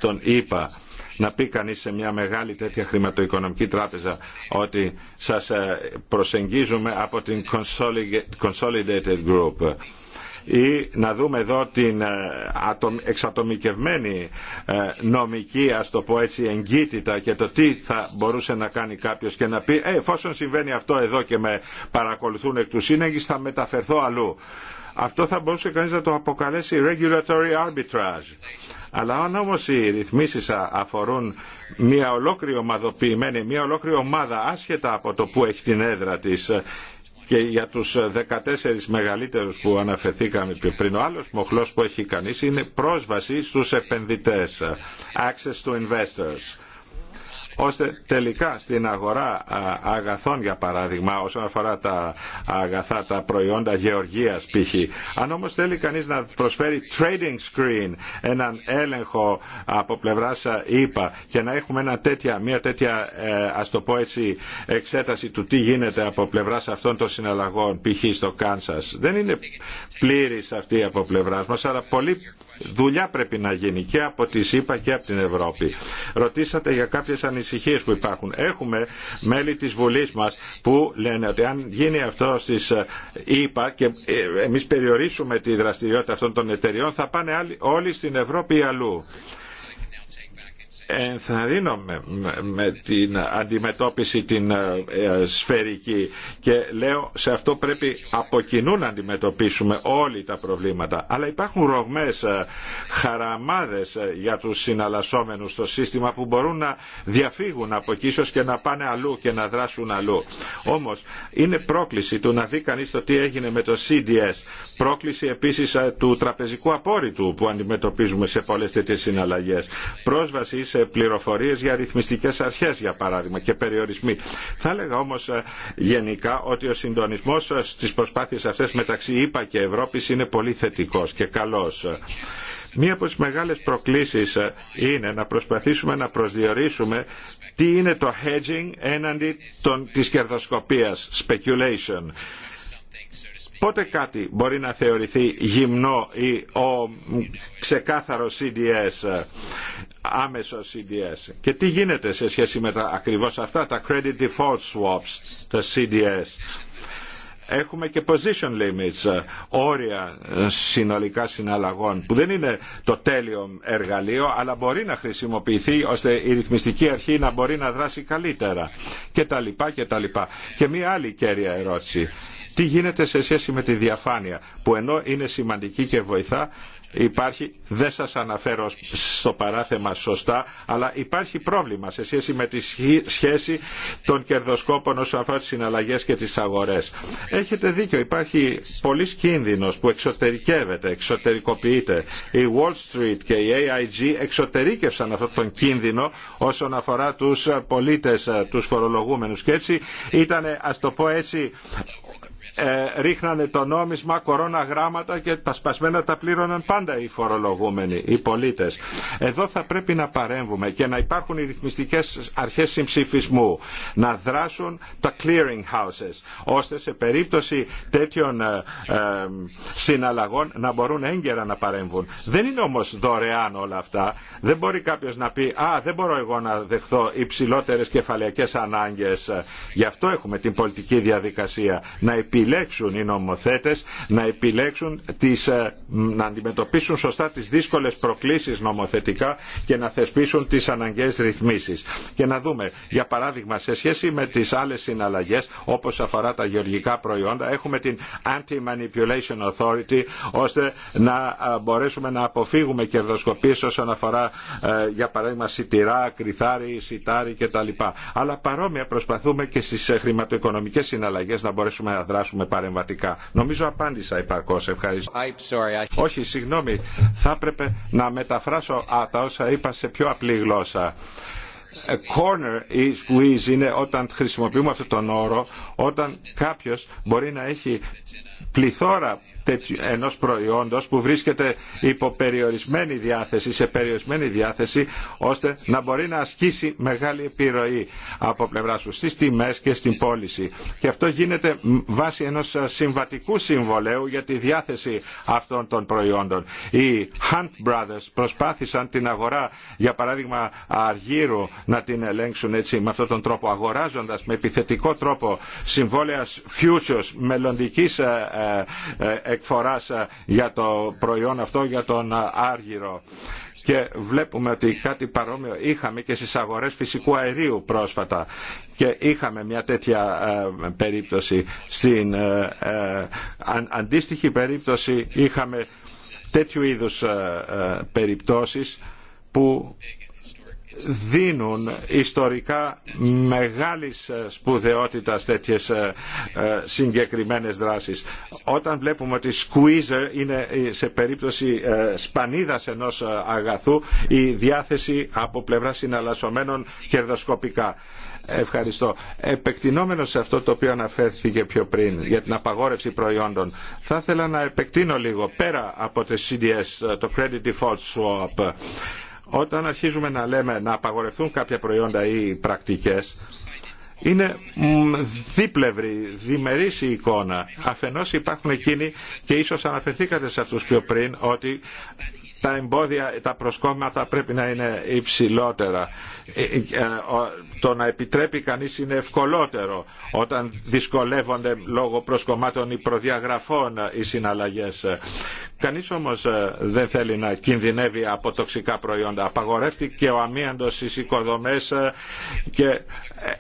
τον είπα να πει κανείς σε μια μεγάλη τέτοια χρηματοοικονομική τράπεζα ότι σας ε, προσεγγίζουμε από την Consolidated Group ή να δούμε εδώ την ε, εξατομικευμένη ε, νομική ας το πω έτσι εγκύτητα και το τι θα μπορούσε να κάνει κάποιος και να πει ε, εφόσον συμβαίνει αυτό εδώ και με παρακολουθούν εκ του σύνεγγις θα μεταφερθώ αλλού. Αυτό θα μπορούσε κανείς να το αποκαλέσει regulatory arbitrage. Αλλά αν όμως οι ρυθμίσεις αφορούν μια ολόκληρη ομαδοποιημένη, μια ολόκληρη ομάδα άσχετα από το που έχει την έδρα της ε, και για τους 14 ε, μεγαλύτερους που αναφερθήκαμε πιο πριν. Ο άλλος μοχλός που έχει κανείς είναι πρόσβαση στους επενδυτές, ε, access to investors ώστε τελικά στην αγορά αγαθών για παράδειγμα όσον αφορά τα αγαθά τα προϊόντα γεωργίας π.χ. Αν όμως θέλει κανείς να προσφέρει trading screen έναν έλεγχο από πλευράς είπα και να έχουμε ένα τέτοια, μια τέτοια ε, ας το πω έτσι εξέταση του τι γίνεται από πλευράς αυτών των συναλλαγών π.χ. στο Κάνσας δεν είναι πλήρης αυτή από πλευρά μας αλλά πολύ Δουλειά πρέπει να γίνει και από τη ΣΥΠΑ και από την Ευρώπη. Ρωτήσατε για κάποιες ανησυχίες που υπάρχουν. Έχουμε μέλη της Βουλής μας που λένε ότι αν γίνει αυτό στις ε, ΗΠΑ και ε, εμείς περιορίσουμε τη δραστηριότητα αυτών των εταιριών θα πάνε όλοι στην Ευρώπη ή αλλού ενθαρρύνομαι με την αντιμετώπιση την ε, ε, σφαιρική και λέω σε αυτό πρέπει από κοινού να αντιμετωπίσουμε όλοι τα προβλήματα. Αλλά υπάρχουν ρογμές, ε, χαραμάδες για τους συναλλασσόμενους στο σύστημα που μπορούν να διαφύγουν από εκεί ίσως και να πάνε αλλού και να δράσουν αλλού. Όμως είναι πρόκληση του να δει κανείς το τι έγινε με το CDS. Πρόκληση επίσης του τραπεζικού απόρριτου που αντιμετωπίζουμε σε πολλές τέτοιες συναλλαγές. Πρόσβαση σε πληροφορίες για ρυθμιστικές αρχές για παράδειγμα και περιορισμοί. Θα έλεγα όμως ε, γενικά ότι ο συντονισμός ε, στις προσπάθειες αυτές μεταξύ ΙΠΑ και Ευρώπης είναι πολύ θετικός και καλός. Μία από τις μεγάλες προκλήσεις ε, είναι να προσπαθήσουμε να προσδιορίσουμε τι είναι το hedging έναντι των, της κερδοσκοπίας, speculation πότε κάτι μπορεί να θεωρηθεί γυμνό ή ο ξεκάθαρο CDS, άμεσο CDS. Και τι γίνεται σε σχέση με τα, ακριβώς αυτά τα credit default swaps, τα CDS, έχουμε και position limits, ε, όρια ε, συνολικά συναλλαγών, που δεν είναι το τέλειο εργαλείο, αλλά μπορεί να χρησιμοποιηθεί ώστε η ρυθμιστική αρχή να μπορεί να δράσει καλύτερα και τα λοιπά και τα λοιπά. Και μία άλλη κέρια ερώτηση. Τι γίνεται σε σχέση με τη διαφάνεια, που ενώ είναι σημαντική και βοηθά, υπάρχει, δεν σας αναφέρω στο παράθεμα σωστά, αλλά υπάρχει πρόβλημα σε σχέση με τη σχέση των κερδοσκόπων όσον αφορά τις συναλλαγές και τις αγορές. Έχετε δίκιο, υπάρχει πολλής κίνδυνος που εξωτερικεύεται, εξωτερικοποιείται. Η Wall Street και η AIG εξωτερήκευσαν αυτόν τον κίνδυνο όσον αφορά τους πολίτες, τους φορολογούμενους και έτσι ήταν, ας το πω έτσι, ε, ρίχνανε το νόμισμα, κορώνα γράμματα και τα σπασμένα τα πλήρωναν πάντα οι φορολογούμενοι, οι πολίτες. Εδώ θα πρέπει να παρέμβουμε και να υπάρχουν οι ρυθμιστικές αρχές συμψηφισμού, να δράσουν τα clearing houses, ώστε σε περίπτωση τέτοιων ε, ε, συναλλαγών να μπορούν έγκαιρα να παρέμβουν. Δεν είναι όμως δωρεάν όλα αυτά. Δεν μπορεί κάποιος να πει «Α, δεν μπορώ εγώ να δεχθώ υψηλότερες κεφαλαιακές ανάγκες». Γι' αυτό έχουμε την πολιτική διαδικασία να επιλέξουν οι νομοθέτες να επιλέξουν τις, ε, να αντιμετωπίσουν σωστά τις δύσκολες προκλήσεις νομοθετικά και να θεσπίσουν τις αναγκαίες ρυθμίσεις. Και να δούμε, για παράδειγμα, σε σχέση με τις άλλες συναλλαγές, όπως αφορά τα γεωργικά προϊόντα, έχουμε την Anti-Manipulation Authority, ώστε να ε, μπορέσουμε να αποφύγουμε κερδοσκοπίες όσον αφορά, ε, για παράδειγμα, σιτηρά, κρυθάρι, σιτάρι κτλ. Αλλά παρόμοια προσπαθούμε και στις χρηματοοικονομικές συναλλαγές να μπορέσουμε να δράσουμε δράσουμε παρεμβατικά. Νομίζω απάντησα υπαρκώ. Ευχαριστώ. Όχι, συγγνώμη. Θα έπρεπε να μεταφράσω α, τα όσα είπα σε πιο απλή γλώσσα corner squeeze είναι όταν χρησιμοποιούμε αυτόν τον όρο, όταν κάποιος μπορεί να έχει πληθώρα ενός προϊόντος που βρίσκεται υπό περιορισμένη διάθεση, σε περιορισμένη διάθεση, ώστε να μπορεί να ασκήσει μεγάλη επιρροή από πλευρά σου στις τιμές και στην πώληση. Και αυτό γίνεται βάσει ενός συμβατικού συμβολέου για τη διάθεση αυτών των προϊόντων. Οι Hunt Brothers προσπάθησαν την αγορά, για παράδειγμα, αργύρου να την ελέγξουν έτσι με αυτόν τον τρόπο, αγοράζοντας με επιθετικό τρόπο συμβόλαια futures μελλοντικής ε, ε, ε, εκφοράς για το προϊόν αυτό, για τον Άργυρο. Και βλέπουμε ότι κάτι παρόμοιο είχαμε και στις αγορές φυσικού αερίου πρόσφατα και είχαμε μια τέτοια περίπτωση. Στην αντίστοιχη περίπτωση είχαμε τέτοιου είδους περιπτώσεις που δίνουν ιστορικά μεγάλης σπουδαιότητας τέτοιες ε, ε, συγκεκριμένες δράσεις. Όταν βλέπουμε ότι squeezer είναι ε, σε περίπτωση σπανίδας ενός αγαθού η διάθεση από πλευρά συναλλασσομένων κερδοσκοπικά. Ευχαριστώ. Επεκτηνόμενο σε αυτό το οποίο αναφέρθηκε πιο πριν για την απαγόρευση προϊόντων, θα ήθελα να επεκτείνω λίγο πέρα από το CDS, το Credit Default Swap όταν αρχίζουμε να λέμε να απαγορευτούν κάποια προϊόντα ή πρακτικές, είναι δίπλευρη, διμερής η εικόνα. Αφενός υπάρχουν εκείνοι και ίσως αναφερθήκατε σε αυτούς πιο πριν ότι τα εμπόδια, τα προσκόμματα πρέπει να είναι υψηλότερα. Ε, ε, το να επιτρέπει κανείς είναι ευκολότερο όταν δυσκολεύονται λόγω προσκομμάτων ή προδιαγραφών οι συναλλαγές. Κανείς όμως ε, δεν θέλει να κινδυνεύει από τοξικά προϊόντα. Απαγορεύτηκε ο αμίαντος στις οικοδομές ε, και ε,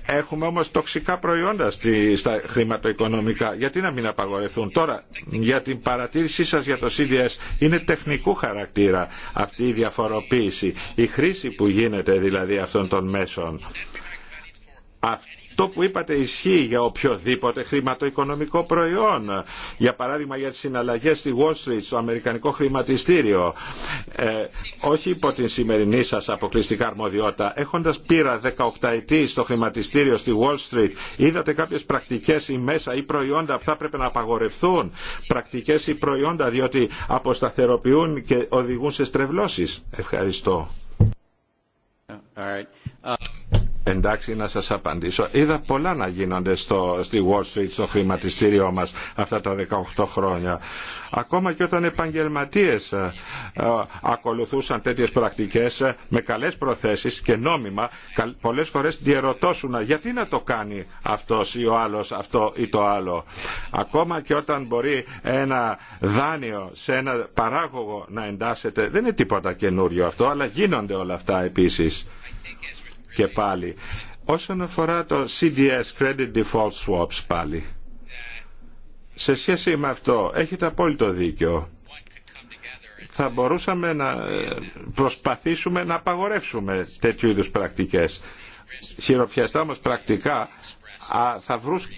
έχουμε όμως τοξικά προϊόντα στα χρηματοοικονομικά. Γιατί να μην απαγορευτούν. Τώρα για την παρατήρησή σας για το CDS είναι τεχνικού χαρακτήρα αυτή η διαφοροποίηση. Η χρήση που γίνεται δηλαδή αυτών των μέσων αυτό που είπατε ισχύει για οποιοδήποτε χρηματοοικονομικό προϊόν. Για παράδειγμα για τις συναλλαγές στη Wall Street, στο Αμερικανικό χρηματιστήριο. Ε, όχι υπό την σημερινή σας αποκλειστικά αρμοδιότητα. Έχοντας πείρα 18 ετή στο χρηματιστήριο στη Wall Street, είδατε κάποιες πρακτικές ή μέσα ή προϊόντα που θα έπρεπε να απαγορευθούν. Πρακτικές ή προϊόντα διότι αποσταθεροποιούν και οδηγούν σε στρεβλώσεις. Ευχαριστώ. Uh, Εντάξει, να σας απαντήσω. Είδα πολλά να γίνονται στο, στη Wall Street, στο χρηματιστήριό μας αυτά τα 18 χρόνια. Ακόμα και όταν επαγγελματίες ε, ε, ακολουθούσαν τέτοιες πρακτικές ε, με καλές προθέσεις και νόμιμα, καλ, πολλές φορές διερωτώσουν γιατί να το κάνει αυτός ή ο άλλος αυτό ή το άλλο. Ακόμα και όταν μπορεί ένα δάνειο σε ένα παράγωγο να εντάσσεται, δεν είναι τίποτα καινούριο αυτό, αλλά γίνονται όλα αυτά επίσης και πάλι. Όσον αφορά το CDS, Credit Default Swaps πάλι, σε σχέση με αυτό έχετε απόλυτο δίκιο. Θα μπορούσαμε να ε, προσπαθήσουμε να απαγορεύσουμε τέτοιου είδους πρακτικές. Χειροπιαστά όμως πρακτικά θα,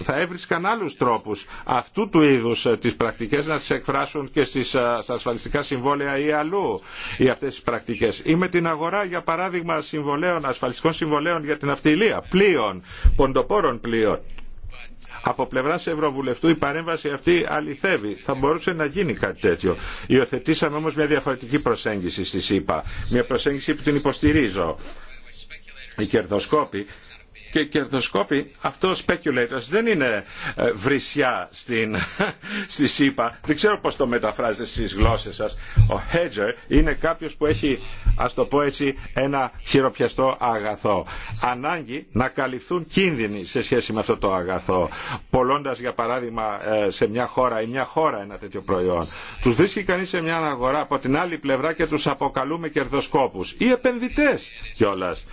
θα έβρισκαν άλλους τρόπους αυτού του είδους ε, τις πρακτικές να τις εκφράσουν και στις, ε, στα ασφαλιστικά συμβόλαια ή αλλού ή αυτές τις πρακτικές. Ή με την αγορά για παράδειγμα συμβολέων, ασφαλιστικών συμβολέων για την αυτιλία, πλοίων, ποντοπόρων πλοίων. Από πλευρά Ευρωβουλευτού η παρέμβαση αυτή αληθεύει. Θα μπορούσε να γίνει κάτι τέτοιο. Υιοθετήσαμε όμω μια διαφορετική προσέγγιση στη ΣΥΠΑ. Μια προσέγγιση που την υποστηρίζω. Οι κερδοσκόποι και οι κερδοσκόποι, αυτό speculators δεν είναι ε, βρυσιά στην, στη ΣΥΠΑ. Δεν ξέρω πώς το μεταφράζετε στις γλώσσες σας. Ο hedger είναι κάποιος που έχει, ας το πω έτσι, ένα χειροπιαστό αγαθό. Ανάγκη να καλυφθούν κίνδυνοι σε σχέση με αυτό το αγαθό. Πολώντας, για παράδειγμα, ε, σε μια χώρα ή μια χώρα ένα τέτοιο προϊόν. Τους βρίσκει κανείς σε μια αγορά από την άλλη πλευρά και τους αποκαλούμε κερδοσκόπους ή επενδυτές κιόλας.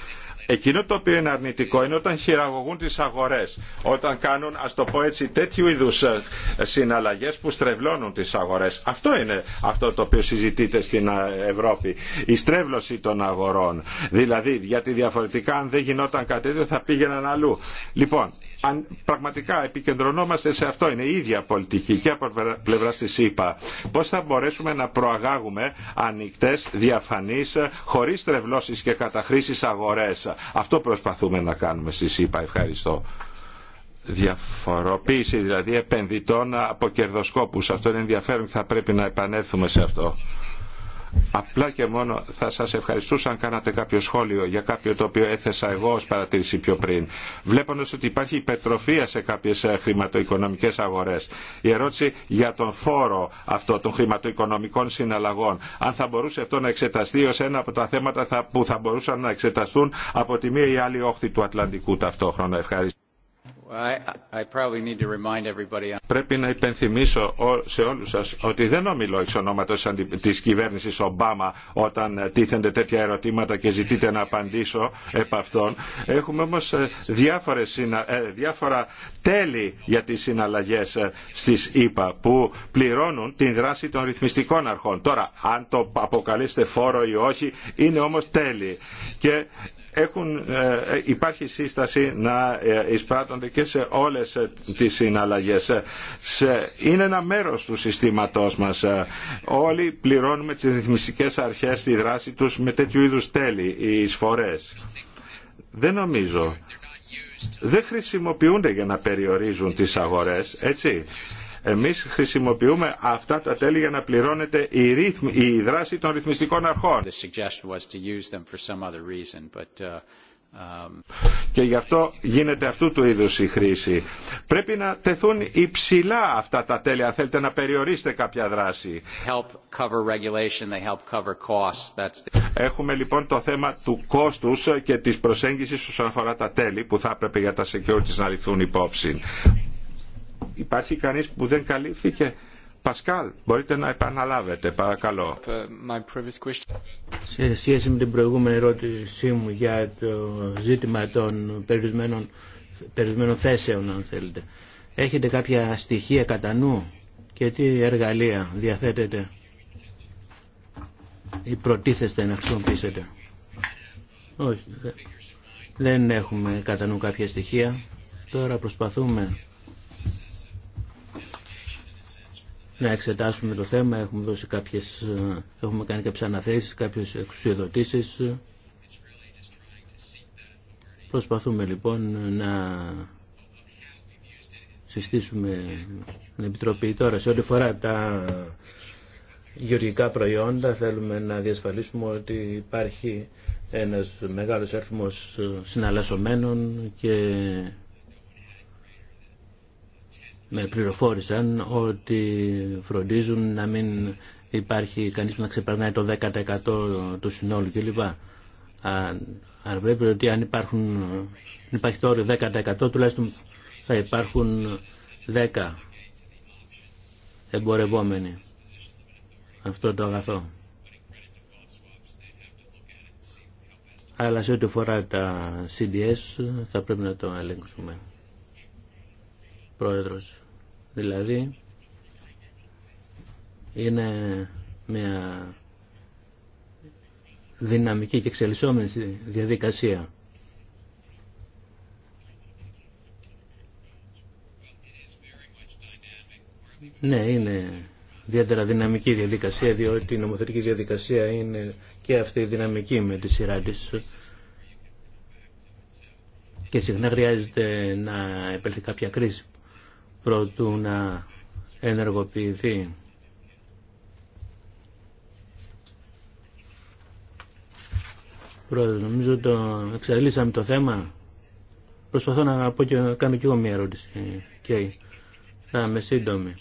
Εκείνο το οποίο είναι αρνητικό είναι όταν χειραγωγούν τις αγορές, όταν κάνουν, ας το πω έτσι, τέτοιου είδους ε, συναλλαγές που στρεβλώνουν τις αγορές. Αυτό είναι αυτό το οποίο συζητείται στην ε, Ευρώπη, η στρέβλωση των αγορών. Δηλαδή, γιατί διαφορετικά αν δεν γινόταν κάτι τέτοιο θα πήγαιναν αλλού. Λοιπόν, αν πραγματικά επικεντρωνόμαστε σε αυτό, είναι η ίδια πολιτική και από πλευρά τη ΕΥΠΑ, Πώ θα μπορέσουμε να προαγάγουμε ανοιχτέ, διαφανεί, ε, χωρί τρευλώσει και καταχρήσει αγορέ. Αυτό προσπαθούμε να κάνουμε στη ΣΥΠΑ. Ευχαριστώ. Διαφοροποίηση δηλαδή επενδυτών από κερδοσκόπους. Αυτό είναι ενδιαφέρον και θα πρέπει να επανέλθουμε σε αυτό. Απλά και μόνο θα σας ευχαριστούσα αν κάνατε κάποιο σχόλιο για κάποιο το οποίο έθεσα εγώ ως παρατήρηση πιο πριν. Βλέποντας ότι υπάρχει υπετροφία σε κάποιες ε, χρηματοοικονομικές αγορές. Η ερώτηση για τον φόρο αυτό των χρηματοοικονομικών συναλλαγών. Αν θα μπορούσε αυτό να εξεταστεί ως ένα από τα θέματα που θα μπορούσαν να εξεταστούν από τη μία ή άλλη όχθη του Ατλαντικού ταυτόχρονα. Ευχαριστώ. Πρέπει να υπενθυμίσω σε όλους σας ότι δεν ομιλώ εξ ονόματος της κυβέρνησης Ομπάμα όταν ε, τίθενται τέτοια ερωτήματα και ζητείτε να απαντήσω επ' αυτών. Έχουμε όμως ε, ε, διάφορα τέλη για τις συναλλαγές στις ΗΠΑ που πληρώνουν την δράση των ρυθμιστικών αρχών. Τώρα, αν το αποκαλείστε φόρο ή όχι, είναι όμως τέλη έχουν, ε, υπάρχει σύσταση να ε, εισπράττονται και σε όλες ε, τις συναλλαγές. είναι ένα μέρος του συστήματός μας. Όλοι πληρώνουμε τις ρυθμιστικές αρχές στη δράση τους με τέτοιου είδους τέλη, οι εισφορές. Δεν νομίζω δεν χρησιμοποιούνται για να περιορίζουν τις αγορές, έτσι. Εμείς χρησιμοποιούμε αυτά τα τέλη για να πληρώνεται η, ρύθμ, η δράση των ρυθμιστικών αρχών. Και γι' αυτό γίνεται αυτού του είδους η χρήση. Πρέπει να τεθούν υψηλά αυτά τα τέλη, αν θέλετε να περιορίσετε κάποια δράση. Έχουμε λοιπόν το θέμα του κόστους και της προσέγγισης όσον αφορά τα τέλη που θα έπρεπε για τα securities να ληφθούν υπόψη. Υπάρχει κανείς που δεν καλύφθηκε. Πασκάλ, μπορείτε να επαναλάβετε, παρακαλώ. Σε σχέση με την προηγούμενη ερώτησή μου για το ζήτημα των περιορισμένων, περιορισμένων θέσεων, αν θέλετε, έχετε κάποια στοιχεία κατά νου και τι εργαλεία διαθέτετε ή προτίθεστε να χρησιμοποιήσετε. Όχι, δεν έχουμε κατά νου κάποια στοιχεία. Τώρα προσπαθούμε να εξετάσουμε το θέμα. Έχουμε, δώσει κάποιες, ε, έχουμε κάνει κάποιες αναθέσεις, κάποιες εξουσιοδοτήσεις. Προσπαθούμε λοιπόν να συστήσουμε την Επιτροπή τώρα σε ό,τι φορά τα γεωργικά προϊόντα θέλουμε να διασφαλίσουμε ότι υπάρχει ένας μεγάλος αριθμός συναλλασσομένων και με πληροφόρησαν ότι φροντίζουν να μην υπάρχει κανείς που να ξεπερνάει το 10% του συνόλου κλπ. Αν πρέπει ότι αν υπάρχουν, υπάρχει το όριο 10% τουλάχιστον θα υπάρχουν 10 εμπορευόμενοι αυτό το αγαθό. Αλλά σε ό,τι αφορά τα CDS θα πρέπει να το ελέγξουμε. Πρόεδρος. Δηλαδή είναι μια δυναμική και εξελισσόμενη διαδικασία. Ναι, είναι ιδιαίτερα δυναμική διαδικασία, διότι η νομοθετική διαδικασία είναι και αυτή η δυναμική με τη σειρά τη. Και συχνά χρειάζεται να επέλθει κάποια κρίση προτού να ενεργοποιηθεί. Πρόεδρε, νομίζω το εξαντλήσαμε το θέμα. Προσπαθώ να πω και, κάνω και εγώ μια ερώτηση. Και θα είμαι σύντομη.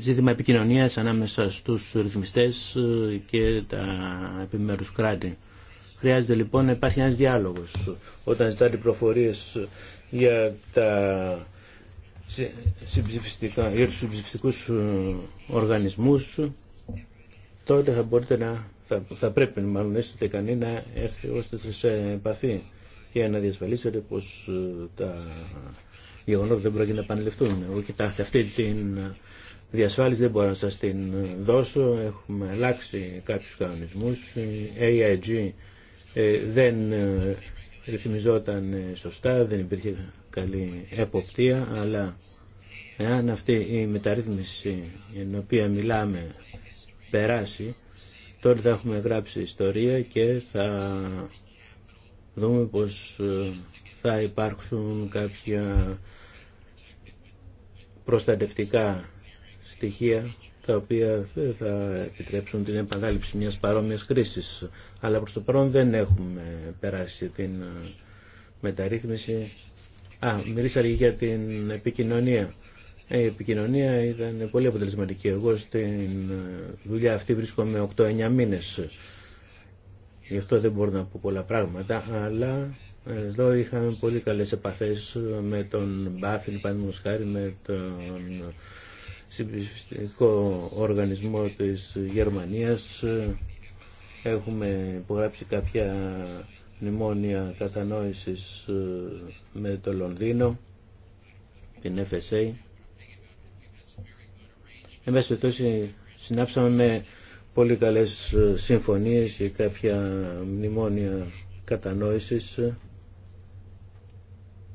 Ζήτημα επικοινωνίας ανάμεσα στους ρυθμιστές ε, και τα επιμέρους κράτη. Χρειάζεται λοιπόν να υπάρχει ένας διάλογος. Όταν ζητάτε προφορίες για τα για τους συμψηφιστικούς ε, οργανισμούς τότε θα μπορείτε να θα, θα πρέπει μάλλον κανεί να έρθει σε επαφή και να διασφαλίσετε πως ε, τα γεγονότα δεν πρόκειται να επανελειφθούν. Εγώ κοιτάξτε αυτή την διασφάλιση δεν μπορώ να σας την δώσω. Έχουμε αλλάξει κάποιους κανονισμούς. Η AIG ε, δεν ρυθμιζόταν ε, σωστά, δεν υπήρχε καλή εποπτεία, αλλά εάν αυτή η μεταρρύθμιση για την οποία μιλάμε περάσει, τότε θα έχουμε γράψει ιστορία και θα δούμε πως ε, θα υπάρξουν κάποια προστατευτικά στοιχεία τα οποία θα επιτρέψουν την επανάληψη μιας παρόμοιας κρίσης. Αλλά προς το παρόν δεν έχουμε περάσει την ε, μεταρρύθμιση. Α, μιλήσατε για την επικοινωνία. Ε, η επικοινωνία ήταν πολύ αποτελεσματική. Εγώ στην ε, δουλειά αυτή βρίσκομαι 8-9 μήνες. Γι' αυτό δεν μπορώ να πω πολλά πράγματα, αλλά εδώ είχαμε πολύ καλές επαφές με τον Μπάφιν, χάρη με τον συμπιστικό οργανισμό της Γερμανίας. Έχουμε υπογράψει κάποια μνημόνια κατανόησης ε, με το Λονδίνο, την FSA. Εμείς, πάση περιπτώσει συνάψαμε με πολύ καλές ε, συμφωνίες και κάποια μνημόνια κατανόησης ε,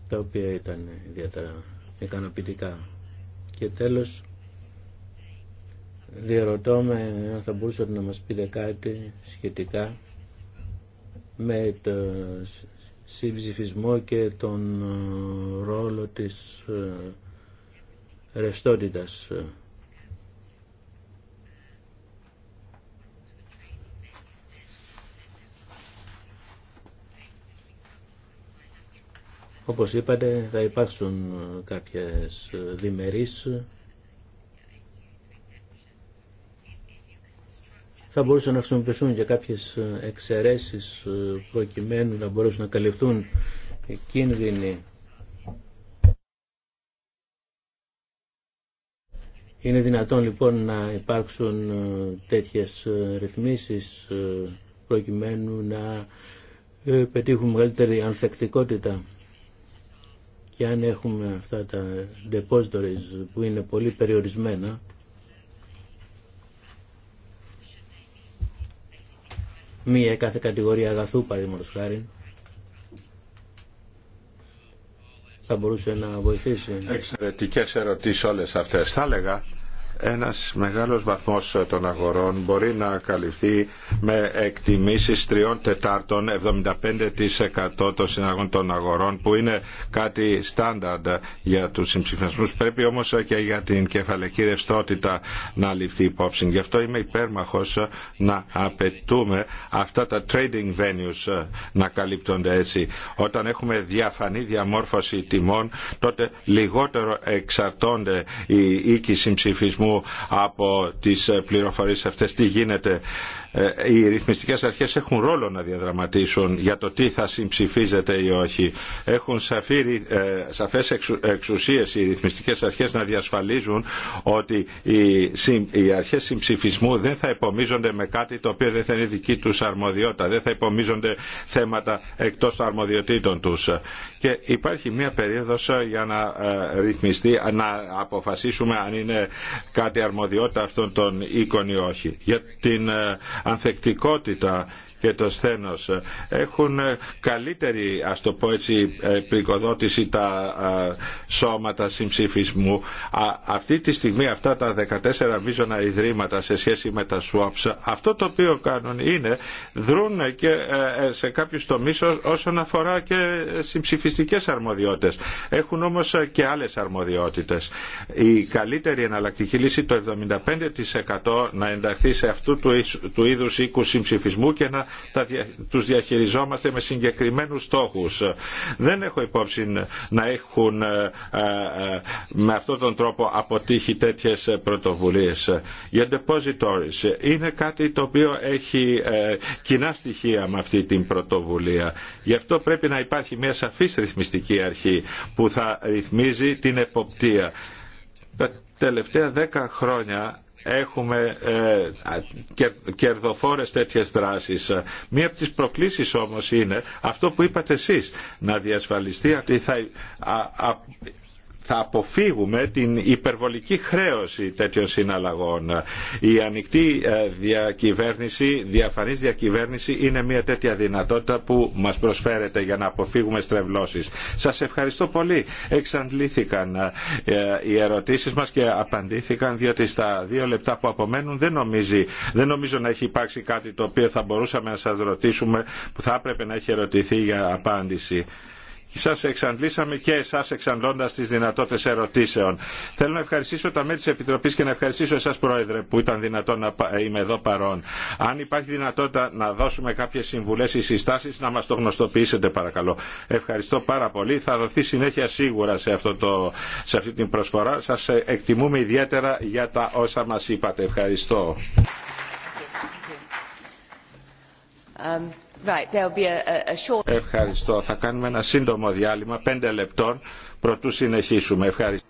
τα οποία ήταν ιδιαίτερα ικανοποιητικά. Και τέλος, Διερωτώ με αν θα μπορούσατε να μας πείτε κάτι σχετικά με το συμψηφισμό και τον ε, ρόλο της ε, ρευστότητας. Όπως είπατε θα υπάρξουν ε, κάποιες διμερείς θα μπορούσαν να χρησιμοποιηθούν για κάποιες ε, εξαιρέσεις ε, προκειμένου να μπορούσαν να καλυφθούν κίνδυνοι. Είναι δυνατόν λοιπόν να υπάρξουν ε, τέτοιες ρυθμίσεις προκειμένου να πετύχουμε μεγαλύτερη ανθεκτικότητα και αν έχουμε αυτά τα depositories που είναι πολύ περιορισμένα μία κάθε κατηγορία αγαθού παραδείγματος χάρη θα μπορούσε να βοηθήσει. Εξαιρετικές ερωτήσεις όλες αυτές. Θα έλεγα ένας μεγάλος βαθμός των αγορών μπορεί να καλυφθεί με εκτιμήσεις 3 τετάρτων 75% των συναγών των αγορών που είναι κάτι στάνταρντ για τους συμψηφισμούς. Πρέπει όμως και για την κεφαλική ρευστότητα να ληφθεί υπόψη. Γι' αυτό είμαι υπέρμαχος να απαιτούμε αυτά τα trading venues να καλύπτονται έτσι. Όταν έχουμε διαφανή διαμόρφωση τιμών τότε λιγότερο εξαρτώνται οι οίκοι συμψηφισμού από τις πληροφορίες αυτές τι γίνεται ε, οι ρυθμιστικές αρχές έχουν ρόλο να διαδραματίσουν για το τι θα συμψηφίζεται ή όχι. Έχουν σαφή, ε, σαφές εξουσίες οι ρυθμιστικές αρχές να διασφαλίζουν ότι οι αρχές συμψηφισμού δεν θα υπομίζονται με κάτι το οποίο δεν θα είναι δική τους αρμοδιότητα, δεν θα υπομίζονται θέματα εκτός των αρμοδιοτήτων τους. Και υπάρχει μια περίοδος ε, για να ρυθμιστεί, να αποφασίσουμε αν είναι κάτι αρμοδιότητα αυτών των οίκων ή όχι. Για την ανθεκτικότητα και το σθένος. Έχουν καλύτερη, ας το πω έτσι, ε, πληκοδότηση τα σώματα συμψηφισμού. Αυτή τη στιγμή αυτά τα 14 μίζωνα ιδρύματα σε σχέση με τα swaps, αυτό το οποίο κάνουν είναι δρούν και ε, ε, σε κάποιους τομείς όσον αφορά και συμψηφιστικές αρμοδιότητες. Έχουν όμως και άλλες αρμοδιότητες. Η καλύτερη εναλλακτική λύση το 75% να ενταχθεί σε αυτού του είδους οίκου συμψηφισμού και να τους διαχειριζόμαστε με συγκεκριμένους στόχους. Δεν έχω υπόψη να έχουν ε, ε, με αυτόν τον τρόπο αποτύχει τέτοιες πρωτοβουλίες. Για depositories είναι κάτι το οποίο έχει ε, κοινά στοιχεία με αυτή την πρωτοβουλία. Γι' αυτό πρέπει να υπάρχει μια σαφής ρυθμιστική αρχή που θα ρυθμίζει την εποπτεία. Τα τελευταία δέκα χρόνια έχουμε ε, κερδοφόρες τέτοιες δράσεις. Μία από τις προκλήσεις όμως είναι αυτό που είπατε εσείς, να διασφαλιστεί ότι θα θα αποφύγουμε την υπερβολική χρέωση τέτοιων συναλλαγών. Η ανοιχτή ε, διακυβέρνηση, διαφανής διακυβέρνηση είναι μια τέτοια δυνατότητα που μας προσφέρεται για να αποφύγουμε στρεβλώσεις. Σας ευχαριστώ πολύ. Εξαντλήθηκαν ε, οι ερωτήσεις μας και απαντήθηκαν διότι στα δύο λεπτά που απομένουν δεν, νομίζει, δεν νομίζω να έχει υπάρξει κάτι το οποίο θα μπορούσαμε να σας ρωτήσουμε που θα έπρεπε να έχει ερωτηθεί για απάντηση σας εξαντλήσαμε και εσάς εξαντλώντας τις δυνατότητες ερωτήσεων. Θέλω να ευχαριστήσω τα μέλη της Επιτροπής και να ευχαριστήσω εσάς Πρόεδρε που ήταν δυνατόν να είμαι εδώ παρόν. Αν υπάρχει δυνατότητα να δώσουμε κάποιες συμβουλές ή συστάσεις να μας το γνωστοποιήσετε παρακαλώ. Ευχαριστώ πάρα πολύ. Θα δοθεί συνέχεια σίγουρα σε, αυτό το, σε αυτή την προσφορά. Σας εκτιμούμε ιδιαίτερα για τα όσα μας είπατε. Ευχαριστώ. Um, Ευχαριστώ. Θα κάνουμε ένα σύντομο διάλειμμα, πέντε λεπτών, προτού συνεχίσουμε. Ευχαριστώ.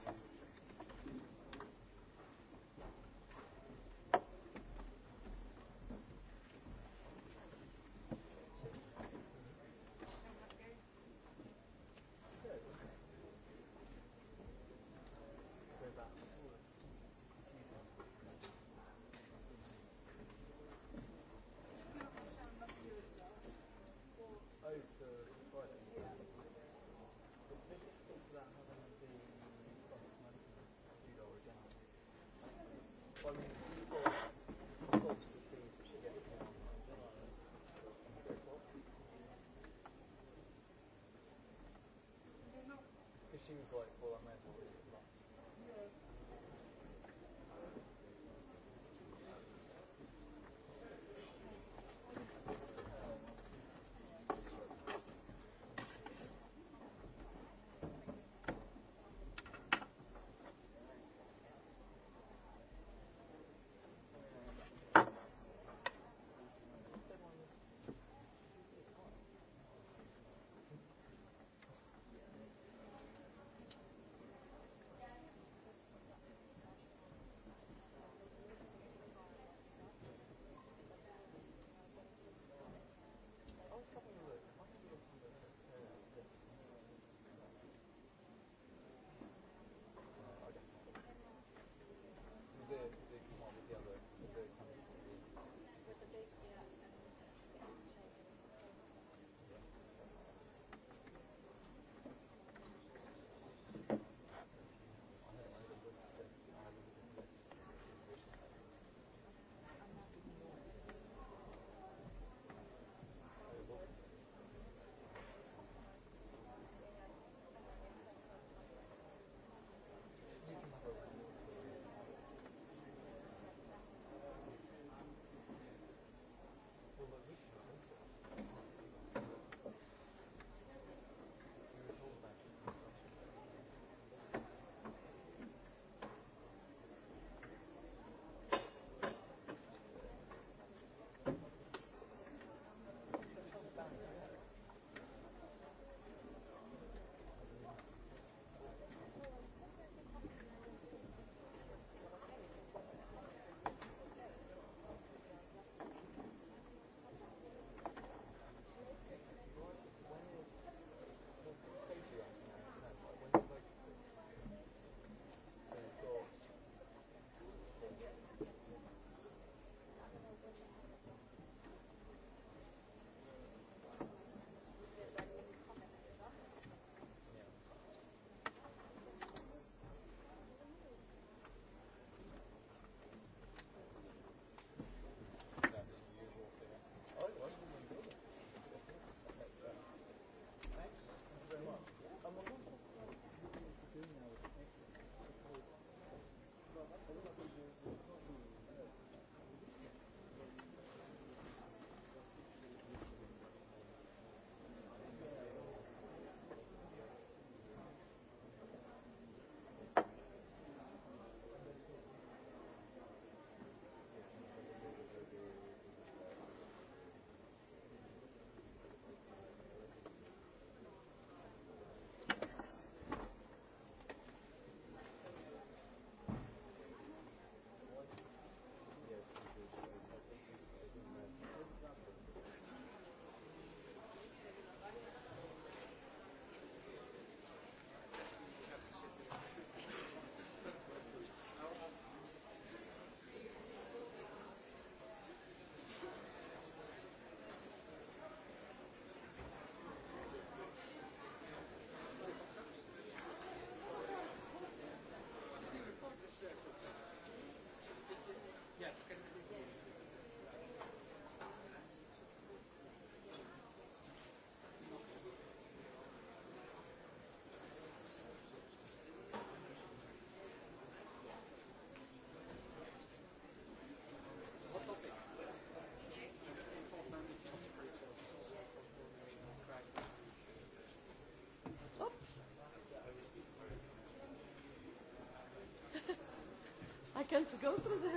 can't go through the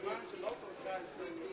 Εντάξει, να το αποφασίσουμε.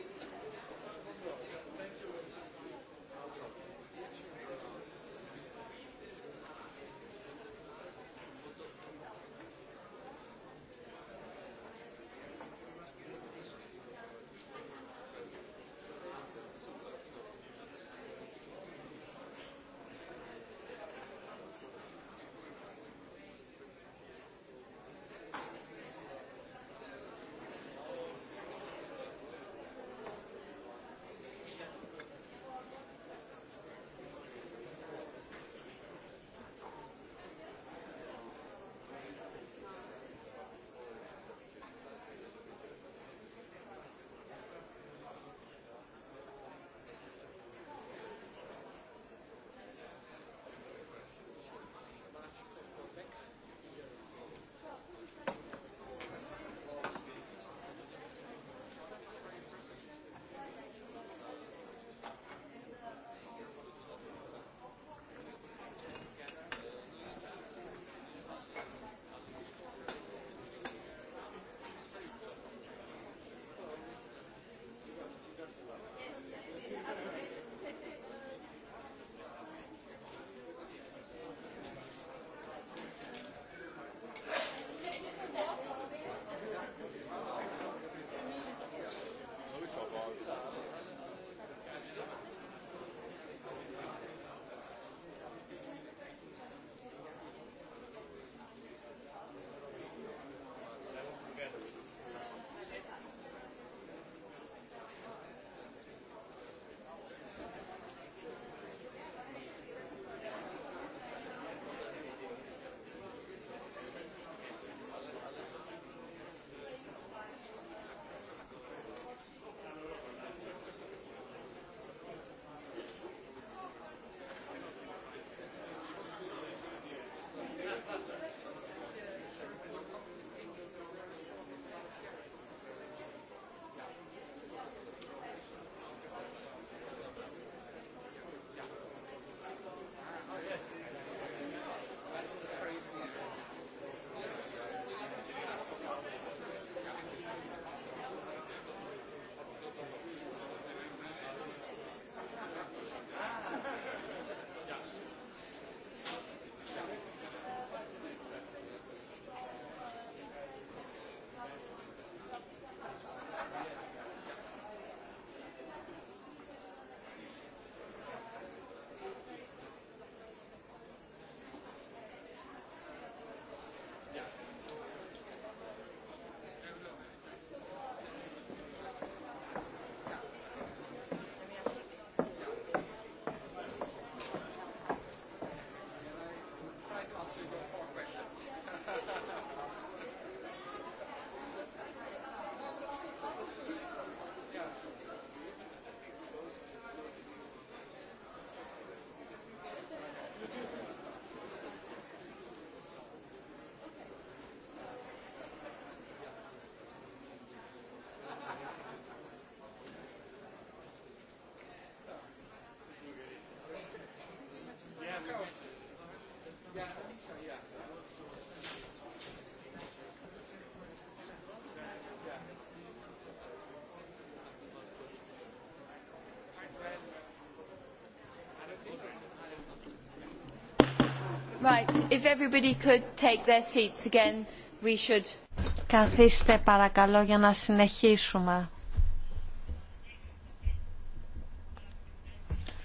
Καθίστε παρακαλώ για να συνεχίσουμε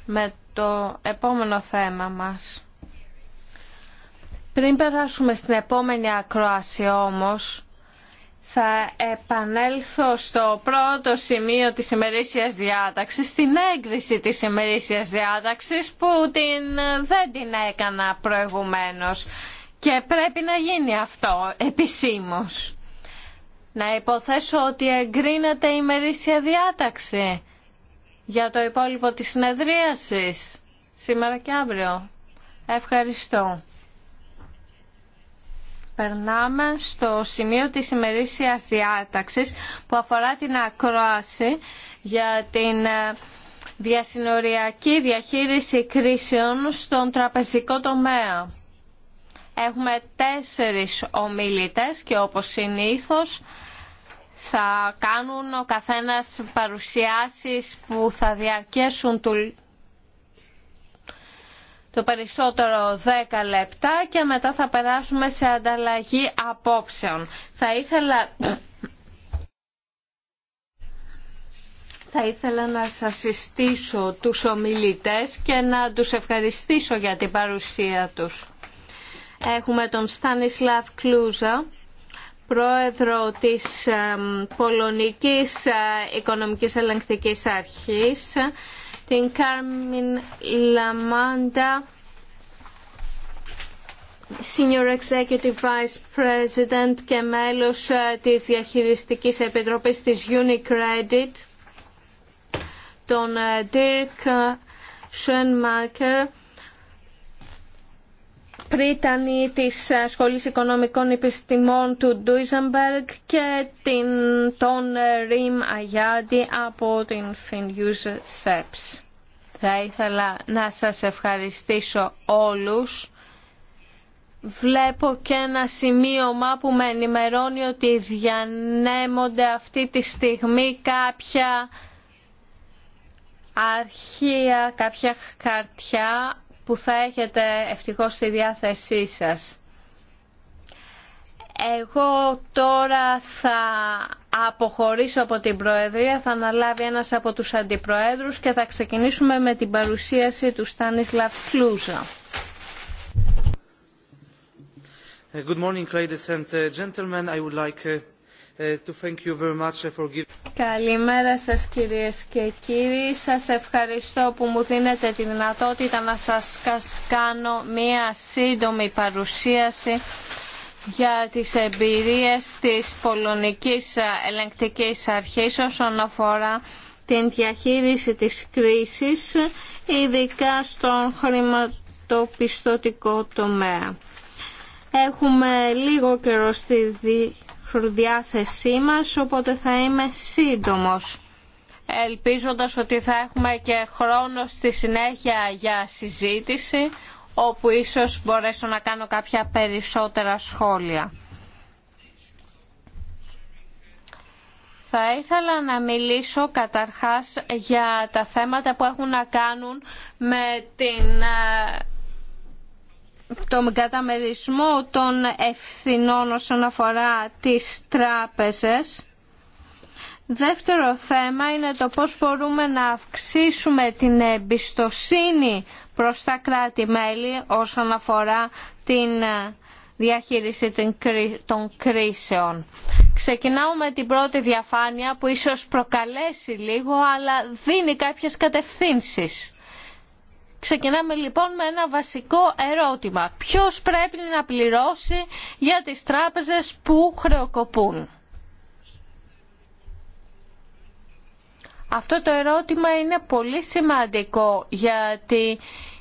με το επόμενο θέμα μας. Πριν περάσουμε στην επόμενη ακρόαση όμως, θα επανέλθω στο πρώτο σημείο της ημερήσιας διάταξης, στην έγκριση της ημερήσιας διάταξης που την, δεν την έκανα προηγουμένως και πρέπει να γίνει αυτό επισήμως. Να υποθέσω ότι εγκρίνεται η ημερήσια διάταξη για το υπόλοιπο της συνεδρίασης σήμερα και αύριο. Ευχαριστώ. Περνάμε στο σημείο της ημερήσιας διάταξης που αφορά την ακρόαση για την ε, διασυνοριακή διαχείριση κρίσεων στον τραπεζικό τομέα. Έχουμε τέσσερις ομιλητές και όπως συνήθως θα κάνουν ο καθένας παρουσιάσεις που θα διαρκέσουν το περισσότερο 10 λεπτά και μετά θα περάσουμε σε ανταλλαγή απόψεων. Θα ήθελα... Θα ήθελα να σας συστήσω τους ομιλητές και να τους ευχαριστήσω για την παρουσία τους. Έχουμε τον Στάνισλαβ Κλούζα, πρόεδρο της Πολωνικής ε, Οικονομικής Ελεγκτικής Αρχής, την Κάρμιν Λαμάντα, Senior Executive Vice President και μέλος ε, της Διαχειριστικής Επιτροπής της Unicredit, τον ε, Dirk Schoenmaker, πρίτανη της Σχολής Οικονομικών Επιστημών του Ντούιζαμπεργκ και την, τον Ριμ Αγιάντη από την Φινιούζ Σέψ. Θα ήθελα να σας ευχαριστήσω όλους. Βλέπω και ένα σημείωμα που με ενημερώνει ότι διανέμονται αυτή τη στιγμή κάποια αρχεία, κάποια χαρτιά που θα έχετε ευτυχώς στη διάθεσή σας. Εγώ τώρα θα αποχωρήσω από την Προεδρία, θα αναλάβει ένας από τους αντιπροέδρους και θα ξεκινήσουμε με την παρουσίαση του Στάνισλαβ Κλούζα. Good morning, ladies and gentlemen. I would like uh, ε, ε, Καλημέρα σας κυρίες και κύριοι. Σας ευχαριστώ που μου δίνετε τη δυνατότητα να σας κάνω μία σύντομη παρουσίαση για τις εμπειρίες της Πολωνικής Ελεγκτικής Αρχής όσον αφορά την διαχείριση της κρίσης, ειδικά στον χρηματοπιστωτικό τομέα. Έχουμε λίγο καιρό στη διάρκεια διάθεσή μας, οπότε θα είμαι σύντομος. Ελπίζοντας ότι θα έχουμε και χρόνο στη συνέχεια για συζήτηση, όπου ίσως μπορέσω να κάνω κάποια περισσότερα σχόλια. Θα ήθελα να μιλήσω καταρχάς για τα θέματα που έχουν να κάνουν με την ε, τον καταμερισμό των ευθυνών όσον αφορά τις τράπεζες. Δεύτερο θέμα είναι το πώς μπορούμε να αυξήσουμε την εμπιστοσύνη προς τα κράτη-μέλη όσον αφορά την διαχείριση των κρίσεων. Ξεκινάω με την πρώτη διαφάνεια που ίσως προκαλέσει λίγο αλλά δίνει κάποιες κατευθύνσεις. Ξεκινάμε λοιπόν με ένα βασικό ερώτημα. Ποιος πρέπει να πληρώσει για τις τράπεζες που χρεοκοπούν. Αυτό το ερώτημα είναι πολύ σημαντικό γιατί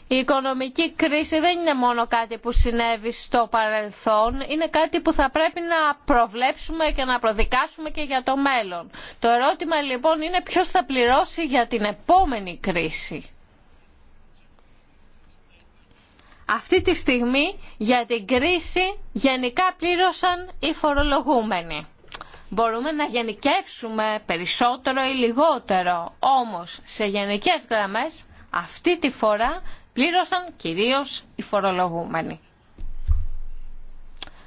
η οικονομική κρίση δεν είναι μόνο κάτι που συνέβη στο παρελθόν, είναι κάτι που θα πρέπει να προβλέψουμε και να προδικάσουμε και για το μέλλον. Το ερώτημα λοιπόν είναι ποιος θα πληρώσει για την επόμενη κρίση. αυτή τη στιγμή για την κρίση γενικά πλήρωσαν οι φορολογούμενοι. Μπορούμε να γενικεύσουμε περισσότερο ή λιγότερο, όμως σε γενικές γραμμές αυτή τη φορά πλήρωσαν κυρίως οι φορολογούμενοι.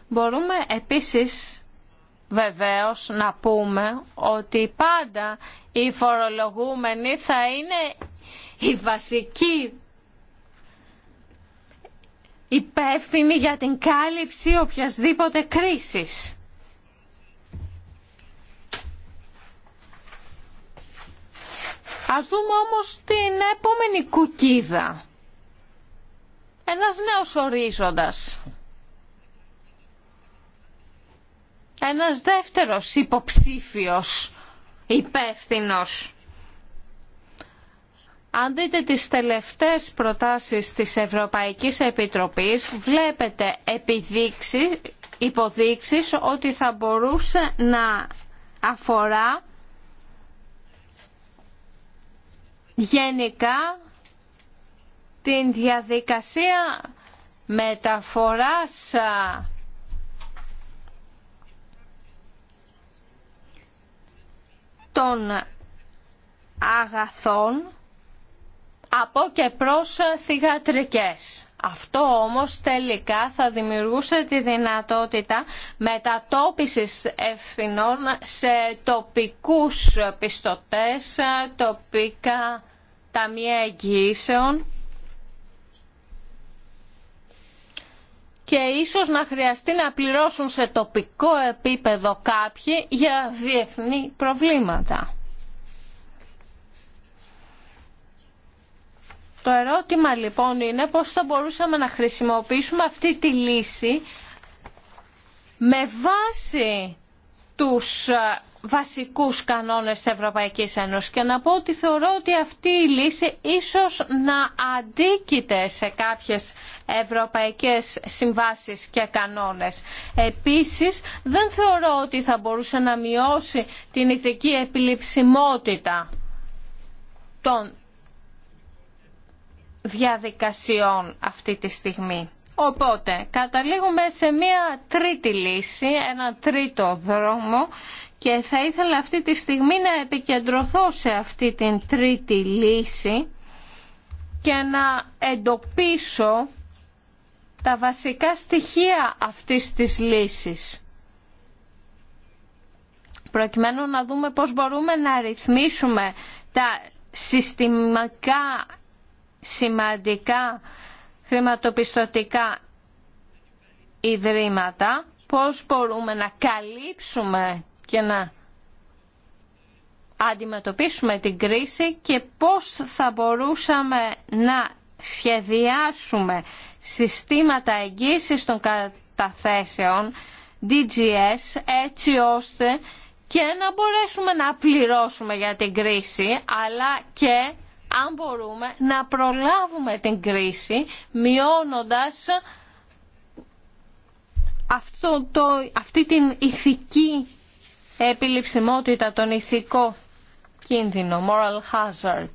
Μπορούμε επίσης βεβαίως να πούμε ότι πάντα οι φορολογούμενοι θα είναι οι βασικοί υπεύθυνοι για την κάλυψη οποιασδήποτε κρίσης. Ας δούμε όμως την επόμενη κουκίδα. Ένας νέος ορίζοντας. Ένας δεύτερος υποψήφιος υπεύθυνος. Αν δείτε τις τελευταίες προτάσεις της Ευρωπαϊκής Επιτροπής, βλέπετε επιδείξει, υποδείξεις ότι θα μπορούσε να αφορά γενικά την διαδικασία μεταφοράς των αγαθών από και προς θυγατρικές. Αυτό όμως τελικά θα δημιουργούσε τη δυνατότητα μετατόπισης ευθυνών σε τοπικούς πιστωτές, τοπικά ταμεία εγγυήσεων και ίσως να χρειαστεί να πληρώσουν σε τοπικό επίπεδο κάποιοι για διεθνή προβλήματα. Το ερώτημα λοιπόν είναι πώς θα μπορούσαμε να χρησιμοποιήσουμε αυτή τη λύση με βάση τους ε, βασικούς κανόνες της Ευρωπαϊκής Ένωσης και να πω ότι θεωρώ ότι αυτή η λύση ίσως να αντίκειται σε κάποιες ευρωπαϊκές συμβάσεις και κανόνες. Επίσης, δεν θεωρώ ότι θα μπορούσε να μειώσει την ηθική επιληψιμότητα των διαδικασιών αυτή τη στιγμή. Οπότε καταλήγουμε σε μία τρίτη λύση, ένα τρίτο δρόμο και θα ήθελα αυτή τη στιγμή να επικεντρωθώ σε αυτή την τρίτη λύση και να εντοπίσω τα βασικά στοιχεία αυτής της λύσης προκειμένου να δούμε πώς μπορούμε να ρυθμίσουμε τα συστημικά σημαντικά χρηματοπιστωτικά ιδρύματα, πώς μπορούμε να καλύψουμε και να αντιμετωπίσουμε την κρίση και πώς θα μπορούσαμε να σχεδιάσουμε συστήματα εγγύησης των καταθέσεων DGS έτσι ώστε και να μπορέσουμε να πληρώσουμε για την κρίση αλλά και αν μπορούμε να προλάβουμε την κρίση μειώνοντας αυτή την ηθική επιληψιμότητα, τον ηθικό κίνδυνο, moral hazard.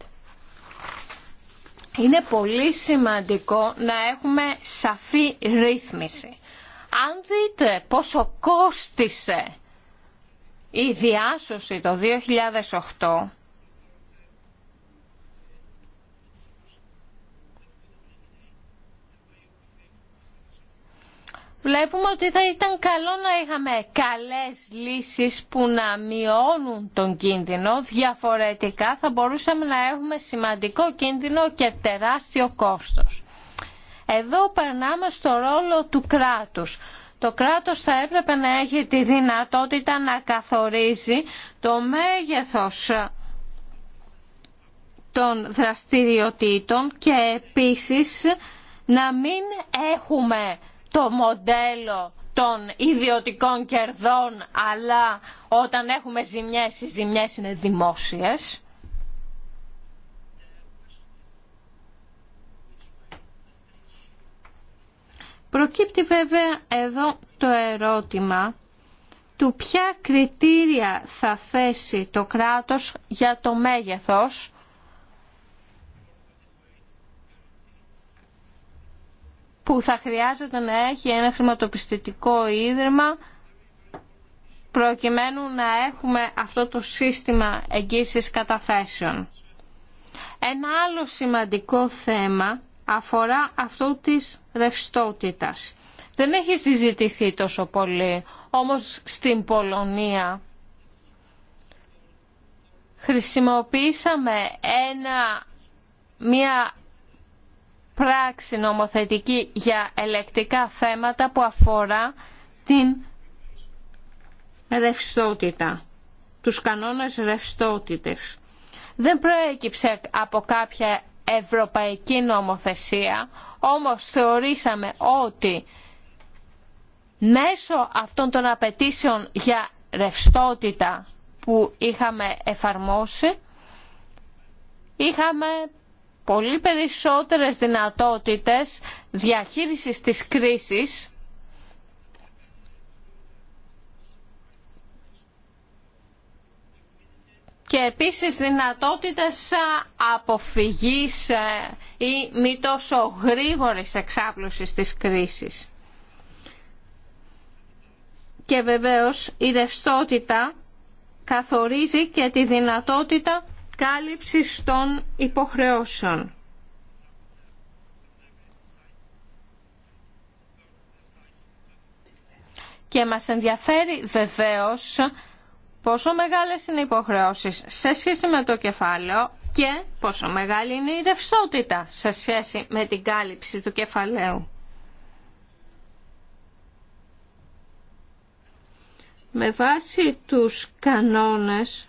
Είναι πολύ σημαντικό να έχουμε σαφή ρύθμιση. Αν δείτε πόσο κόστισε η διάσωση το 2008, βλέπουμε ότι θα ήταν καλό να είχαμε καλές λύσεις που να μειώνουν τον κίνδυνο. Διαφορετικά θα μπορούσαμε να έχουμε σημαντικό κίνδυνο και τεράστιο κόστος. Εδώ περνάμε στο ρόλο του κράτους. Το κράτος θα έπρεπε να έχει τη δυνατότητα να καθορίζει το μέγεθος των δραστηριοτήτων και επίσης να μην έχουμε το μοντέλο των ιδιωτικών κερδών, αλλά όταν έχουμε ζημιές, οι ζημιές είναι δημόσιες. Προκύπτει βέβαια εδώ το ερώτημα του ποια κριτήρια θα θέσει το κράτος για το μέγεθος που θα χρειάζεται να έχει ένα χρηματοπιστωτικό ίδρυμα προκειμένου να έχουμε αυτό το σύστημα εγγύησης καταθέσεων. Ένα άλλο σημαντικό θέμα αφορά αυτό της ρευστότητας. Δεν έχει συζητηθεί τόσο πολύ, όμως στην Πολωνία χρησιμοποίησαμε ένα, μια πράξη νομοθετική για ελεκτικά θέματα που αφορά την ρευστότητα, τους κανόνες ρευστότητες. Δεν προέκυψε από κάποια ευρωπαϊκή νομοθεσία, όμως θεωρήσαμε ότι μέσω αυτών των απαιτήσεων για ρευστότητα που είχαμε εφαρμόσει, είχαμε πολύ περισσότερες δυνατότητες διαχείρισης της κρίσης και επίσης δυνατότητες αποφυγής ή μη τόσο γρήγορης εξάπλωσης της κρίσης. Και βεβαίως η ρευστότητα καθορίζει και τη δυνατότητα Κάλυψη των υποχρεώσεων. Και μας ενδιαφέρει βεβαίως πόσο μεγάλες είναι οι υποχρεώσεις σε σχέση με το κεφάλαιο και πόσο μεγάλη είναι η ρευστότητα σε σχέση με την κάλυψη του κεφαλαίου. Με βάση τους κανόνες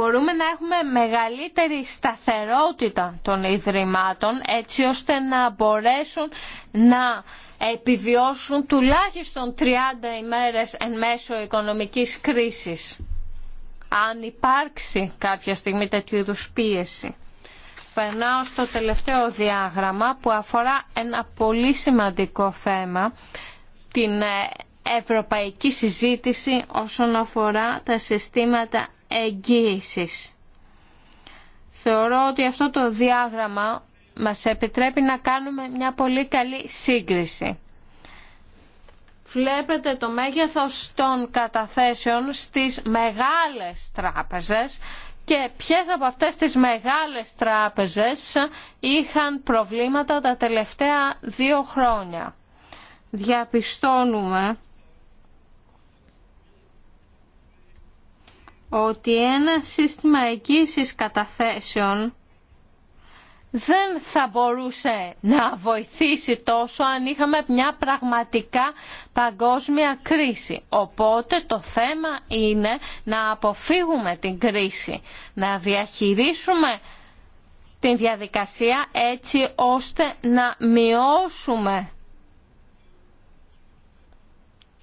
μπορούμε να έχουμε μεγαλύτερη σταθερότητα των Ιδρυμάτων έτσι ώστε να μπορέσουν να επιβιώσουν τουλάχιστον 30 ημέρες εν μέσω οικονομικής κρίσης αν υπάρξει κάποια στιγμή τέτοιου είδου πίεση. Περνάω στο τελευταίο διάγραμμα που αφορά ένα πολύ σημαντικό θέμα, την ε, ευρωπαϊκή συζήτηση όσον αφορά τα συστήματα εγγύησης. Θεωρώ ότι αυτό το διάγραμμα μας επιτρέπει να κάνουμε μια πολύ καλή σύγκριση. Βλέπετε το μέγεθος των καταθέσεων στις μεγάλες τράπεζες και ποιες από αυτές τις μεγάλες τράπεζες είχαν προβλήματα τα τελευταία δύο χρόνια. Διαπιστώνουμε ότι ένα σύστημα εγγύησης καταθέσεων δεν θα μπορούσε να βοηθήσει τόσο αν είχαμε μια πραγματικά παγκόσμια κρίση. Οπότε το θέμα είναι να αποφύγουμε την κρίση, να διαχειρίσουμε την διαδικασία έτσι ώστε να μειώσουμε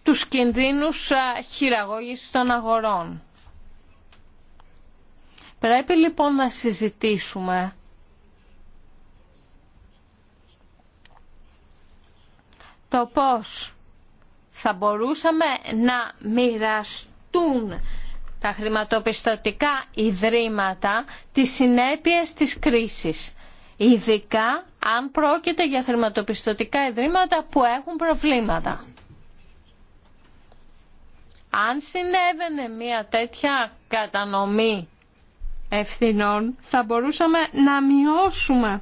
τους κινδύνους ε, χειραγώγησης των αγορών. Πρέπει λοιπόν να συζητήσουμε το πώς θα μπορούσαμε να μοιραστούν τα χρηματοπιστωτικά ιδρύματα τις συνέπειες της κρίσης. Ειδικά αν πρόκειται για χρηματοπιστωτικά ιδρύματα που έχουν προβλήματα. Αν συνέβαινε μια τέτοια κατανομή ευθυνών θα μπορούσαμε να μειώσουμε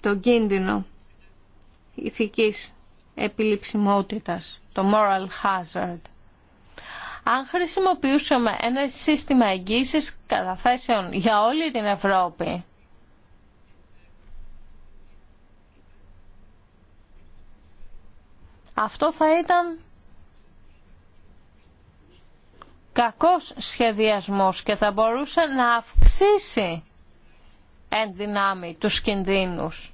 τον κίνδυνο ηθικής επιληψιμότητας, το moral hazard. Αν χρησιμοποιούσαμε ένα σύστημα εγγύησης καταθέσεων για όλη την Ευρώπη, αυτό θα ήταν κακός σχεδιασμός και θα μπορούσε να αυξήσει εν δυνάμει τους κινδύνους.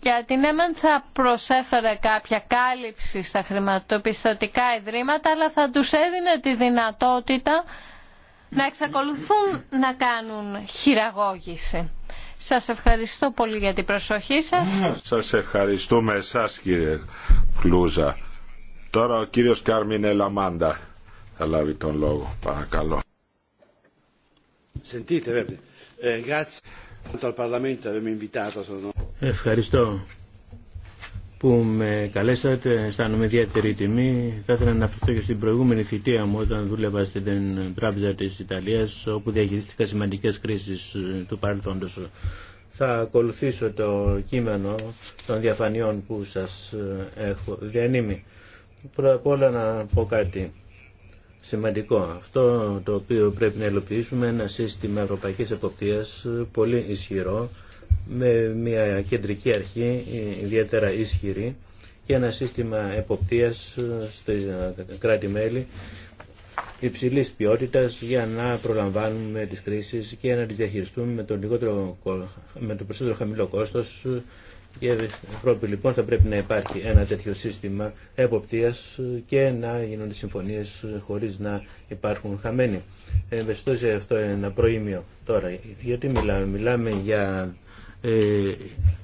Γιατί ναι μεν θα προσέφερε κάποια κάλυψη στα χρηματοπιστωτικά ιδρύματα, αλλά θα τους έδινε τη δυνατότητα να εξακολουθούν να κάνουν χειραγώγηση. Σας ευχαριστώ πολύ για την προσοχή σας. Σας ευχαριστούμε εσάς κύριε Κλούζα. Τώρα ο κύριος Κάρμιν Λαμάντα θα λάβει τον λόγο. Παρακαλώ. Ε, ευχαριστώ που με καλέσατε. Αισθάνομαι ιδιαίτερη τιμή. Θα ήθελα να αναφερθώ και στην προηγούμενη θητεία μου όταν δούλευα στην Τράπεζα της Ιταλίας όπου διαχειρίστηκα σημαντικές κρίσεις ε, του παρελθόντος. Θα ακολουθήσω το κείμενο των διαφανειών που σας ε, έχω διανύμει. Πρώτα απ' όλα να πω κάτι σημαντικό. Αυτό το οποίο πρέπει να υλοποιήσουμε ένα σύστημα ευρωπαϊκής εποπτείας ε, πολύ ισχυρό με μια κεντρική αρχή ιδιαίτερα ισχυρή και ένα σύστημα εποπτείας ε, στα κράτη-μέλη υψηλής ποιότητας για να προλαμβάνουμε τις κρίσεις και να τις διαχειριστούμε με το, λιγότερο, με το περισσότερο χαμηλό κόστος. και Ευρώπη λοιπόν θα πρέπει να υπάρχει ένα τέτοιο σύστημα εποπτείας και να γίνονται συμφωνίες χωρίς να υπάρχουν χαμένοι. Ευχαριστώ αυτό ένα προήμιο τώρα. Γιατί μιλάμε, μιλάμε για ε,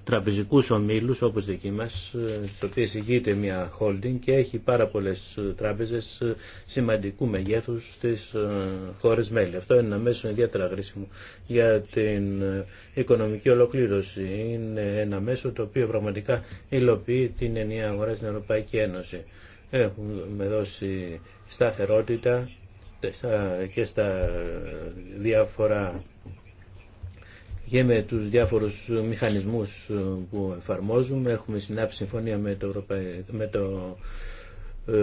τραπεζικούς ομίλους όπως δική μας, ε, στο οποίο ηγείται μια holding και έχει πάρα πολλές ε, τράπεζες σημαντικού μεγέθους στις χώρες μέλη. Αυτό είναι ένα μέσο ιδιαίτερα χρήσιμο για την οικονομική ολοκλήρωση. Είναι ένα μέσο το οποίο πραγματικά υλοποιεί την ενιαία αγορά στην Ευρωπαϊκή Ένωση. Έχουμε δώσει σταθερότητα και στα διάφορα και με τους διάφορους μηχανισμούς ε, που εφαρμόζουμε. Έχουμε συνάψει συμφωνία με το, Ευρωπαϊ... με το ε,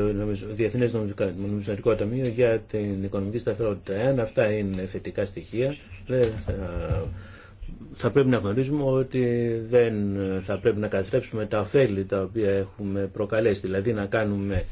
Διεθνές Νομισματικό Ταμείο για την οικονομική σταθερότητα. Εάν αυτά είναι θετικά στοιχεία, δεν θα... πρέπει να γνωρίζουμε ότι δεν θα πρέπει να καταστρέψουμε τα ωφέλη τα οποία έχουμε προκαλέσει. Δηλαδή να κάνουμε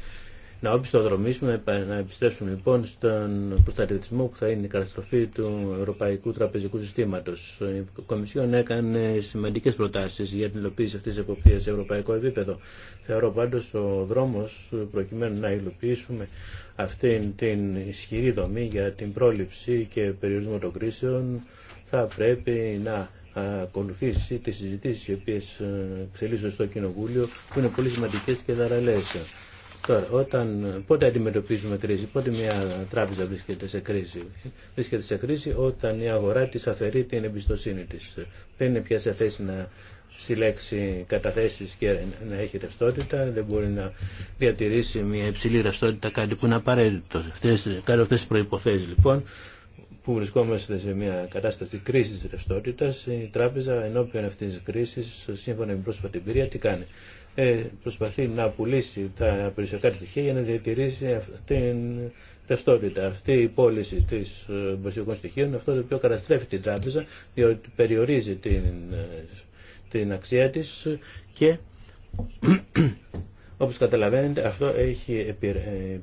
να οπισθοδρομήσουμε, να επιστρέψουμε λοιπόν στον προστατευτισμό που θα είναι η καταστροφή του Ευρωπαϊκού Τραπεζικού Συστήματο. Η Κομισιόν έκανε σημαντικέ προτάσει για την υλοποίηση αυτή τη εποπτεία σε ευρωπαϊκό επίπεδο. Θεωρώ πάντω ο δρόμο προκειμένου να υλοποιήσουμε αυτή την ισχυρή δομή για την πρόληψη και περιορισμό των κρίσεων θα πρέπει να ακολουθήσει τις συζητήσεις οι οποίες ε, εξελίσσονται στο Κοινοβούλιο που είναι πολύ σημαντικές και δαραλές. Τώρα, πότε αντιμετωπίζουμε κρίση, πότε μια τράπεζα βρίσκεται σε κρίση. Βρίσκεται σε κρίση όταν η αγορά τη αφαιρεί την εμπιστοσύνη τη. Δεν είναι πια σε θέση να συλλέξει καταθέσει και να έχει ρευστότητα, δεν μπορεί να διατηρήσει μια υψηλή ρευστότητα, κάτι που είναι απαραίτητο. Κάτω αυτέ τι προποθέσει λοιπόν, που βρισκόμαστε σε μια κατάσταση κρίσης ρευστότητα, η τράπεζα ενώπιον αυτή τη κρίση σύμφωνα με πρόσφατη εμπειρία, τι κάνει ε, προσπαθεί να πουλήσει τα περιουσιακά στοιχεία για να διατηρήσει την ρευστότητα. Αυτή η πώληση τη ε, περιουσιακών στοιχείων είναι αυτό το οποίο καταστρέφει την τράπεζα, διότι περιορίζει την, ε, την αξία τη και όπως καταλαβαίνετε αυτό έχει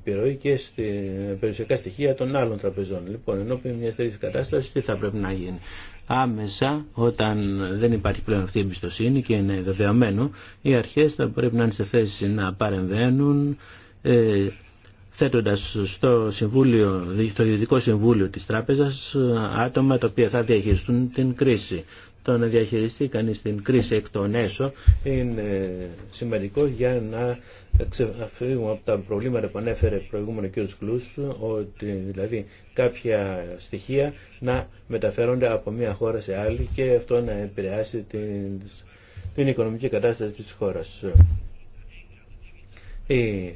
επιρροή και στην περιουσιακά στοιχεία των άλλων τραπεζών. Λοιπόν, ενώπιν μια τέτοια κατάσταση τι θα πρέπει να γίνει άμεσα όταν δεν υπάρχει πλέον αυτή η εμπιστοσύνη και είναι δεδεωμένο, οι αρχές θα πρέπει να είναι σε θέση να παρεμβαίνουν ε, θέτοντας στο συμβούλιο, το ειδικό Συμβούλιο της Τράπεζας ε, άτομα τα οποία θα διαχειριστούν την κρίση το να διαχειριστεί κανείς την κρίση εκ των έσω είναι σημαντικό για να ξεφύγουμε από τα προβλήματα που ανέφερε προηγούμενο κ. Κλούς ότι δηλαδή κάποια στοιχεία να μεταφέρονται από μια χώρα σε άλλη και αυτό να επηρεάσει την, την οικονομική κατάσταση της χώρας. Η,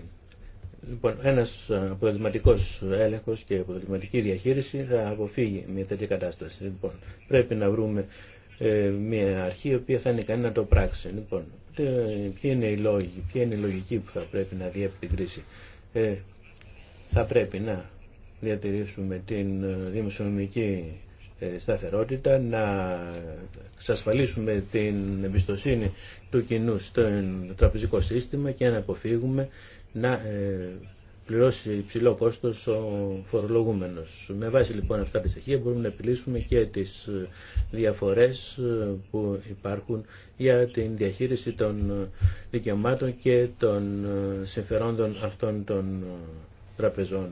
λοιπόν, ένας αποτελεσματικός έλεγχος και αποτελεσματική διαχείριση θα αποφύγει μια τέτοια κατάσταση. Λοιπόν, πρέπει να βρούμε ε, μια αρχή η οποία θα είναι ικανή να το πράξει. Λοιπόν, ποιοι είναι η λόγοι, ποια είναι η λογική που θα πρέπει να διέπει την κρίση. Ε, θα πρέπει να διατηρήσουμε την ε, δημοσιονομική σταθερότητα, να εξασφαλίσουμε την εμπιστοσύνη του κοινού στο τραπεζικό σύστημα και να αποφύγουμε να πληρώσει υψηλό κόστο ο φορολογούμενο. Με βάση λοιπόν αυτά τα στοιχεία μπορούμε να επιλύσουμε και τι ε, διαφορές ε, που υπάρχουν για την διαχείριση των ε, δικαιωμάτων και των συμφερόντων αυτών των τραπεζών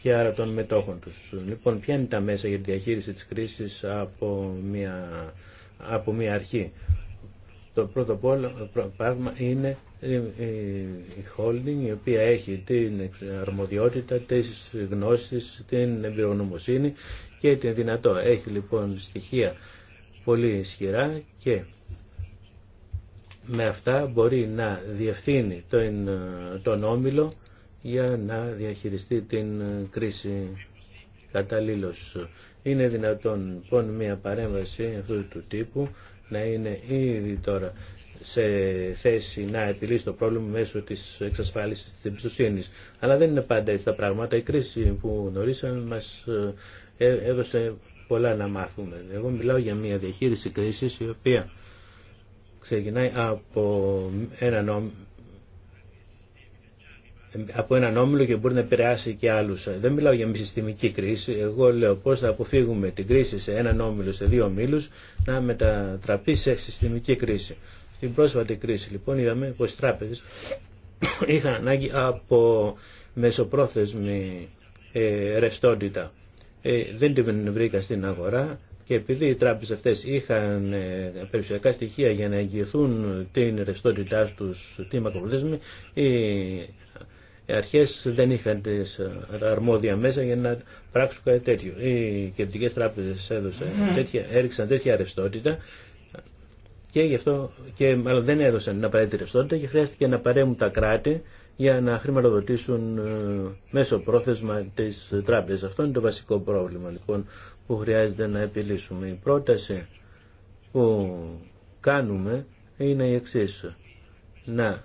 και άρα των μετόχων τους. Λοιπόν, ποια είναι τα μέσα για τη διαχείριση της κρίσης από μια, από μια αρχή. Το πρώτο πράγμα είναι η holding η οποία έχει την αρμοδιότητα, τις γνώσεις, την εμπειρογνωμοσύνη και την δυνατό. Έχει λοιπόν στοιχεία πολύ ισχυρά και με αυτά μπορεί να διευθύνει τον, τον όμιλο για να διαχειριστεί την κρίση καταλήλως. Είναι δυνατόν λοιπόν μια παρέμβαση αυτού του τύπου να είναι ήδη τώρα σε θέση να επιλύσει το πρόβλημα μέσω τη εξασφάλισης τη εμπιστοσύνη. Αλλά δεν είναι πάντα έτσι τα πράγματα. Η κρίση που γνωρίσαμε μα ε, έδωσε πολλά να μάθουμε. Εγώ μιλάω για μια διαχείριση κρίση, η οποία ξεκινάει από ένα νόμο από έναν όμιλο και μπορεί να επηρεάσει και άλλους. Δεν μιλάω για μη συστημική κρίση. Εγώ λέω πώς θα αποφύγουμε την κρίση σε έναν όμιλο, σε δύο ομίλους, να μετατραπεί σε συστημική κρίση. Στην πρόσφατη κρίση λοιπόν είδαμε πως οι τράπεζες είχαν ανάγκη από μεσοπρόθεσμη ε, ρευστότητα. Ε, δεν την βρήκα στην αγορά και επειδή οι τράπεζες αυτές είχαν ε, περιουσιακά στοιχεία για να εγγυηθούν την ρευστότητά τους, τη μακροπρόθεσμη, οι οι αρχές δεν είχαν τις ε, αρμόδια μέσα για να πράξουν κάτι τέτοιο. Οι κεντρικές τράπεζε έδωσαν, τέτοια, έριξαν τέτοια αρεστότητα και γι' αυτό και μάλλον δεν έδωσαν την απαραίτητη αρεστότητα και χρειάστηκε να παρέμουν τα κράτη για να χρηματοδοτήσουν ε, μέσω πρόθεσμα τις τράπεζε. Αυτό είναι το βασικό πρόβλημα λοιπόν που χρειάζεται να επιλύσουμε. Η πρόταση που κάνουμε είναι η εξή. Να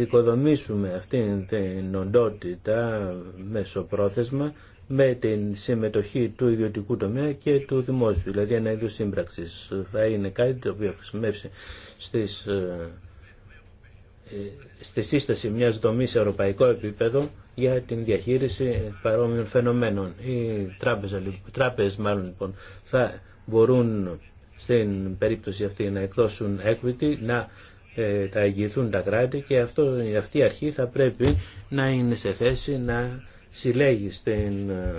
οικοδομήσουμε αυτήν την οντότητα μεσοπρόθεσμα με την συμμετοχή του ιδιωτικού τομέα και του δημόσιου, δηλαδή ένα είδος σύμπραξης. Θα είναι κάτι το οποίο χρησιμεύσει στις, ε, ε, στη σύσταση μιας δομής σε ευρωπαϊκό επίπεδο για την διαχείριση παρόμοιων φαινομένων. Οι τράπεζα, τράπεζες μάλλον λοιπόν, θα μπορούν στην περίπτωση αυτή να εκδώσουν equity, να ε, τα εγγυηθούν τα κράτη και αυτό, αυτή η αρχή θα πρέπει να είναι σε θέση να συλλέγει στην, ε,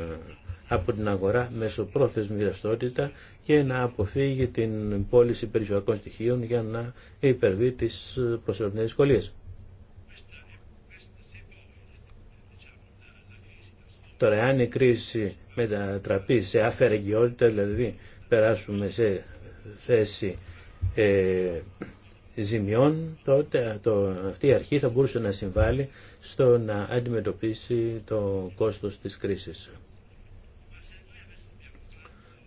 από την αγορά μέσω πρόθεσμη δραστότητα και να αποφύγει την πώληση περιουσιακών στοιχείων για να υπερβεί τις ε, προσωρινές δυσκολίε. Τώρα, αν η κρίση μετατραπεί σε αφαιρεγγιότητα, δηλαδή περάσουμε σε θέση ε, ζημιών, τότε το, αυτή η αρχή θα μπορούσε να συμβάλλει στο να αντιμετωπίσει το κόστος της κρίσης.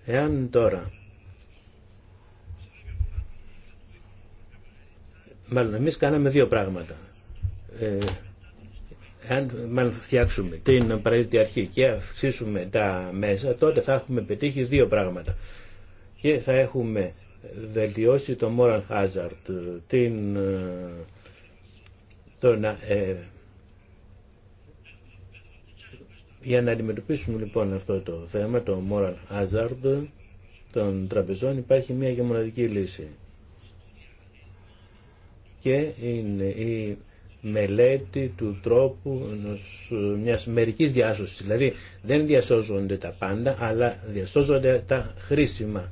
Εάν τώρα, μάλλον εμείς κάναμε δύο πράγματα. Ε, εάν μάλλον φτιάξουμε την απαραίτητη αρχή και αυξήσουμε τα μέσα, τότε θα έχουμε πετύχει δύο πράγματα. Και θα έχουμε βελτιώσει το moral hazard, ε, την, ε, το να, ε, για να αντιμετωπίσουμε λοιπόν αυτό το θέμα, το moral hazard των τραπεζών υπάρχει μια και μοναδική λύση. Και είναι η μελέτη του τρόπου μια μιας μερικής διάσωσης. Δηλαδή δεν διασώζονται τα πάντα, αλλά διασώζονται τα χρήσιμα.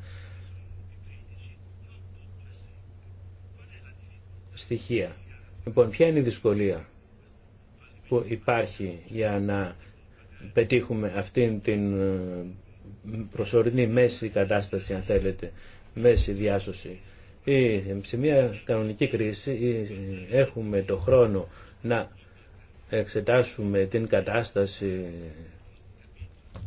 στοιχεία. Λοιπόν, ποια είναι η δυσκολία που υπάρχει για να πετύχουμε αυτήν την ε, προσωρινή μέση κατάσταση, αν θέλετε, μέση διάσωση. Ή, σε μια κανονική κρίση έχουμε το χρόνο να εξετάσουμε την κατάσταση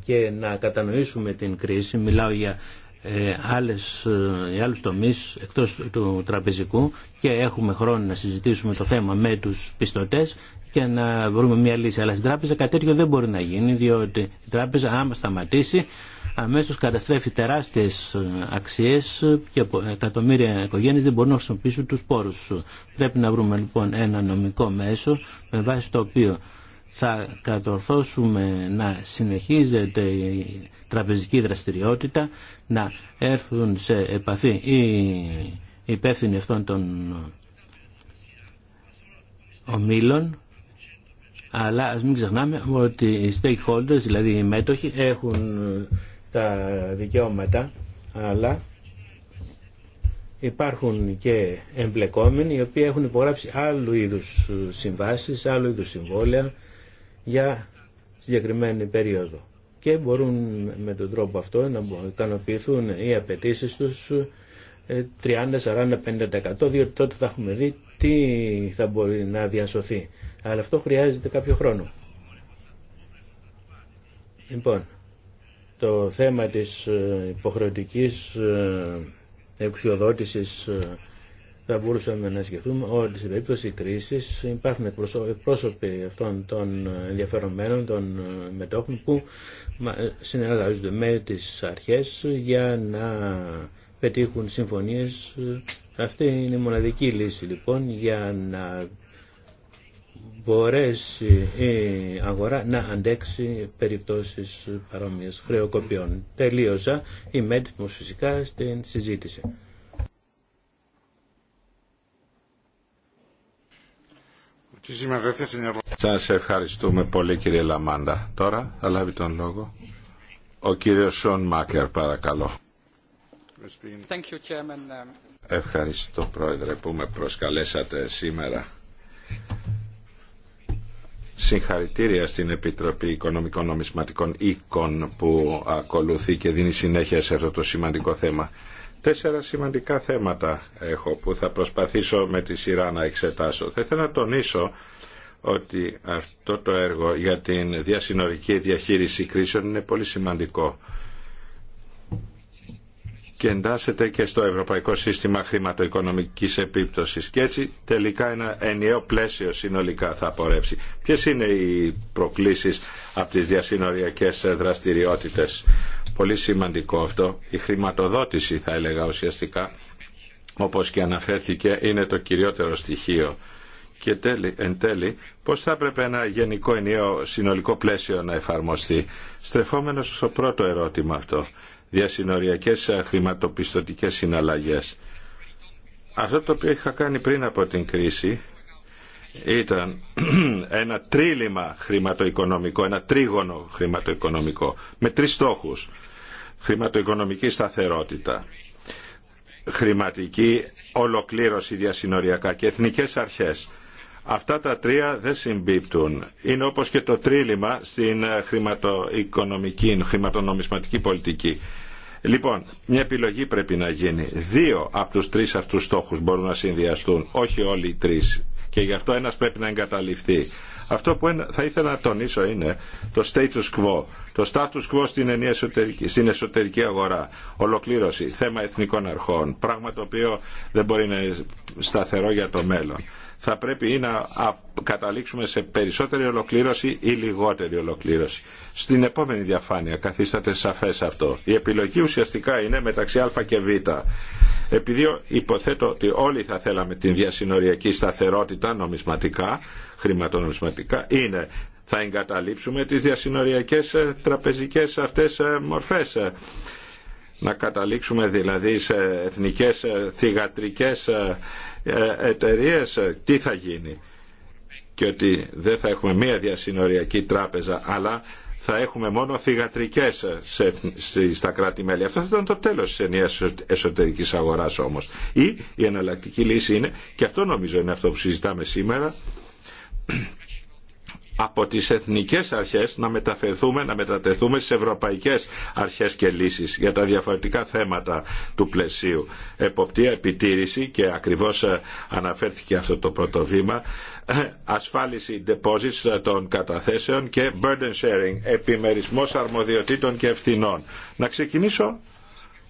και να κατανοήσουμε την κρίση. Μιλάω για ε, άλλες, ε, οι άλλους τομείς εκτός του τραπεζικού και έχουμε χρόνο να συζητήσουμε το θέμα με τους πιστωτές και να βρούμε μια λύση. Αλλά στην τράπεζα κάτι τέτοιο δεν μπορεί να γίνει διότι η τράπεζα άμα σταματήσει αμέσως καταστρέφει τεράστιες ε, αξίες και εκατομμύρια οικογένειες δεν μπορούν να χρησιμοποιήσουν τους πόρους. Πρέπει να βρούμε λοιπόν ένα νομικό μέσο με βάση το οποίο θα κατορθώσουμε να συνεχίζεται η τραπεζική δραστηριότητα, να έρθουν σε επαφή οι υπεύθυνοι αυτών των ομίλων, αλλά ας μην ξεχνάμε ότι οι stakeholders, δηλαδή οι μέτοχοι, έχουν τα δικαιώματα, αλλά υπάρχουν και εμπλεκόμενοι οι οποίοι έχουν υπογράψει άλλου είδους συμβάσεις, άλλου είδους συμβόλαια για συγκεκριμένη περίοδο. Και μπορούν με τον τρόπο αυτό να ικανοποιηθούν οι απαιτήσει τους 30, 40, 50% διότι τότε θα έχουμε δει τι θα μπορεί να διασωθεί. Αλλά αυτό χρειάζεται κάποιο χρόνο. Λοιπόν, το θέμα της ε, υποχρεωτικής ε, εξουσιοδότησης. Ε, θα μπορούσαμε να σκεφτούμε ότι σε περίπτωση κρίσης υπάρχουν εκπρόσωποι αυτών των ενδιαφερομένων, των ε, μετόχων που συνεργάζονται με τις αρχές για να πετύχουν συμφωνίες. Αυτή είναι η μοναδική λύση λοιπόν για να μπορέσει η αγορά να αντέξει περιπτώσεις παρόμοιες χρεοκοπιών. Τελείωσα, μέτρη μου φυσικά στην συζήτηση. Σα ευχαριστούμε πολύ κύριε Λαμάντα. Τώρα θα λάβει τον λόγο ο κύριο Σον Μάκερ παρακαλώ. Ευχαριστώ πρόεδρε που με προσκαλέσατε σήμερα. Συγχαρητήρια στην Επιτροπή Οικονομικών Νομισματικών Οίκων που ακολουθεί και δίνει συνέχεια σε αυτό το σημαντικό θέμα. Τέσσερα σημαντικά θέματα έχω που θα προσπαθήσω με τη σειρά να εξετάσω. Θα ήθελα να τονίσω ότι αυτό το έργο για τη διασυνορική διαχείριση κρίσεων είναι πολύ σημαντικό και εντάσσεται και στο Ευρωπαϊκό Σύστημα Χρηματοοικονομικής Επίπτωσης. Και έτσι τελικά ένα ενιαίο πλαίσιο συνολικά θα απορρεύσει. Ποιες είναι οι προκλήσεις από τις διασυνοριακές δραστηριότητες πολύ σημαντικό αυτό. Η χρηματοδότηση θα έλεγα ουσιαστικά, όπως και αναφέρθηκε, είναι το κυριότερο στοιχείο. Και τέλει, εν τέλει, πώς θα έπρεπε ένα γενικό ενιαίο συνολικό πλαίσιο να εφαρμοστεί. Στρεφόμενος στο πρώτο ερώτημα αυτό, διασυνοριακές χρηματοπιστωτικές συναλλαγές. Αυτό το οποίο είχα κάνει πριν από την κρίση ήταν ένα τρίλημα χρηματοοικονομικό, ένα τρίγωνο χρηματοοικονομικό με τρεις στόχους χρηματοοικονομική σταθερότητα, χρηματική ολοκλήρωση διασυνοριακά και εθνικές αρχές. Αυτά τα τρία δεν συμπίπτουν. Είναι όπως και το τρίλημα στην χρηματοοικονομική, χρηματονομισματική πολιτική. Λοιπόν, μια επιλογή πρέπει να γίνει. Δύο από τους τρεις αυτούς στόχους μπορούν να συνδυαστούν, όχι όλοι οι τρεις. Και γι' αυτό ένας πρέπει να εγκαταληφθεί. Αυτό που θα ήθελα να τονίσω είναι το status quo, το status quo στην, εσωτερική, στην εσωτερική αγορά, ολοκλήρωση, θέμα εθνικών αρχών, πράγμα το οποίο δεν μπορεί να είναι σταθερό για το μέλλον θα πρέπει ή να καταλήξουμε σε περισσότερη ολοκλήρωση ή λιγότερη ολοκλήρωση. Στην επόμενη διαφάνεια καθίσταται σαφές αυτό. Η επιλογή ουσιαστικά είναι μεταξύ Α και Β. Επειδή υποθέτω ότι όλοι θα θέλαμε την διασυνοριακή σταθερότητα νομισματικά, χρηματονομισματικά, είναι θα εγκαταλείψουμε τις διασυνοριακές ε, τραπεζικές αυτές ε, μορφές να καταλήξουμε δηλαδή σε εθνικές ε, θηγατρικές... Ε, εταιρείε ε, τι θα γίνει και ότι δεν θα έχουμε μία διασυνοριακή τράπεζα αλλά θα έχουμε μόνο θυγατρικές ε, στα κράτη-μέλη. Αυτό θα ήταν το τέλος της ενιαίας εσωτερικής αγοράς όμως. Ή η εναλλακτική λύση είναι, και αυτό νομίζω είναι αυτό που συζητάμε σήμερα, από τις εθνικές αρχές να μεταφερθούμε, να μετατεθούμε στις ευρωπαϊκές αρχές και λύσεις για τα διαφορετικά θέματα του πλαισίου. Εποπτεία, επιτήρηση και ακριβώς ε, αναφέρθηκε αυτό το πρώτο βήμα, ε, ασφάλιση deposits ε, των καταθέσεων και burden sharing, επιμερισμός αρμοδιοτήτων και ευθυνών. Να ξεκινήσω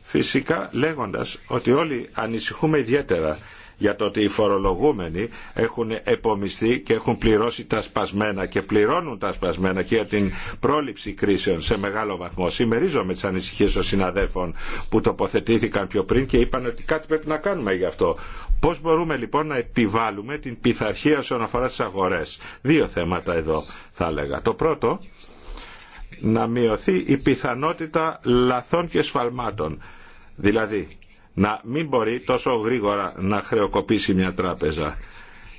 φυσικά λέγοντας ότι όλοι ανησυχούμε ιδιαίτερα για το ότι οι φορολογούμενοι έχουν επομιστεί και έχουν πληρώσει τα σπασμένα και πληρώνουν τα σπασμένα και για την πρόληψη κρίσεων σε μεγάλο βαθμό. με τι ανησυχίε των συναδέλφων που τοποθετήθηκαν πιο πριν και είπαν ότι κάτι πρέπει να κάνουμε γι' αυτό. Πώ μπορούμε λοιπόν να επιβάλλουμε την πειθαρχία όσον αφορά τι αγορέ. Δύο θέματα εδώ θα έλεγα. Το πρώτο να μειωθεί η πιθανότητα λαθών και σφαλμάτων. Δηλαδή, να μην μπορεί τόσο γρήγορα να χρεοκοπήσει μια τράπεζα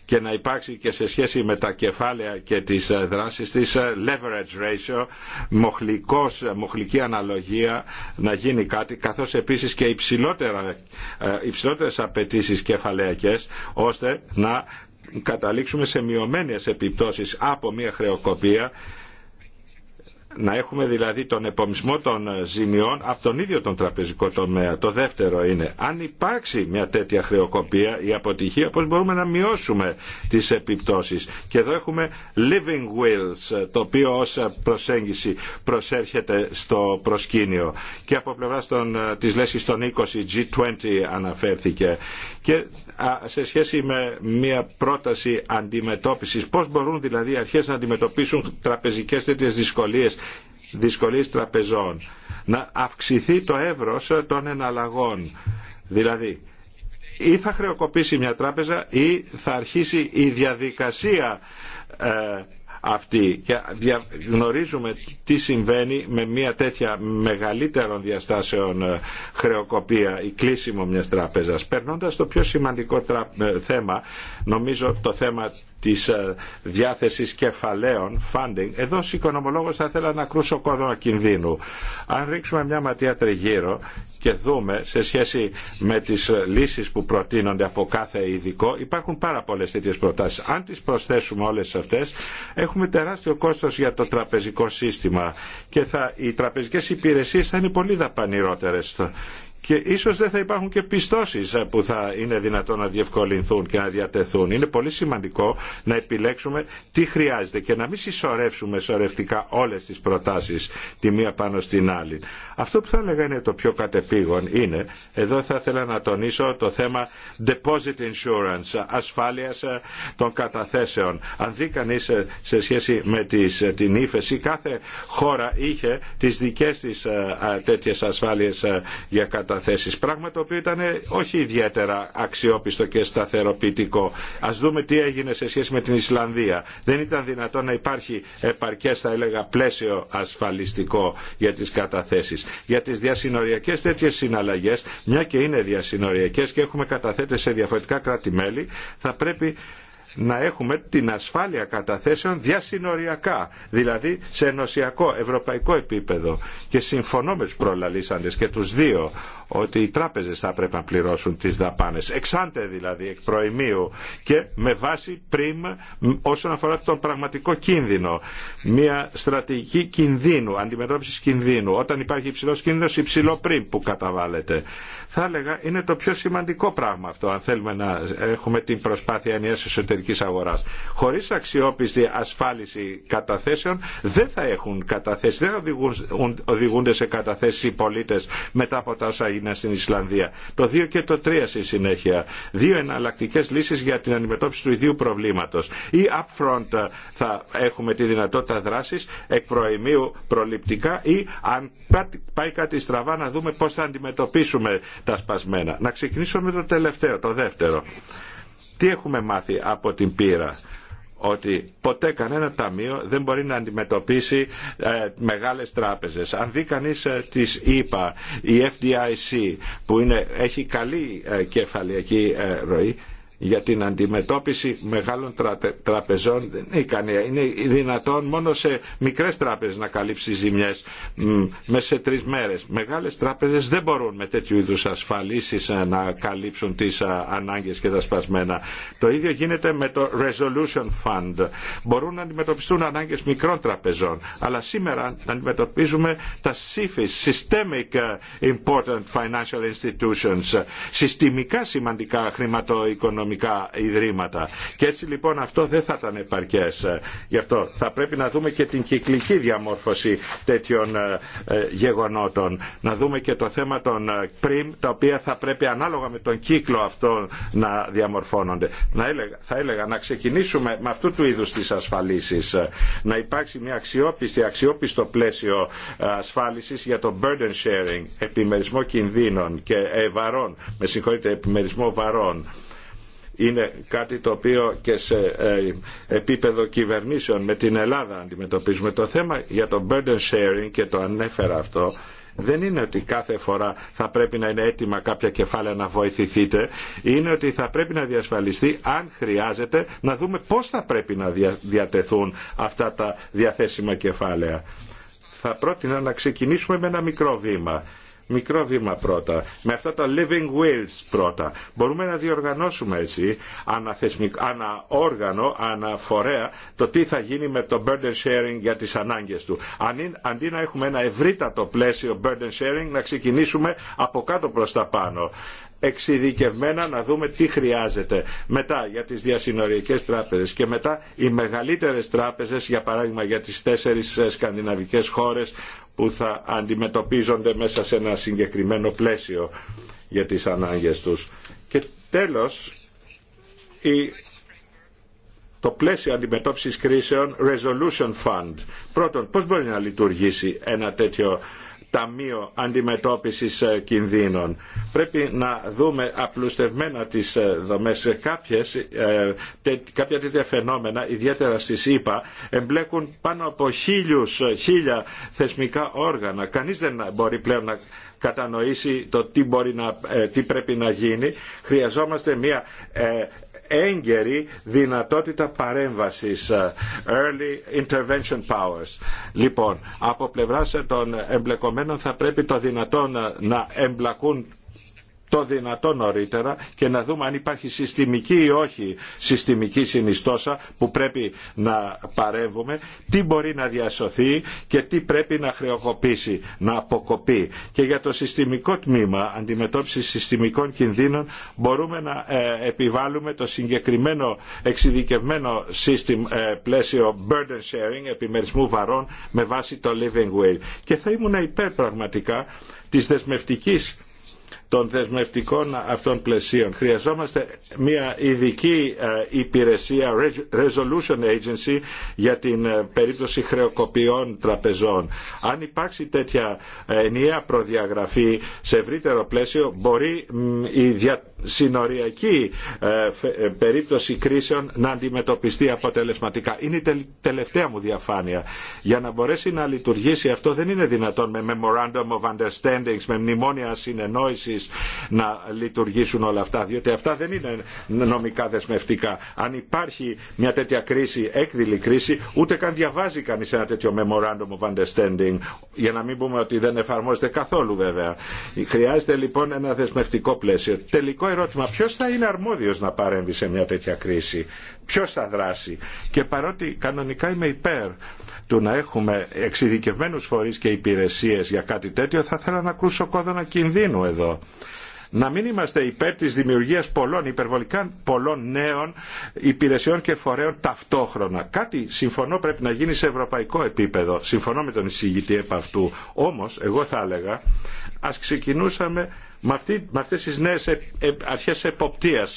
και να υπάρξει και σε σχέση με τα κεφάλαια και τις ε, δράσεις της ε, leverage ratio, μοχλικός, ε, μοχλική αναλογία να γίνει κάτι, καθώς επίσης και υψηλότερα, υψηλότερες απαιτήσει κεφαλαιακές, ώστε να καταλήξουμε σε μειωμένες επιπτώσεις από μια χρεοκοπία να έχουμε δηλαδή τον επομισμό των ζημιών από τον ίδιο τον τραπεζικό τομέα. Το δεύτερο είναι, αν υπάρξει μια τέτοια χρεοκοπία ή αποτυχία, πώς μπορούμε να μειώσουμε τις επιπτώσεις. Και εδώ έχουμε living wills, το οποίο ως προσέγγιση προσέρχεται στο προσκήνιο. Και από πλευρά των, της λέσχης των 20, G20 αναφέρθηκε. Και σε σχέση με μια πρόταση αντιμετώπισης. Πώς μπορούν δηλαδή οι αρχές να αντιμετωπίσουν τραπεζικές τέτοιες δυσκολίες δυσκολίες τραπεζών. Να αυξηθεί το εύρος των εναλλαγών. Δηλαδή, ή θα χρεοκοπήσει μια τράπεζα ή θα αρχίσει η διαδικασία ε, αυτή και γνωρίζουμε τι συμβαίνει με μια τέτοια μεγαλύτερων διαστάσεων ε, χρεοκοπία ή κλείσιμο μιας τράπεζας. Περνώντας το πιο σημαντικό ε, θέμα, νομίζω το θέμα της ε, διάθεσης κεφαλαίων, funding, εδώ ως οικονομολόγος θα ήθελα να κρούσω κόδωνα κινδύνου. Αν ρίξουμε μια ματιά τριγύρω και δούμε σε σχέση με τις ε, λύσεις που προτείνονται από κάθε ειδικό, υπάρχουν πάρα πολλές τέτοιες προτάσεις. Αν τις προσθέσουμε όλες αυτές, έχουμε τεράστιο κόστος για το τραπεζικό σύστημα και θα, οι τραπεζικές υπηρεσίες θα είναι πολύ δαπανηρότερες και ίσως δεν θα υπάρχουν και πιστώσεις που θα είναι δυνατόν να διευκολυνθούν και να διατεθούν. Είναι πολύ σημαντικό να επιλέξουμε τι χρειάζεται και να μην συσσωρεύσουμε σωρευτικά όλες τις προτάσεις τη μία πάνω στην άλλη. Αυτό που θα έλεγα είναι το πιο κατεπήγον είναι, εδώ θα ήθελα να τονίσω το θέμα deposit insurance, ασφάλεια ε, των καταθέσεων. Αν δει κανείς ε, σε σχέση με τις, ε, την ύφεση, κάθε χώρα είχε τις δικές της τέτοιες ασφάλειες για καταθέσεις παραθέσεις. Πράγμα το οποίο ήταν ε, όχι ιδιαίτερα αξιόπιστο και σταθεροποιητικό. Ας δούμε τι έγινε σε σχέση με την Ισλανδία. Δεν ήταν δυνατόν να υπάρχει επαρκές θα έλεγα πλαίσιο ασφαλιστικό για τις καταθέσεις. Για τις διασυνοριακές τέτοιες συναλλαγές, μια και είναι διασυνοριακές και έχουμε καταθέτες σε διαφορετικά κράτη-μέλη, θα πρέπει να έχουμε την ασφάλεια καταθέσεων διασυνοριακά, δηλαδή σε ενωσιακό, ευρωπαϊκό επίπεδο. Και συμφωνώ με του προλαλήσαντε και του δύο ότι οι τράπεζε θα πρέπει να πληρώσουν τι δαπάνε, Εξάντε δηλαδή εκ προημίου και με βάση πριν όσον αφορά τον πραγματικό κίνδυνο. Μια στρατηγική κινδύνου, αντιμετώπιση κινδύνου. Όταν υπάρχει υψηλό κίνδυνος, υψηλό πριν που καταβάλλεται. Θα έλεγα είναι το πιο σημαντικό πράγμα αυτό αν θέλουμε να έχουμε την προσπάθεια ενιαία εσωτερική Χωρί Χωρίς αξιόπιστη ασφάλιση καταθέσεων δεν θα έχουν καταθέσει, δεν θα οδηγούνται σε καταθέσει οι πολίτες μετά από τα όσα έγιναν στην Ισλανδία. Το 2 και το 3 στη συνέχεια. Δύο εναλλακτικέ λύσει για την αντιμετώπιση του ιδίου προβλήματο. Ή upfront ε, θα έχουμε τη δυνατότητα δράση εκ προημίου προληπτικά ή αν πάει κάτι στραβά να δούμε πώ θα αντιμετωπίσουμε τα σπασμένα. Να ξεκινήσω με το τελευταίο, το δεύτερο. Τι έχουμε μάθει από την πείρα ότι ποτέ κανένα ταμείο δεν μπορεί να αντιμετωπίσει ε, μεγάλες τράπεζες. Αν δει κανείς ε, τις ΕΠΑ, η FDIC που είναι, έχει καλή ε, κεφαλιακή ε, ροή, για την αντιμετώπιση μεγάλων τραπεζών δεν είναι ικανή. Είναι δυνατόν μόνο σε μικρές τράπεζες να καλύψει ζημιές μέσα σε τρεις μέρες. Μεγάλες τράπεζες δεν μπορούν με τέτοιου είδους ασφαλίσεις ε, να καλύψουν τις ε, ανάγκες και τα σπασμένα. Το ίδιο γίνεται με το Resolution Fund. Μπορούν να αντιμετωπιστούν ανάγκες μικρών τραπεζών. Αλλά σήμερα αντιμετωπίζουμε τα SIFIs, Systemic ε, Important Financial Institutions, συστημικά σημαντικά χρηματοοικονομικά οικονομικά ιδρύματα. Και έτσι λοιπόν αυτό δεν θα ήταν επαρκέ. Γι' αυτό θα πρέπει να δούμε και την κυκλική διαμόρφωση τέτοιων ε, ε, γεγονότων. Να δούμε και το θέμα των ε, πριμ, τα οποία θα πρέπει ανάλογα με τον κύκλο αυτό να διαμορφώνονται. Να έλεγα, θα έλεγα να ξεκινήσουμε με αυτού του είδου τι ασφαλίσει. Να υπάρξει μια αξιόπιστη, αξιόπιστο πλαίσιο ασφάλιση για το burden sharing, επιμερισμό κινδύνων και βαρών, με συγχωρείτε, επιμερισμό βαρών είναι κάτι το οποίο και σε ε, επίπεδο κυβερνήσεων με την Ελλάδα αντιμετωπίζουμε. Το θέμα για το burden sharing και το ανέφερα αυτό δεν είναι ότι κάθε φορά θα πρέπει να είναι έτοιμα κάποια κεφάλαια να βοηθηθείτε, είναι ότι θα πρέπει να διασφαλιστεί αν χρειάζεται να δούμε πώς θα πρέπει να διατεθούν αυτά τα διαθέσιμα κεφάλαια. Θα πρότεινα να ξεκινήσουμε με ένα μικρό βήμα Μικρό βήμα πρώτα. Με αυτά τα living wills πρώτα. Μπορούμε να διοργανώσουμε έτσι, ανα όργανο, ανα το τι θα γίνει με το burden sharing για τις ανάγκες του. Αντί να έχουμε ένα ευρύτατο πλαίσιο burden sharing, να ξεκινήσουμε από κάτω προς τα πάνω εξειδικευμένα να δούμε τι χρειάζεται. Μετά για τις διασυνοριακές τράπεζες και μετά οι μεγαλύτερες τράπεζες, για παράδειγμα για τις τέσσερις ε, σκανδιναβικές χώρες που θα αντιμετωπίζονται μέσα σε ένα συγκεκριμένο πλαίσιο για τις ανάγκες τους. Και τέλος, η το πλαίσιο αντιμετώπισης κρίσεων Resolution Fund. Πρώτον, πώς μπορεί να λειτουργήσει ένα τέτοιο Ταμείο Αντιμετώπισης ε, Κινδύνων. Πρέπει να δούμε απλουστευμένα τις ε, δομές. Κάποιες, ε, κάποια τέτοια φαινόμενα, ιδιαίτερα στις ΗΠΑ, εμπλέκουν πάνω από χίλιους, χίλια θεσμικά όργανα. Κανείς δεν μπορεί πλέον να κατανοήσει το τι, μπορεί να, τι πρέπει να γίνει. Χρειαζόμαστε μια έγκαιρη δυνατότητα παρέμβασης ε, early intervention powers. Λοιπόν, από πλευράς των εμπλεκομένων θα πρέπει το δυνατόν ε, να εμπλακούν το δυνατόν νωρίτερα και να δούμε αν υπάρχει συστημική ή όχι συστημική συνιστόσα που πρέπει να παρέμβουμε, τι μπορεί να διασωθεί και τι πρέπει να χρεοκοπήσει, να αποκοπεί. Και για το συστημικό τμήμα αντιμετώπιση συστημικών κινδύνων μπορούμε να ε, επιβάλλουμε το συγκεκριμένο εξειδικευμένο σύστημα, ε, πλαίσιο burden sharing, επιμερισμού βαρών με βάση το living will. Και θα ήμουν υπέρ πραγματικά της δεσμευτικής των δεσμευτικών αυτών πλαισίων. Χρειαζόμαστε μια ειδική ε, υπηρεσία, Resolution Agency, για την ε, περίπτωση χρεοκοπιών τραπεζών. Αν υπάρξει τέτοια ε, ενιαία προδιαγραφή σε ευρύτερο πλαίσιο, μπορεί η συνοριακή ε, ε, περίπτωση κρίσεων να αντιμετωπιστεί αποτελεσματικά. Είναι η τελευταία μου διαφάνεια. Για να μπορέσει να λειτουργήσει αυτό δεν είναι δυνατόν με memorandum of understandings, με μνημόνια συνεννόησης να λειτουργήσουν όλα αυτά, διότι αυτά δεν είναι νομικά δεσμευτικά. Αν υπάρχει μια τέτοια κρίση, έκδηλη κρίση, ούτε καν διαβάζει κανείς ένα τέτοιο memorandum of understanding, για να μην πούμε ότι δεν εφαρμόζεται καθόλου βέβαια. Χρειάζεται λοιπόν ένα δεσμευτικό πλαίσιο. Τελικό ερώτημα. ποιο θα είναι αρμόδιο να παρέμβει σε μια τέτοια κρίση. Ποιο θα δράσει. Και παρότι κανονικά είμαι υπέρ του να έχουμε εξειδικευμένου φορεί και υπηρεσίε για κάτι τέτοιο, θα ήθελα να ακούσω κόδωνα κινδύνου εδώ να μην είμαστε υπέρ της δημιουργίας πολλών, υπερβολικά πολλών νέων υπηρεσιών και φορέων ταυτόχρονα. Κάτι συμφωνώ πρέπει να γίνει σε ευρωπαϊκό επίπεδο. Συμφωνώ με τον εισηγητή επ' αυτού. Όμως, εγώ θα έλεγα, ας ξεκινούσαμε με, αυτέ τι αυτές τις νέες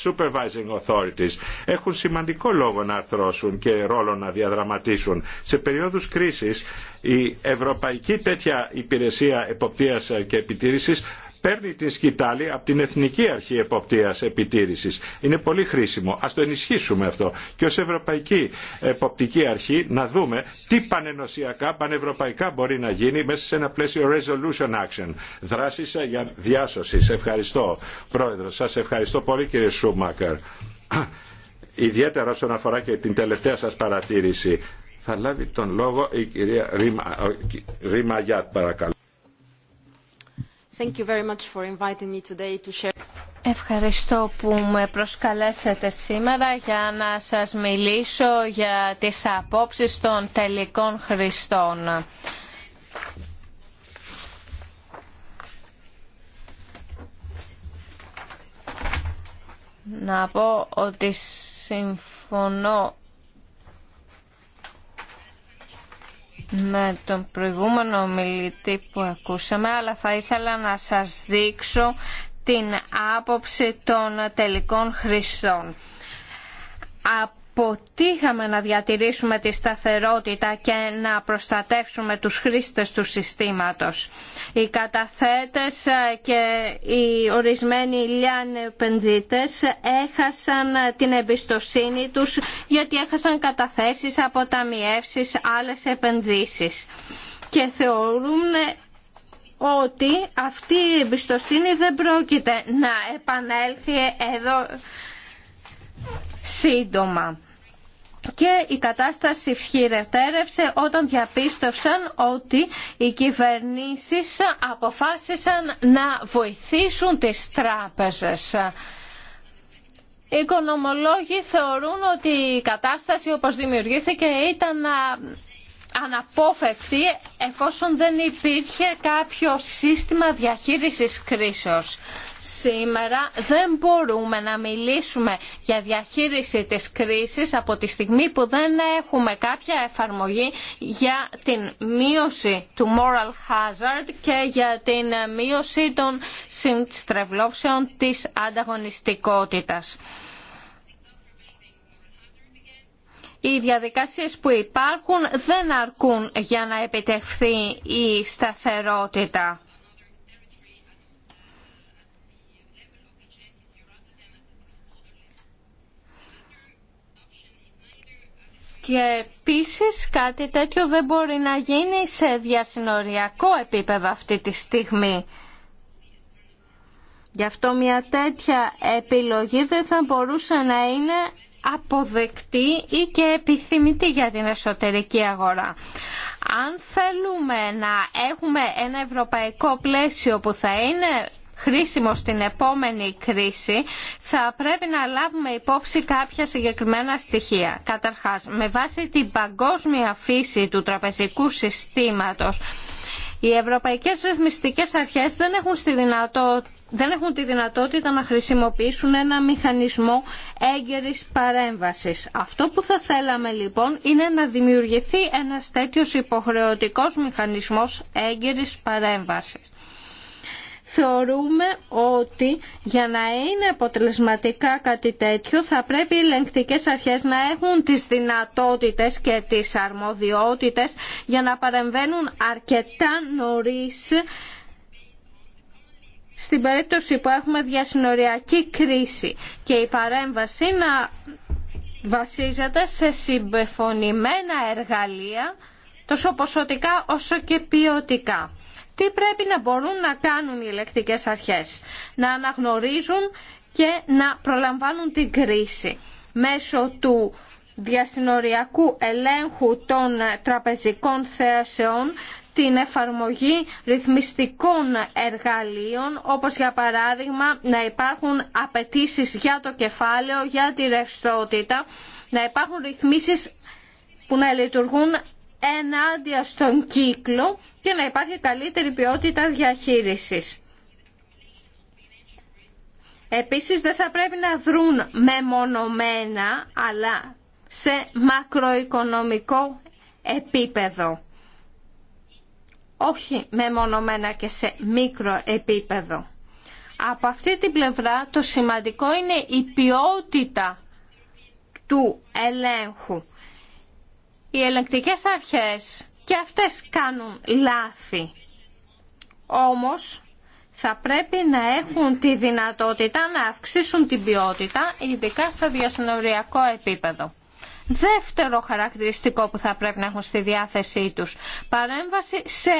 supervising authorities, έχουν σημαντικό λόγο να αρθρώσουν και ρόλο να διαδραματίσουν. Σε περίοδους κρίσης η ευρωπαϊκή τέτοια υπηρεσία εποπτείας και επιτήρησης παίρνει τη σκητάλη από την Εθνική Αρχή Εποπτείας Επιτήρησης. Είναι πολύ χρήσιμο. Ας το ενισχύσουμε αυτό. Και ως Ευρωπαϊκή Εποπτική Αρχή να δούμε τι πανενοσιακά, πανευρωπαϊκά μπορεί να γίνει μέσα σε ένα πλαίσιο resolution action. δράσης για διάσωση. Ευχαριστώ, Πρόεδρο. Σας ευχαριστώ πολύ, κύριε Σούμακερ. Ιδιαίτερα όσον αφορά και την τελευταία σας παρατήρηση. Θα λάβει τον λόγο η κυρία Ρίμα, Ρίμα Γιάτ, παρακαλώ. Ευχαριστώ που με προσκαλέσατε σήμερα για να σας μιλήσω για τις απόψεις των τελικών χρηστών. Να πω ότι συμφωνώ με τον προηγούμενο μιλητή που ακούσαμε, αλλά θα ήθελα να σας δείξω την άποψη των τελικών χρηστών αποτύχαμε να διατηρήσουμε τη σταθερότητα και να προστατεύσουμε τους χρήστες του συστήματος. Οι καταθέτες και οι ορισμένοι λιάν επενδύτες έχασαν την εμπιστοσύνη τους γιατί έχασαν καταθέσεις, από αποταμιεύσεις, άλλες επενδύσεις και θεωρούν ότι αυτή η εμπιστοσύνη δεν πρόκειται να επανέλθει εδώ σύντομα. Και η κατάσταση ευχηρετέρευσε όταν διαπίστωσαν ότι οι κυβερνήσεις αποφάσισαν να βοηθήσουν τις τράπεζες. Οι οικονομολόγοι θεωρούν ότι η κατάσταση όπως δημιουργήθηκε ήταν αναπόφευκτη εφόσον δεν υπήρχε κάποιο σύστημα διαχείρισης κρίσεως. Σήμερα δεν μπορούμε να μιλήσουμε για διαχείριση της κρίσης από τη στιγμή που δεν έχουμε κάποια εφαρμογή για την μείωση του moral hazard και για την μείωση των συστρεβλώσεων της ανταγωνιστικότητας. οι διαδικασίες που υπάρχουν δεν αρκούν για να επιτευχθεί η σταθερότητα. Και επίση κάτι τέτοιο δεν μπορεί να γίνει σε διασυνοριακό επίπεδο αυτή τη στιγμή. Γι' αυτό μια τέτοια επιλογή δεν θα μπορούσε να είναι αποδεκτή ή και επιθυμητή για την εσωτερική αγορά. Αν θέλουμε να έχουμε ένα ευρωπαϊκό πλαίσιο που θα είναι χρήσιμο στην επόμενη κρίση, θα πρέπει να λάβουμε υπόψη κάποια συγκεκριμένα στοιχεία. Καταρχάς, με βάση την παγκόσμια φύση του τραπεζικού συστήματος, οι ευρωπαϊκές ρυθμιστικές αρχές δεν έχουν, δυνατό... δεν έχουν τη δυνατότητα να χρησιμοποιήσουν ένα μηχανισμό έγκαιρης παρέμβασης. Αυτό που θα θέλαμε λοιπόν είναι να δημιουργηθεί ένας τέτοιος υποχρεωτικός μηχανισμός έγκαιρης παρέμβασης θεωρούμε ότι για να είναι αποτελεσματικά κάτι τέτοιο θα πρέπει οι ελεγκτικές αρχές να έχουν τις δυνατότητες και τις αρμοδιότητες για να παρεμβαίνουν αρκετά νωρίς στην περίπτωση που έχουμε διασυνοριακή κρίση και η παρέμβαση να βασίζεται σε συμπεφωνημένα εργαλεία τόσο ποσοτικά όσο και ποιοτικά τι πρέπει να μπορούν να κάνουν οι ηλεκτρικές αρχές. Να αναγνωρίζουν και να προλαμβάνουν την κρίση μέσω του διασυνοριακού ελέγχου των τραπεζικών θέσεων, την εφαρμογή ρυθμιστικών εργαλείων, όπως για παράδειγμα να υπάρχουν απαιτήσει για το κεφάλαιο, για τη ρευστότητα, να υπάρχουν ρυθμίσεις που να λειτουργούν ενάντια στον κύκλο και να υπάρχει καλύτερη ποιότητα διαχείρισης. Επίσης δεν θα πρέπει να δρουν μεμονωμένα αλλά σε μακροοικονομικό επίπεδο. Όχι μεμονωμένα και σε μικροεπίπεδο. Από αυτή την πλευρά το σημαντικό είναι η ποιότητα του ελέγχου. Οι ελεγκτικές αρχές και αυτές κάνουν λάθη. Όμως θα πρέπει να έχουν τη δυνατότητα να αυξήσουν την ποιότητα, ειδικά στο διασυνοριακό επίπεδο. Δεύτερο χαρακτηριστικό που θα πρέπει να έχουν στη διάθεσή τους, παρέμβαση σε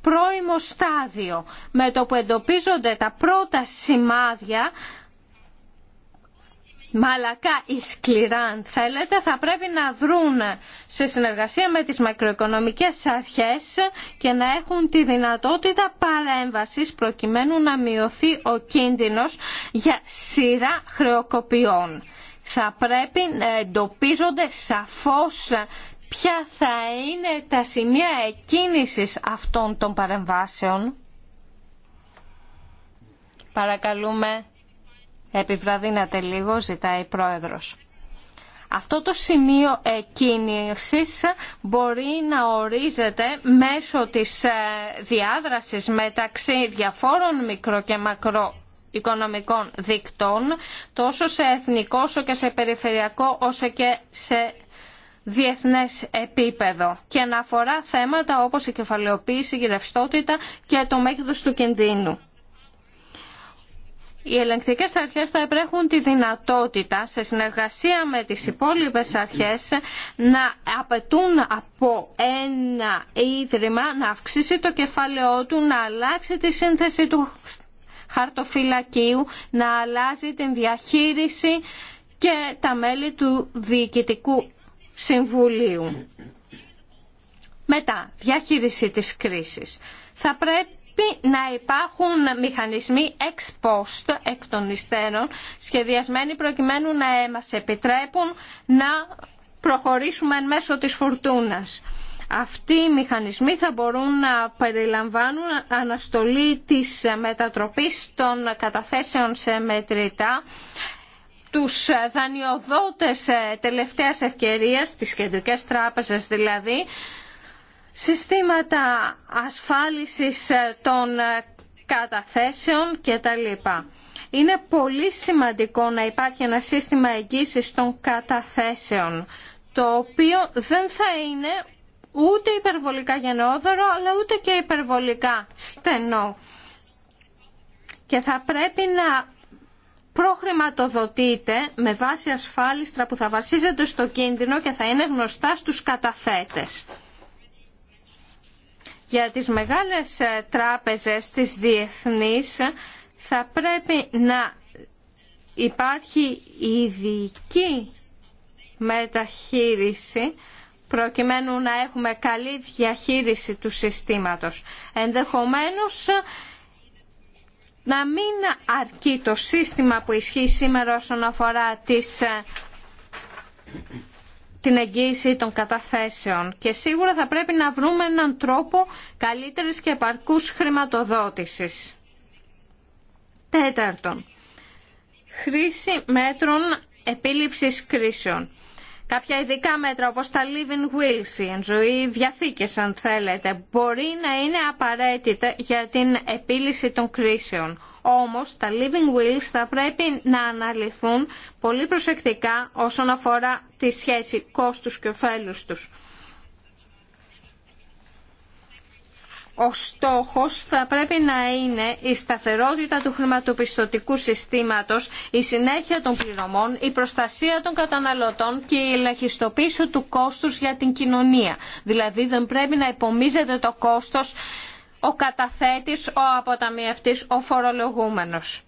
πρώιμο στάδιο, με το που εντοπίζονται τα πρώτα σημάδια μαλακά ή σκληρά αν θέλετε θα πρέπει να δρούν σε συνεργασία με τις μακροοικονομικές αρχές και να έχουν τη δυνατότητα παρέμβασης προκειμένου να μειωθεί ο κίνδυνος για σειρά χρεοκοπιών. Θα πρέπει να εντοπίζονται σαφώς ποια θα είναι τα σημεία εκκίνησης αυτών των παρεμβάσεων. Παρακαλούμε Επιβραδύνατε λίγο, ζητάει η Πρόεδρος. Αυτό το σημείο κίνησης μπορεί να ορίζεται μέσω της ε, διάδρασης μεταξύ διαφόρων μικρο και μακροοικονομικών δικτών, τόσο σε εθνικό όσο και σε περιφερειακό όσο και σε διεθνές επίπεδο και να αφορά θέματα όπως η κεφαλαιοποίηση, η ρευστότητα και το μέγεθος του κινδύνου οι ελεγκτικές αρχές θα επρέχουν τη δυνατότητα σε συνεργασία με τις υπόλοιπες αρχές να απαιτούν από ένα ίδρυμα να αυξήσει το κεφάλαιό του, να αλλάξει τη σύνθεση του χαρτοφυλακίου, να αλλάζει την διαχείριση και τα μέλη του Διοικητικού Συμβουλίου. Μετά, διαχείριση της κρίσης. Θα πρέπει να υπάρχουν μηχανισμοί ex post, εκ των υστέρων, σχεδιασμένοι προκειμένου να ε, μας επιτρέπουν να προχωρήσουμε εν μέσω της φουρτούνας. Αυτοί οι μηχανισμοί θα μπορούν να περιλαμβάνουν αναστολή της ε, μετατροπής των καταθέσεων σε μετρητά, τους ε, δανειοδότες τελευταίας ευκαιρίας, τις κεντρικές τράπεζες δηλαδή, συστήματα ασφάλισης ε, των ε, καταθέσεων κτλ. Είναι πολύ σημαντικό να υπάρχει ένα σύστημα εγγύησης των καταθέσεων, το οποίο δεν θα είναι ούτε υπερβολικά γενναιόδωρο, αλλά ούτε και υπερβολικά στενό. Και θα πρέπει να προχρηματοδοτείτε με βάση ασφάλιστρα που θα βασίζεται στο κίνδυνο και θα είναι γνωστά στους καταθέτες για τις μεγάλες ε, τράπεζες της διεθνής ε, θα πρέπει να υπάρχει ειδική μεταχείριση προκειμένου να έχουμε καλή διαχείριση του συστήματος. Ενδεχομένως ε, να μην αρκεί το σύστημα που ισχύει σήμερα όσον αφορά τις την εγγύηση των καταθέσεων και σίγουρα θα πρέπει να βρούμε έναν τρόπο καλύτερης και επαρκούς χρηματοδότησης. Τέταρτον, χρήση μέτρων επίληψης κρίσεων. Κάποια ειδικά μέτρα όπως τα living wills, η ζωή διαθήκες αν θέλετε, μπορεί να είναι απαραίτητα για την επίλυση των κρίσεων. Όμως τα living wills θα πρέπει να αναλυθούν πολύ προσεκτικά όσον αφορά τη σχέση κόστους και ωφέλους τους. Ο στόχος θα πρέπει να είναι η σταθερότητα του χρηματοπιστωτικού συστήματος, η συνέχεια των πληρωμών, η προστασία των καταναλωτών και η ελαχιστοποίηση του κόστους για την κοινωνία. Δηλαδή δεν πρέπει να υπομίζεται το κόστος ο καταθέτης, ο αποταμιευτής, ο φορολογούμενος.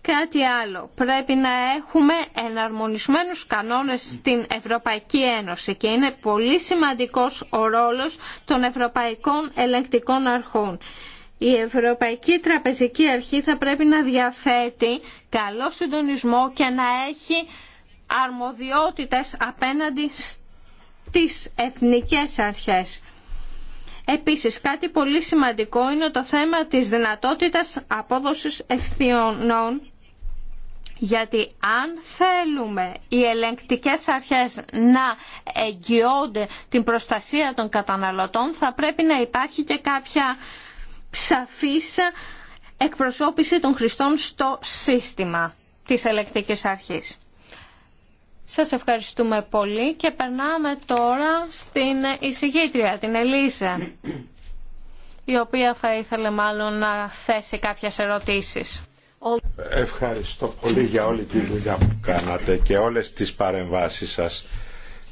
Κάτι άλλο. Πρέπει να έχουμε εναρμονισμένους κανόνες στην Ευρωπαϊκή Ένωση και είναι πολύ σημαντικός ο ρόλος των Ευρωπαϊκών Ελεγκτικών Αρχών. Η Ευρωπαϊκή Τραπεζική Αρχή θα πρέπει να διαθέτει καλό συντονισμό και να έχει αρμοδιότητες απέναντι στις εθνικές αρχές. Επίσης, κάτι πολύ σημαντικό είναι το θέμα της δυνατότητας απόδοσης ευθυνών γιατί αν θέλουμε οι ελεγκτικές αρχές να εγγυώνται την προστασία των καταναλωτών θα πρέπει να υπάρχει και κάποια σαφής εκπροσώπηση των χρηστών στο σύστημα της ελεγκτικής αρχής. Σας ευχαριστούμε πολύ και περνάμε τώρα στην εισηγήτρια, την Ελίζα, η οποία θα ήθελε μάλλον να θέσει κάποιες ερωτήσεις. Ευχαριστώ πολύ για όλη τη δουλειά που κάνατε και όλες τις παρεμβάσεις σας.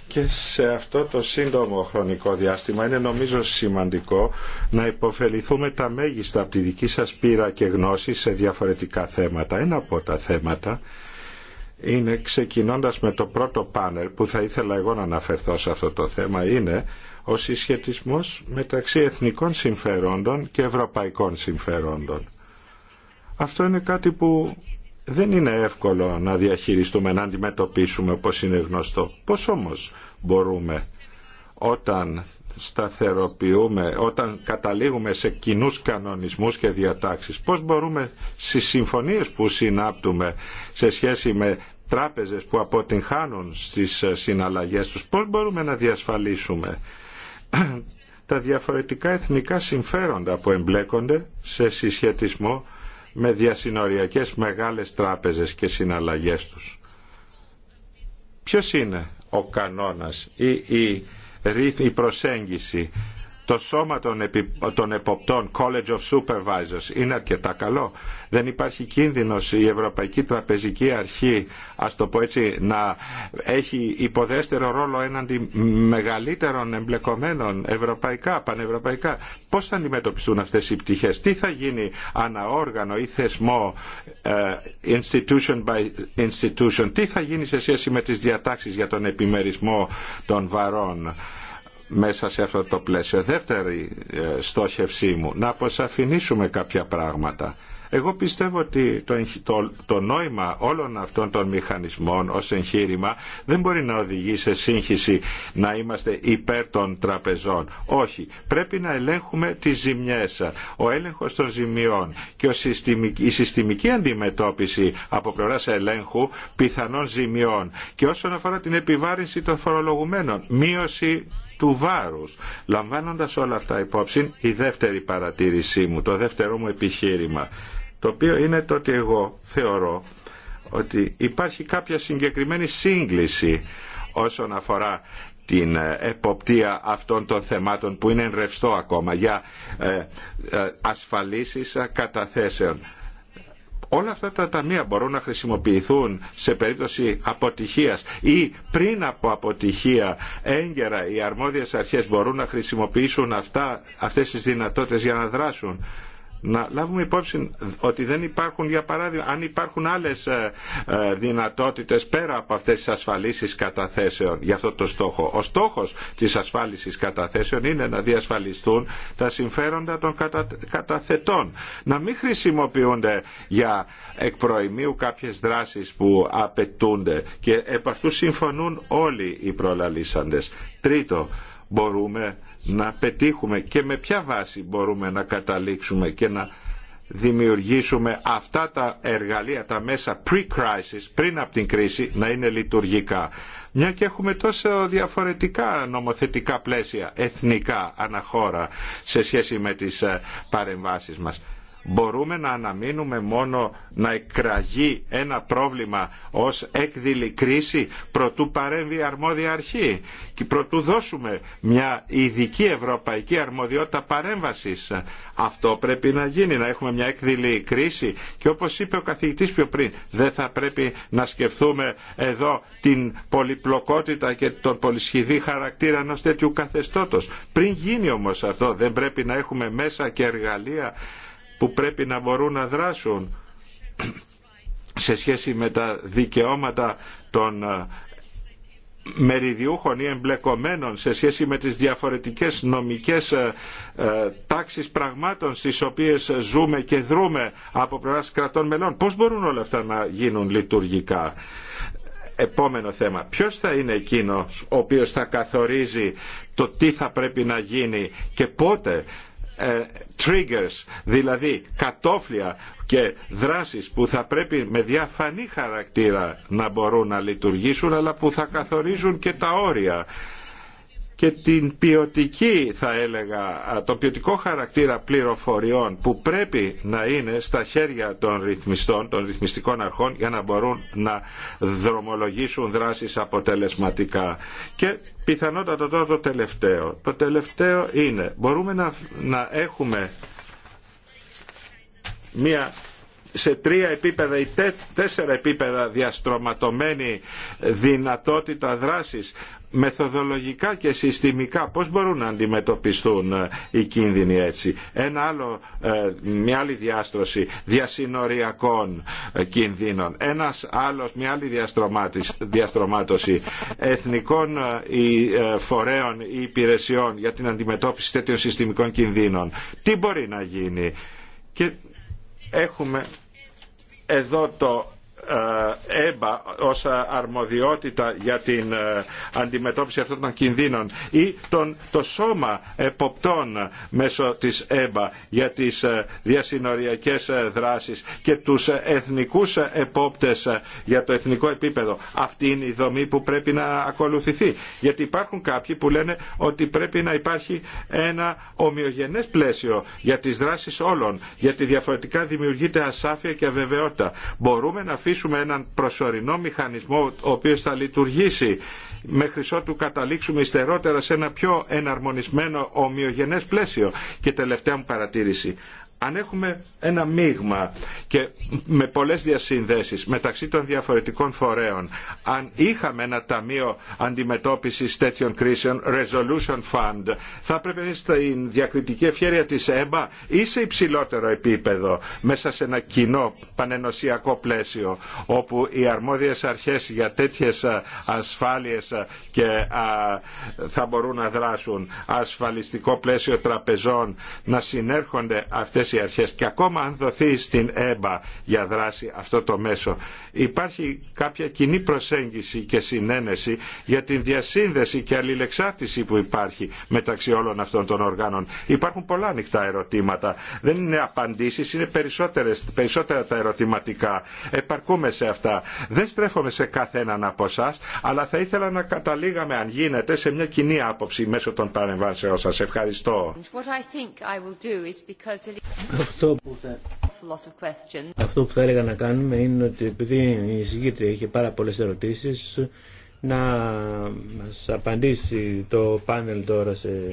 Και σε αυτό το σύντομο χρονικό διάστημα είναι νομίζω σημαντικό να υποφεληθούμε τα μέγιστα από τη δική σας πείρα και γνώση σε διαφορετικά θέματα. Ένα από τα θέματα είναι ξεκινώντας με το πρώτο πάνελ που θα ήθελα εγώ να αναφερθώ σε αυτό το θέμα είναι ο συσχετισμός μεταξύ εθνικών συμφερόντων και ευρωπαϊκών συμφερόντων. Αυτό είναι κάτι που δεν είναι εύκολο να διαχειριστούμε, να αντιμετωπίσουμε όπως είναι γνωστό. Πώς όμως μπορούμε όταν σταθεροποιούμε, όταν καταλήγουμε σε κοινού κανονισμούς και διατάξεις, πώς μπορούμε στις συμφωνίες που συνάπτουμε σε σχέση με τράπεζες που αποτυγχάνουν στις συναλλαγές τους. Πώς μπορούμε να διασφαλίσουμε τα διαφορετικά εθνικά συμφέροντα που εμπλέκονται σε συσχετισμό με διασυνοριακές μεγάλες τράπεζες και συναλλαγές τους. Ποιος είναι ο κανόνας ή η, η προσέγγιση το σώμα των εποπτών, College of Supervisors, είναι αρκετά καλό. Δεν υπάρχει κίνδυνος η Ευρωπαϊκή Τραπεζική Αρχή, ας το πω να έχει υποδέστερο ρόλο έναντι μεγαλύτερων εμπλεκομένων ευρωπαϊκά, πανευρωπαϊκά. Πώς θα αντιμετωπιστούν αυτές οι πτυχές, τι θα γίνει αναόργανο ή θεσμό, ε, institution by institution, τι θα γίνει σε σχέση με τις διατάξεις για τον επιμερισμό των βαρών μέσα σε αυτό το πλαίσιο. Δεύτερη ε, στόχευσή μου, να αποσαφηνίσουμε κάποια πράγματα. Εγώ πιστεύω ότι το, το, νόημα όλων αυτών των μηχανισμών ως εγχείρημα δεν μπορεί να οδηγεί σε σύγχυση να είμαστε υπέρ των τραπεζών. Όχι. Πρέπει να ελέγχουμε τις ζημιές. Ο έλεγχος των ζημιών και ο η συστημική αντιμετώπιση από πλευρά ελέγχου πιθανών ζημιών. Και όσον αφορά την επιβάρυνση των φορολογουμένων, μείωση του βάρους. Λαμβάνοντας όλα αυτά υπόψη, η δεύτερη παρατήρησή μου, το δεύτερο μου επιχείρημα, το οποίο είναι το ότι εγώ θεωρώ ότι υπάρχει κάποια συγκεκριμένη σύγκληση όσον αφορά την ε, εποπτεία αυτών των θεμάτων που είναι ρευστό ακόμα για ε, ε, ασφαλίσεις καταθέσεων. Όλα αυτά τα ταμεία μπορούν να χρησιμοποιηθούν σε περίπτωση αποτυχίας ή πριν από αποτυχία έγκαιρα οι αρμόδιες αρχές μπορούν να χρησιμοποιήσουν αυτά, αυτές τις δυνατότητες για να δράσουν να λάβουμε υπόψη ότι δεν υπάρχουν, για παράδειγμα, αν υπάρχουν άλλες ε, ε, δυνατότητες πέρα από αυτές τις ασφαλίσεις καταθέσεων για αυτό το στόχο. Ο στόχος της ασφάλισης καταθέσεων είναι να διασφαλιστούν τα συμφέροντα των καταθετών. Να μην χρησιμοποιούνται για εκπροημίου κάποιες δράσεις που απαιτούνται και επ' αυτού συμφωνούν όλοι οι προλαλήσαντες. Τρίτο, μπορούμε να πετύχουμε και με ποια βάση μπορούμε να καταλήξουμε και να δημιουργήσουμε αυτά τα εργαλεία, τα μέσα pre-crisis, πριν από την κρίση, να είναι λειτουργικά. Μια και έχουμε τόσο διαφορετικά νομοθετικά πλαίσια, εθνικά, αναχώρα, σε σχέση με τις ε, παρεμβάσεις μας μπορούμε να αναμείνουμε μόνο να εκραγεί ένα πρόβλημα ως έκδηλη κρίση προτού παρέμβει αρμόδια αρχή και προτού δώσουμε μια ειδική ευρωπαϊκή αρμοδιότητα παρέμβασης. Αυτό πρέπει να γίνει, να έχουμε μια έκδηλη κρίση και όπως είπε ο καθηγητής πιο πριν δεν θα πρέπει να σκεφτούμε εδώ την πολυπλοκότητα και τον πολυσχηδή χαρακτήρα ενός τέτοιου καθεστώτος. Πριν γίνει όμως αυτό δεν πρέπει να έχουμε μέσα και εργαλεία που πρέπει να μπορούν να δράσουν σε σχέση με τα δικαιώματα των ε, μεριδιούχων ή εμπλεκομένων σε σχέση με τις διαφορετικές νομικές ε, ε, τάξεις πραγμάτων στις οποίες ζούμε και δρούμε από πλευράς κρατών μελών. Πώς μπορούν όλα αυτά να γίνουν λειτουργικά. Επόμενο θέμα. Ποιος θα είναι εκείνος ο οποίος θα καθορίζει το τι θα πρέπει να γίνει και πότε ε, triggers, δηλαδή κατόφλια και δράσεις που θα πρέπει με διαφανή χαρακτήρα να μπορούν να λειτουργήσουν αλλά που θα καθορίζουν και τα όρια και την ποιοτική θα έλεγα, τον ποιοτικό χαρακτήρα πληροφοριών που πρέπει να είναι στα χέρια των ρυθμιστών, των ρυθμιστικών αρχών για να μπορούν να δρομολογήσουν δράσεις αποτελεσματικά. Και πιθανότατα τώρα το τελευταίο. Το τελευταίο είναι, μπορούμε να, να έχουμε μια σε τρία επίπεδα ή τέσσερα επίπεδα διαστρωματωμένη δυνατότητα δράσης μεθοδολογικά και συστημικά πώς μπορούν να αντιμετωπιστούν ε, οι κίνδυνοι έτσι. Ένα άλλο, ε, μια άλλη διάστρωση διασυνοριακών ε, κινδύνων. Ένας άλλος, μια άλλη διαστρωμάτωση εθνικών φορέων ή υπηρεσιών για την αντιμετώπιση τέτοιων συστημικών κινδύνων. Τι μπορεί να γίνει. Και έχουμε εδώ το ε, έμπα ως αρμοδιότητα για την ε, αντιμετώπιση αυτών των κινδύνων ή τον, το σώμα εποπτών μέσω της έμπα για τις ε, διασυνοριακές δράσεις και τους εθνικούς επόπτες για το εθνικό επίπεδο. Αυτή είναι η δομή που πρέπει να ακολουθηθεί. Γιατί υπάρχουν κάποιοι που λένε ότι πρέπει να υπάρχει ένα ομοιογενές πλαίσιο για τις δράσεις όλων, γιατί διαφορετικά δημιουργείται ασάφεια και αβεβαιότητα. Μπορούμε να θεσπίσουμε έναν προσωρινό μηχανισμό ο οποίος θα λειτουργήσει μέχρι ότου καταλήξουμε υστερότερα σε ένα πιο εναρμονισμένο ομοιογενές πλαίσιο. Και τελευταία μου παρατήρηση αν έχουμε ένα μείγμα και με πολλές διασύνδεσεις μεταξύ των διαφορετικών φορέων, αν είχαμε ένα ταμείο αντιμετώπισης τέτοιων κρίσεων, Resolution Fund, θα πρέπει στην διακριτική ευχαίρεια της ΕΜΠΑ ή σε υψηλότερο επίπεδο, μέσα σε ένα κοινό πανενοσιακό πλαίσιο, όπου οι αρμόδιες αρχές για τέτοιες ασφάλειες και θα μπορούν να δράσουν ασφαλιστικό πλαίσιο τραπεζών, να συνέρχονται αυτές και ακόμα αν δοθεί στην ΕΜΠΑ για δράση αυτό το μέσο υπάρχει κάποια κοινή προσέγγιση και συνένεση για την διασύνδεση και αλληλεξάρτηση που υπάρχει μεταξύ όλων αυτών των οργάνων. Υπάρχουν πολλά ανοιχτά ερωτήματα. Δεν είναι απαντήσεις, είναι περισσότερες, περισσότερα τα ερωτηματικά. Επαρκούμε σε αυτά. Δεν στρέφομαι σε έναν από εσά, αλλά θα ήθελα να καταλήγαμε αν γίνεται σε μια κοινή άποψη μέσω των παρεμβάσεων σας. Ευχαριστώ. Αυτό που, θα... έλεγα να κάνουμε είναι ότι επειδή η συγκήτρια είχε πάρα πολλές ερωτήσεις να μας απαντήσει το πάνελ τώρα σε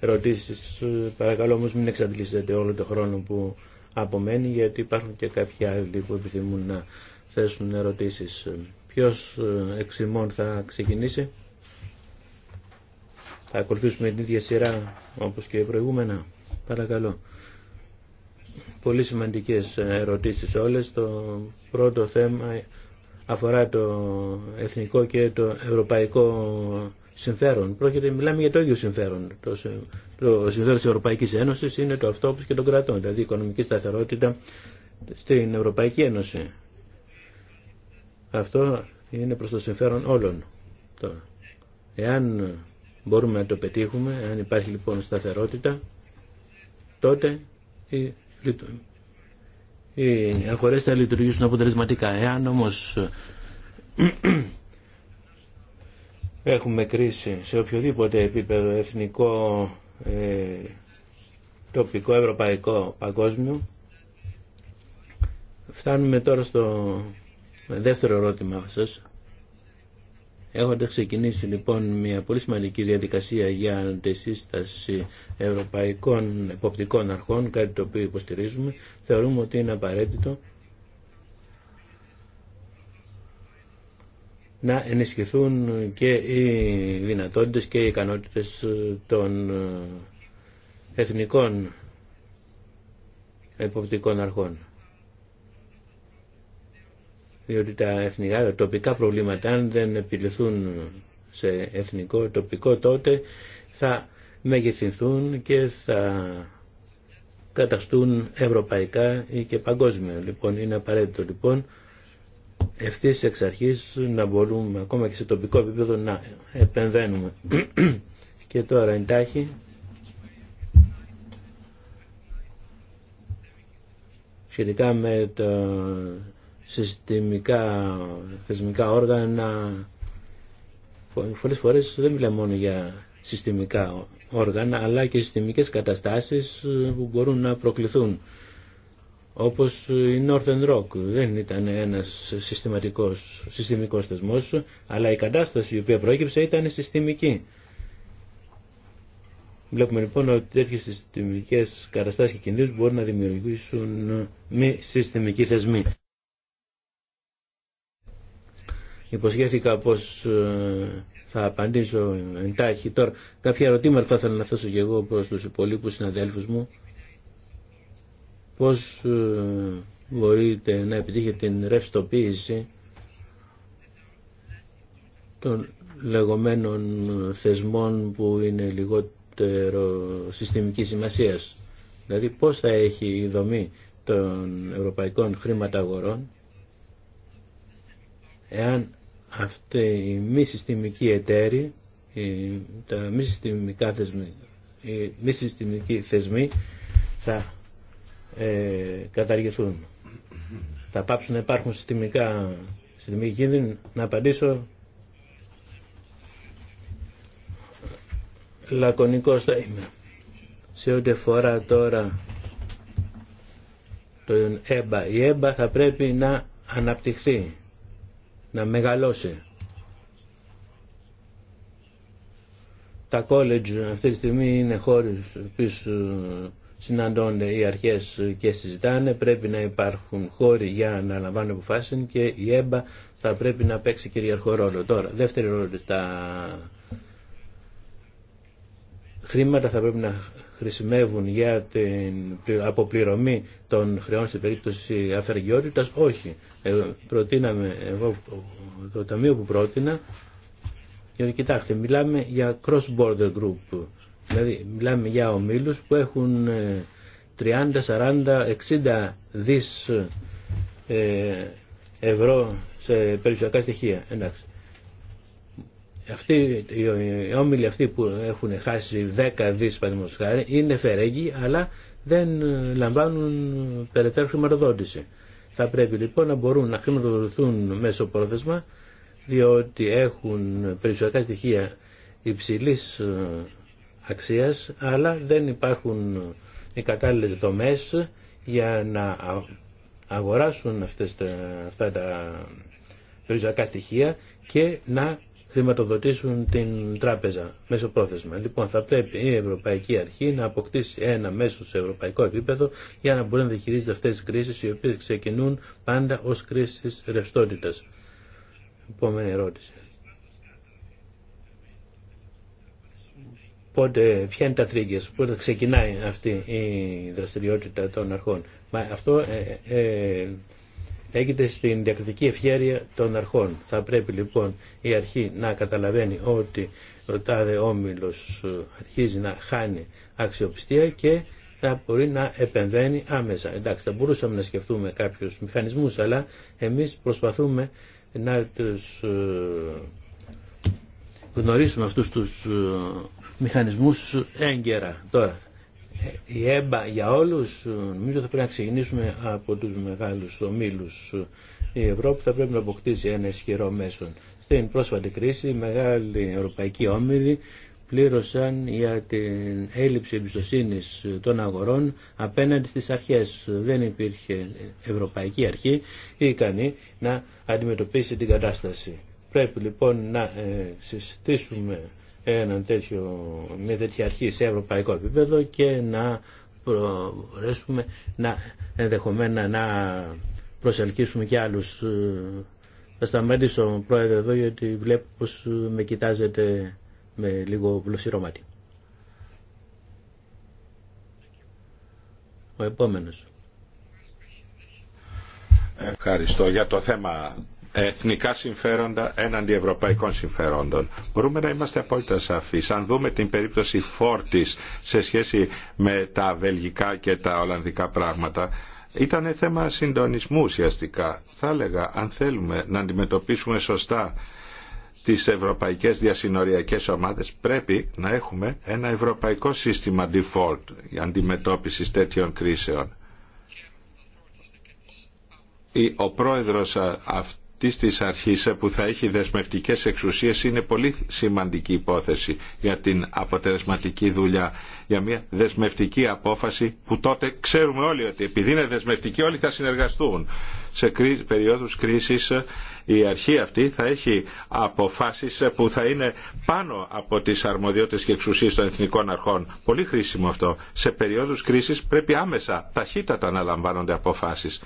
ερωτήσεις. Παρακαλώ όμως μην εξαντλήσετε όλο το χρόνο που απομένει γιατί υπάρχουν και κάποιοι άλλοι που επιθυμούν να θέσουν ερωτήσεις. Ποιος εξημών θα ξεκινήσει. Θα ακολουθήσουμε την ίδια σειρά όπως και προηγούμενα. Παρακαλώ πολύ σημαντικές ερωτήσεις όλες. Το πρώτο θέμα αφορά το εθνικό και το ευρωπαϊκό συμφέρον. Πρόκειται, μιλάμε για το ίδιο συμφέρον. Το, το συμφέρον της Ευρωπαϊκής Ένωσης είναι το αυτό όπως και των κρατών, δηλαδή η οικονομική σταθερότητα στην Ευρωπαϊκή Ένωση. Αυτό είναι προς το συμφέρον όλων. Εάν μπορούμε να το πετύχουμε, αν υπάρχει λοιπόν σταθερότητα, τότε οι αγορέ θα λειτουργήσουν αποτελεσματικά. Εάν όμω έχουμε κρίση σε οποιοδήποτε επίπεδο εθνικό, ε, τοπικό, ευρωπαϊκό, παγκόσμιο, φτάνουμε τώρα στο δεύτερο ερώτημα σας Έχοντα ξεκινήσει λοιπόν μια πολύ σημαντική διαδικασία για τη σύσταση ευρωπαϊκών εποπτικών αρχών, κάτι το οποίο υποστηρίζουμε, θεωρούμε ότι είναι απαραίτητο να ενισχυθούν και οι δυνατότητες και οι ικανότητες των εθνικών εποπτικών αρχών διότι τα εθνικά, τα τοπικά προβλήματα αν δεν επιληθούν σε εθνικό, τοπικό τότε θα μεγεθυνθούν και θα καταστούν ευρωπαϊκά ή και παγκόσμια. Λοιπόν, είναι απαραίτητο λοιπόν ευθύ εξ αρχή να μπορούμε ακόμα και σε τοπικό επίπεδο να επεμβαίνουμε. και τώρα εντάχει. Σχετικά με το συστημικά θεσμικά όργανα πολλές φορές δεν μιλάμε μόνο για συστημικά όργανα αλλά και συστημικές καταστάσεις που μπορούν να προκληθούν όπως η Northern Rock δεν ήταν ένας συστηματικός, συστημικός θεσμός αλλά η κατάσταση η οποία προέκυψε ήταν συστημική Βλέπουμε λοιπόν ότι τέτοιες συστημικές καταστάσει και κινδύνου μπορούν να δημιουργήσουν μη συστημική θεσμή. Υποσχέθηκα πως ε, θα απαντήσω εντάχει. Τώρα κάποια ερωτήματα θα ήθελα να θέσω και εγώ προς τους υπολείπους συναδέλφους μου. Πώς ε, μπορείτε να επιτύχετε την ρευστοποίηση των λεγόμενων θεσμών που είναι λιγότερο συστημική σημασία. Δηλαδή πώς θα έχει η δομή των ευρωπαϊκών χρήματα αγορών εάν αυτή η μη συστημικοί εταίροι, τα μη συστημικά θεσμοί, οι μη συστημικοί θεσμοί θα ε, καταργηθούν. Θα πάψουν να υπάρχουν συστημικά συστημικοί κίνδυνοι. Να απαντήσω λακωνικός θα είμαι. Σε ό,τι αφορά τώρα το ΕΜΠΑ, η ΕΜΠΑ θα πρέπει να αναπτυχθεί να μεγαλώσει. Τα college αυτή τη στιγμή είναι χώρες που συναντώνται οι αρχές και συζητάνε. Πρέπει να υπάρχουν χώροι για να λαμβάνουν αποφάσεις και η ΕΜΠΑ θα πρέπει να παίξει κυριαρχό ρόλο. Τώρα, δεύτερη ρόλο, τα χρήματα θα πρέπει να χρησιμεύουν για την αποπληρωμή των χρεών σε περίπτωση αφαιρεγιότητα, όχι. Ε, προτείναμε, εγώ το ταμείο που πρότεινα, γιατί κοιτάξτε, μιλάμε για cross-border group, δηλαδή μιλάμε για ομίλους που έχουν 30, 40, 60 δις ε, ευρώ σε περιουσιακά στοιχεία. Εντάξει. Αυτοί, οι όμιλοι αυτοί που έχουν χάσει 10 δις χάρη είναι φερέγγοι αλλά δεν ε, λαμβάνουν περαιτέρω χρηματοδότηση. Θα πρέπει λοιπόν να μπορούν να χρηματοδοτηθούν μέσω πρόθεσμα διότι έχουν περιουσιακά στοιχεία υψηλή ε, αξίας αλλά δεν υπάρχουν ε, οι κατάλληλες δομέ για να αγοράσουν αυτές τα, αυτά τα περιουσιακά στοιχεία και να χρηματοδοτήσουν την τράπεζα μέσω πρόθεσμα. Λοιπόν, θα πρέπει η Ευρωπαϊκή Αρχή να αποκτήσει ένα μέσο σε ευρωπαϊκό επίπεδο για να μπορεί να διαχειρίζεται αυτέ τι κρίσει οι οποίε ξεκινούν πάντα ω κρίσει ρευστότητα. Επόμενη ερώτηση. πότε, ποια είναι τα τρίγκε, πότε ξεκινάει αυτή η δραστηριότητα των αρχών. Μα αυτό ε, ε Έγινε στην διακριτική ευχέρεια των αρχών. Θα πρέπει λοιπόν η αρχή να καταλαβαίνει ότι ο τάδε όμιλος ε, αρχίζει να χάνει αξιοπιστία και θα μπορεί να επεμβαίνει άμεσα. Εντάξει, θα μπορούσαμε να σκεφτούμε κάποιους μηχανισμούς, αλλά εμείς προσπαθούμε να τους ε, γνωρίσουμε αυτούς τους ε, μηχανισμούς έγκαιρα. Τώρα, η ΕΜΠΑ για όλους, νομίζω θα πρέπει να ξεκινήσουμε από τους μεγάλους ομίλους. Η Ευρώπη θα πρέπει να αποκτήσει ένα ισχυρό μέσο. Στην πρόσφατη κρίση, οι μεγάλοι ευρωπαϊκοί όμιλοι πλήρωσαν για την έλλειψη εμπιστοσύνη των αγορών απέναντι στις αρχές. Δεν υπήρχε ευρωπαϊκή αρχή ικανή να αντιμετωπίσει την κατάσταση. Πρέπει λοιπόν να ε, συστήσουμε έναν τέτοιο, μια τέτοια αρχή σε ευρωπαϊκό επίπεδο και να μπορέσουμε να ενδεχομένα να προσελκύσουμε και άλλους. Θα σταματήσω πρόεδρε εδώ γιατί βλέπω πως με κοιτάζετε με λίγο βλωσιρώματι. Ο επόμενος. Ευχαριστώ για το θέμα εθνικά συμφέροντα έναντι ευρωπαϊκών συμφερόντων. Μπορούμε να είμαστε απόλυτα σαφείς. Αν δούμε την περίπτωση Φόρτη σε σχέση με τα βελγικά και τα ολλανδικά πράγματα, ήταν θέμα συντονισμού ουσιαστικά. Θα έλεγα, αν θέλουμε να αντιμετωπίσουμε σωστά τις ευρωπαϊκές διασυνοριακές ομάδες πρέπει να έχουμε ένα ευρωπαϊκό σύστημα default αντιμετώπιση τέτοιων κρίσεων. Ο πρόεδρος αυτής της αρχής ε, που θα έχει δεσμευτικές εξουσίες είναι πολύ σημαντική υπόθεση για την αποτελεσματική δουλειά, για μια δεσμευτική απόφαση που τότε ξέρουμε όλοι ότι επειδή είναι δεσμευτική όλοι θα συνεργαστούν. Σε περίοδους κρίσης ε, η αρχή αυτή θα έχει αποφάσεις ε, που θα είναι πάνω από τις αρμοδιότητες και εξουσίες των εθνικών αρχών. Πολύ χρήσιμο αυτό. Σε περίοδους κρίσης πρέπει άμεσα, ταχύτατα να λαμβάνονται αποφάσεις.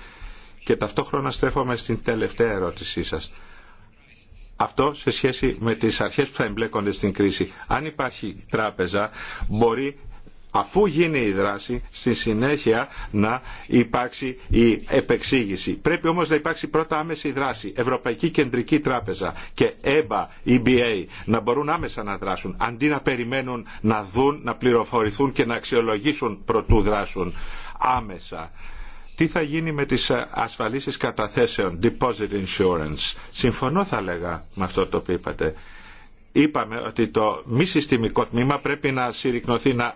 Και ταυτόχρονα στρέφομαι στην τελευταία ερώτησή σας. Αυτό σε σχέση με τις αρχές που θα εμπλέκονται στην κρίση. Αν υπάρχει τράπεζα, μπορεί αφού γίνει η δράση, στη συνέχεια να υπάρξει η επεξήγηση. Πρέπει όμως να υπάρξει πρώτα άμεση δράση. Ευρωπαϊκή Κεντρική Τράπεζα και EBA, EBA να μπορούν άμεσα να δράσουν, αντί να περιμένουν να δουν, να πληροφορηθούν και να αξιολογήσουν προτού δράσουν άμεσα τι θα γίνει με τις ασφαλίσεις καταθέσεων, deposit insurance. Συμφωνώ θα λέγα με αυτό το οποίο είπατε είπαμε ότι το μη συστημικό τμήμα πρέπει να συρρυκνωθεί, να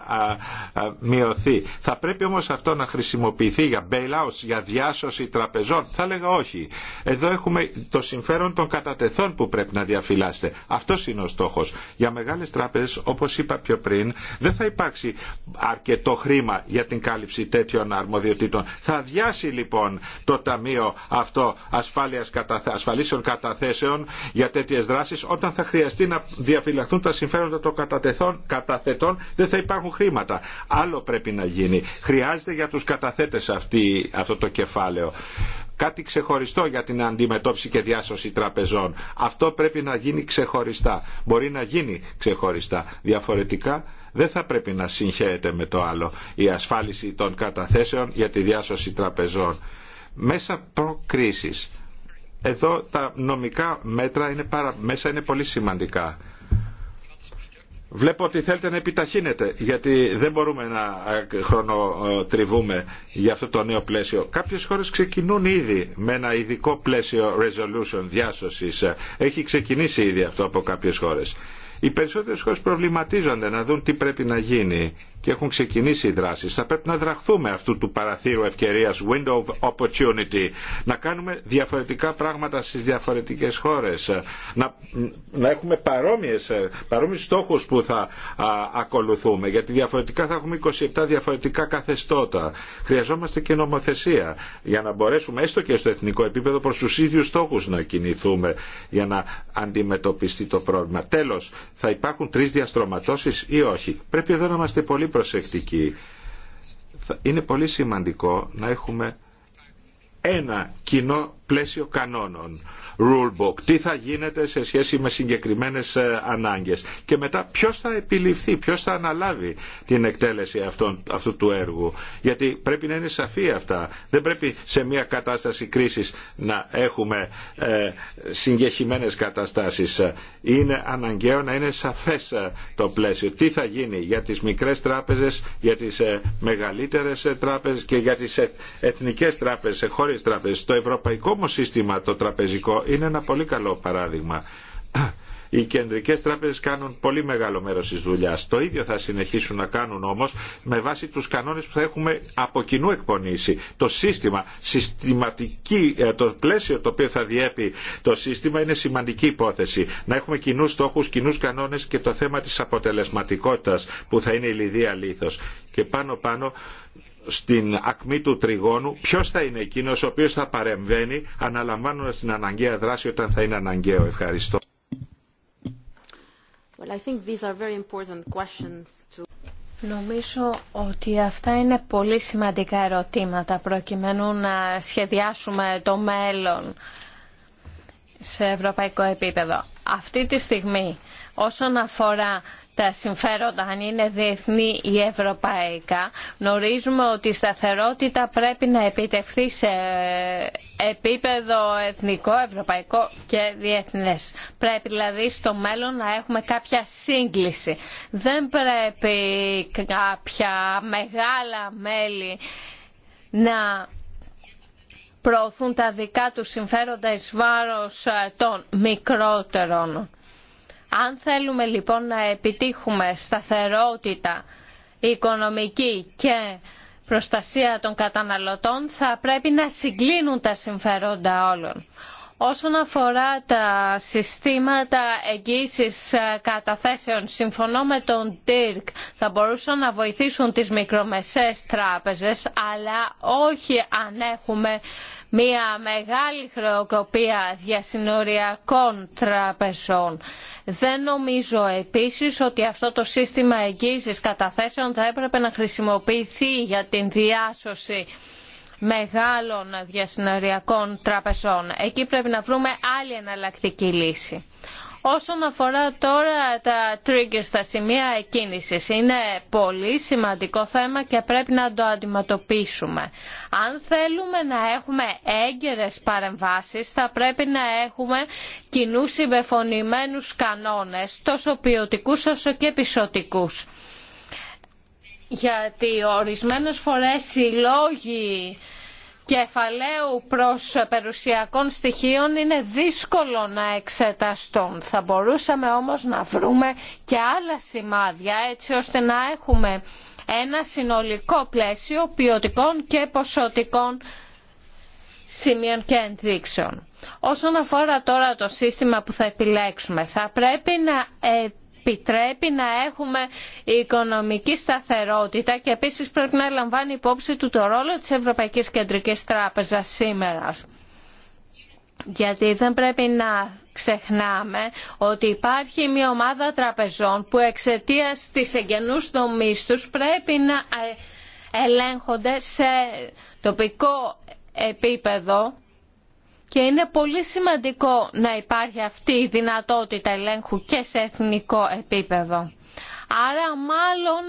μειωθεί. Θα πρέπει όμως αυτό να χρησιμοποιηθεί για bailouts, για διάσωση τραπεζών. Θα έλεγα όχι. Εδώ έχουμε το συμφέρον των κατατεθών που πρέπει να διαφυλάστε. Αυτό είναι ο στόχος. Για μεγάλες τράπεζες, όπως είπα πιο πριν, δεν θα υπάρξει αρκετό χρήμα για την κάλυψη τέτοιων αρμοδιοτήτων. Θα διάσει λοιπόν το Ταμείο αυτό ασφάλειας, ασφαλίσεων καταθέσεων για τέτοιε δράσεις όταν θα χρειαστεί να διαφυλαχθούν τα συμφέροντα των καταθετών δεν θα υπάρχουν χρήματα. Άλλο πρέπει να γίνει. Χρειάζεται για τους καταθέτες αυτή, αυτό το κεφάλαιο. Κάτι ξεχωριστό για την αντιμετώπιση και διάσωση τραπεζών. Αυτό πρέπει να γίνει ξεχωριστά. Μπορεί να γίνει ξεχωριστά. Διαφορετικά δεν θα πρέπει να συγχαίεται με το άλλο η ασφάλιση των καταθέσεων για τη διάσωση τραπεζών. Μέσα κρίσης εδώ τα νομικά μέτρα είναι παρα... μέσα είναι πολύ σημαντικά. Βλέπω ότι θέλετε να επιταχύνετε, γιατί δεν μπορούμε να ε, χρονοτριβούμε για αυτό το νέο πλαίσιο. Κάποιες χώρες ξεκινούν ήδη με ένα ειδικό πλαίσιο resolution, διάσωσης. Έχει ξεκινήσει ήδη αυτό από κάποιες χώρες. Οι περισσότερες χώρες προβληματίζονται να δουν τι πρέπει να γίνει και έχουν ξεκινήσει οι δράσει. Θα πρέπει να δραχθούμε αυτού του παραθύρου ευκαιρία window of opportunity, να κάνουμε διαφορετικά πράγματα στι διαφορετικέ χώρε, να, να έχουμε παρόμοιες, στόχου που θα α, ακολουθούμε, γιατί διαφορετικά θα έχουμε 27 διαφορετικά καθεστώτα. Χρειαζόμαστε και νομοθεσία για να μπορέσουμε έστω και στο εθνικό επίπεδο προ του ίδιου στόχου να κινηθούμε για να αντιμετωπιστεί το πρόβλημα. Τέλο, θα υπάρχουν τρει διαστρωματώσει ή όχι. Πρέπει εδώ να είμαστε πολύ προσεκτικοί. Είναι πολύ σημαντικό να έχουμε ένα κοινό πλαίσιο κανόνων, rule book, τι θα γίνεται σε σχέση με συγκεκριμένες ε, ανάγκες και μετά ποιος θα επιληφθεί, ποιος θα αναλάβει την εκτέλεση αυτού του έργου. Γιατί πρέπει να είναι σαφή αυτά. Δεν πρέπει σε μια κατάσταση κρίσης να έχουμε ε, συγκεχημένες καταστάσεις. Είναι αναγκαίο να είναι σαφές ε, το πλαίσιο. Τι θα γίνει για τις μικρές τράπεζες, για τις ε, μεγαλύτερες ε, τράπεζες και για τις εθνικές τράπεζες, χώρες τράπεζες. Το ευρωπαϊκό όμως σύστημα το τραπεζικό είναι ένα πολύ καλό παράδειγμα. Οι κεντρικές τράπεζες κάνουν πολύ μεγάλο μέρος της δουλειάς. Το ίδιο θα συνεχίσουν να κάνουν όμως με βάση τους κανόνες που θα έχουμε από κοινού εκπονήσει. Το σύστημα, συστηματική, ε, το πλαίσιο το οποίο θα διέπει το σύστημα είναι σημαντική υπόθεση. Να έχουμε κοινούς στόχους, κοινούς κανόνες και το θέμα της αποτελεσματικότητας που θα είναι η λιδία λήθος. Και πάνω πάνω στην ακμή του τριγώνου ποιο θα είναι εκείνο, ο οποίο θα παρεμβαίνει αναλαμβάνοντα την αναγκαία δράση όταν θα είναι αναγκαίο. Ευχαριστώ. Νομίζω ότι αυτά είναι πολύ σημαντικά ερωτήματα προκειμένου να σχεδιάσουμε το μέλλον σε ευρωπαϊκό επίπεδο αυτή τη στιγμή όσον αφορά τα συμφέροντα, αν είναι διεθνή ή ευρωπαϊκά, γνωρίζουμε ότι η σταθερότητα πρέπει να επιτευχθεί σε επίπεδο εθνικό, ευρωπαϊκό και διεθνές. Πρέπει δηλαδή στο μέλλον να έχουμε κάποια σύγκληση. Δεν πρέπει κάποια μεγάλα μέλη να προωθούν τα δικά τους συμφέροντα εις βάρος ε, των μικρότερων. Αν θέλουμε λοιπόν να επιτύχουμε σταθερότητα οικονομική και προστασία των καταναλωτών θα πρέπει να συγκλίνουν τα συμφέροντα όλων. Όσον αφορά τα συστήματα εγγύησης ε, καταθέσεων, συμφωνώ με τον Τιρκ, θα μπορούσαν να βοηθήσουν τις μικρομεσαίες τράπεζες, αλλά όχι αν έχουμε μια μεγάλη χρεοκοπία διασυνοριακών τραπεζών. Δεν νομίζω επίσης ότι αυτό το σύστημα εγγύησης καταθέσεων θα έπρεπε να χρησιμοποιηθεί για την διάσωση μεγάλων διασυναριακών τραπεζών. Εκεί πρέπει να βρούμε άλλη εναλλακτική λύση. Όσον αφορά τώρα τα triggers, τα σημεία εκκίνησης, είναι πολύ σημαντικό θέμα και πρέπει να το αντιμετωπίσουμε. Αν θέλουμε να έχουμε έγκαιρες παρεμβάσεις, θα πρέπει να έχουμε κοινού συμπεφωνημένους κανόνες, τόσο ποιοτικού όσο και πισωτικούς. Γιατί ορισμένες φορές οι λόγοι κεφαλαίου προς περιουσιακών στοιχείων είναι δύσκολο να εξεταστούν. Θα μπορούσαμε όμως να βρούμε και άλλα σημάδια έτσι ώστε να έχουμε ένα συνολικό πλαίσιο ποιοτικών και ποσοτικών σημείων και ενδείξεων. Όσον αφορά τώρα το σύστημα που θα επιλέξουμε, θα πρέπει να επιτρέπει να έχουμε οικονομική σταθερότητα και επίσης πρέπει να λαμβάνει υπόψη του το ρόλο της Ευρωπαϊκής Κεντρικής Τράπεζας σήμερα. Γιατί δεν πρέπει να ξεχνάμε ότι υπάρχει μια ομάδα τραπεζών που εξαιτία της εγγενούς δομής τους πρέπει να ε, ελέγχονται σε τοπικό επίπεδο και είναι πολύ σημαντικό να υπάρχει αυτή η δυνατότητα ελέγχου και σε εθνικό επίπεδο. Άρα μάλλον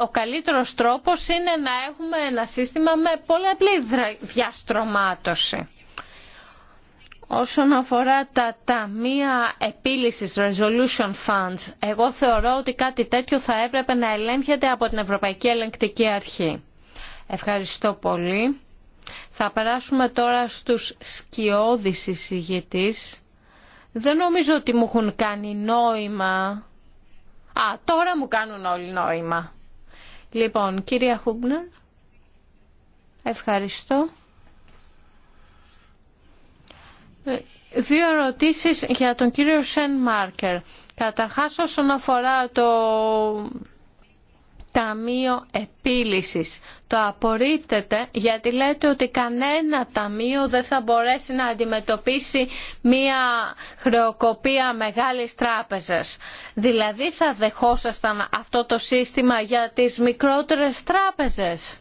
ο καλύτερος τρόπος είναι να έχουμε ένα σύστημα με πολλαπλή διαστρωμάτωση. Όσον αφορά τα ταμεία επίλυσης resolution funds, εγώ θεωρώ ότι κάτι τέτοιο θα έπρεπε να ελέγχεται από την Ευρωπαϊκή Ελεγκτική Αρχή. Ευχαριστώ πολύ. Θα περάσουμε τώρα στους σκιώδεις εισηγητής. Δεν νομίζω ότι μου έχουν κάνει νόημα. Α, τώρα μου κάνουν όλοι νόημα. Λοιπόν, κυρία Χούμπνερ, ευχαριστώ. Ε, δύο ερωτήσεις για τον κύριο Σεν Μάρκερ. Καταρχάς όσον αφορά το ταμείο επίλυσης. Το απορρίπτεται γιατί λέτε ότι κανένα ταμείο δεν θα μπορέσει να αντιμετωπίσει μία χρεοκοπία μεγάλης τράπεζας. Δηλαδή θα δεχόσασταν αυτό το σύστημα για τις μικρότερες τράπεζες.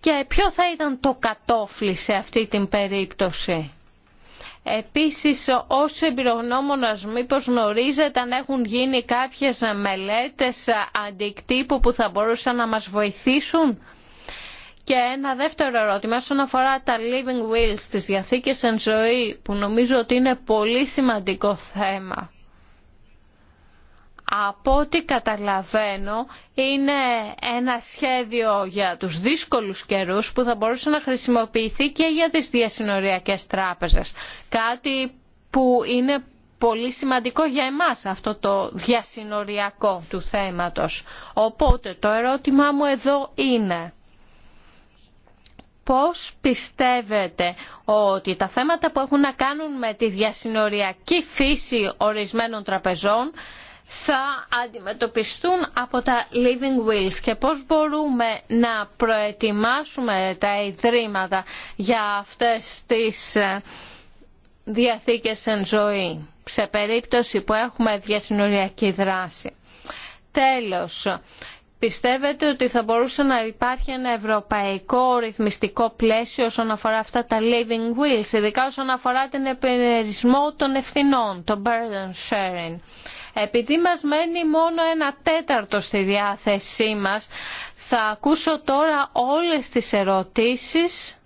Και ποιο θα ήταν το κατόφλι σε αυτή την περίπτωση. Επίσης, ως εμπειρογνώμονας μήπως γνωρίζετε αν έχουν γίνει κάποιες μελέτες αντικτύπου που θα μπορούσαν να μας βοηθήσουν. Και ένα δεύτερο ερώτημα, όσον αφορά τα living wills, τις διαθήκες εν ζωή, που νομίζω ότι είναι πολύ σημαντικό θέμα. Από ό,τι καταλαβαίνω είναι ένα σχέδιο για τους δύσκολους καιρούς που θα μπορούσε να χρησιμοποιηθεί και για τις διασυνοριακές τράπεζες. Κάτι που είναι πολύ σημαντικό για εμάς αυτό το διασυνοριακό του θέματος. Οπότε το ερώτημά μου εδώ είναι πώς πιστεύετε ότι τα θέματα που έχουν να κάνουν με τη διασυνοριακή φύση ορισμένων τραπεζών θα αντιμετωπιστούν από τα Living Wills και πώς μπορούμε να προετοιμάσουμε τα ιδρύματα για αυτές τις ε, διαθήκες εν ζωή σε περίπτωση που έχουμε διασυνοριακή δράση. Τέλος, πιστεύετε ότι θα μπορούσε να υπάρχει ένα ευρωπαϊκό ρυθμιστικό πλαίσιο όσον αφορά αυτά τα living wills, ειδικά όσον αφορά την επενερισμό των ευθυνών, το burden sharing. Επειδή μας μένει μόνο ένα τέταρτο στη διάθεσή μας, θα ακούσω τώρα όλες τις ερωτήσεις.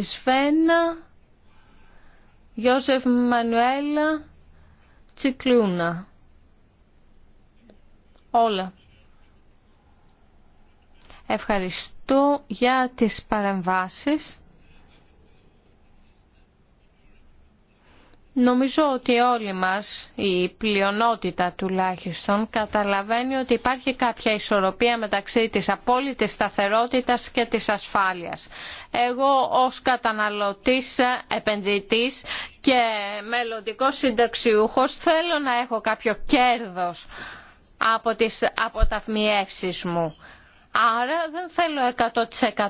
Σφένα, Γιώσεφ Μανουέλα, Τσικλούνα. Όλα. Ευχαριστώ για τις παρεμβάσεις. Νομίζω ότι όλοι μας, η πλειονότητα τουλάχιστον, καταλαβαίνει ότι υπάρχει κάποια ισορροπία μεταξύ της απόλυτης σταθερότητας και της ασφάλειας. Εγώ ως καταναλωτής, επενδυτής και μελλοντικός συνταξιούχος θέλω να έχω κάποιο κέρδος από τις αποταυμιεύσεις μου. Άρα δεν θέλω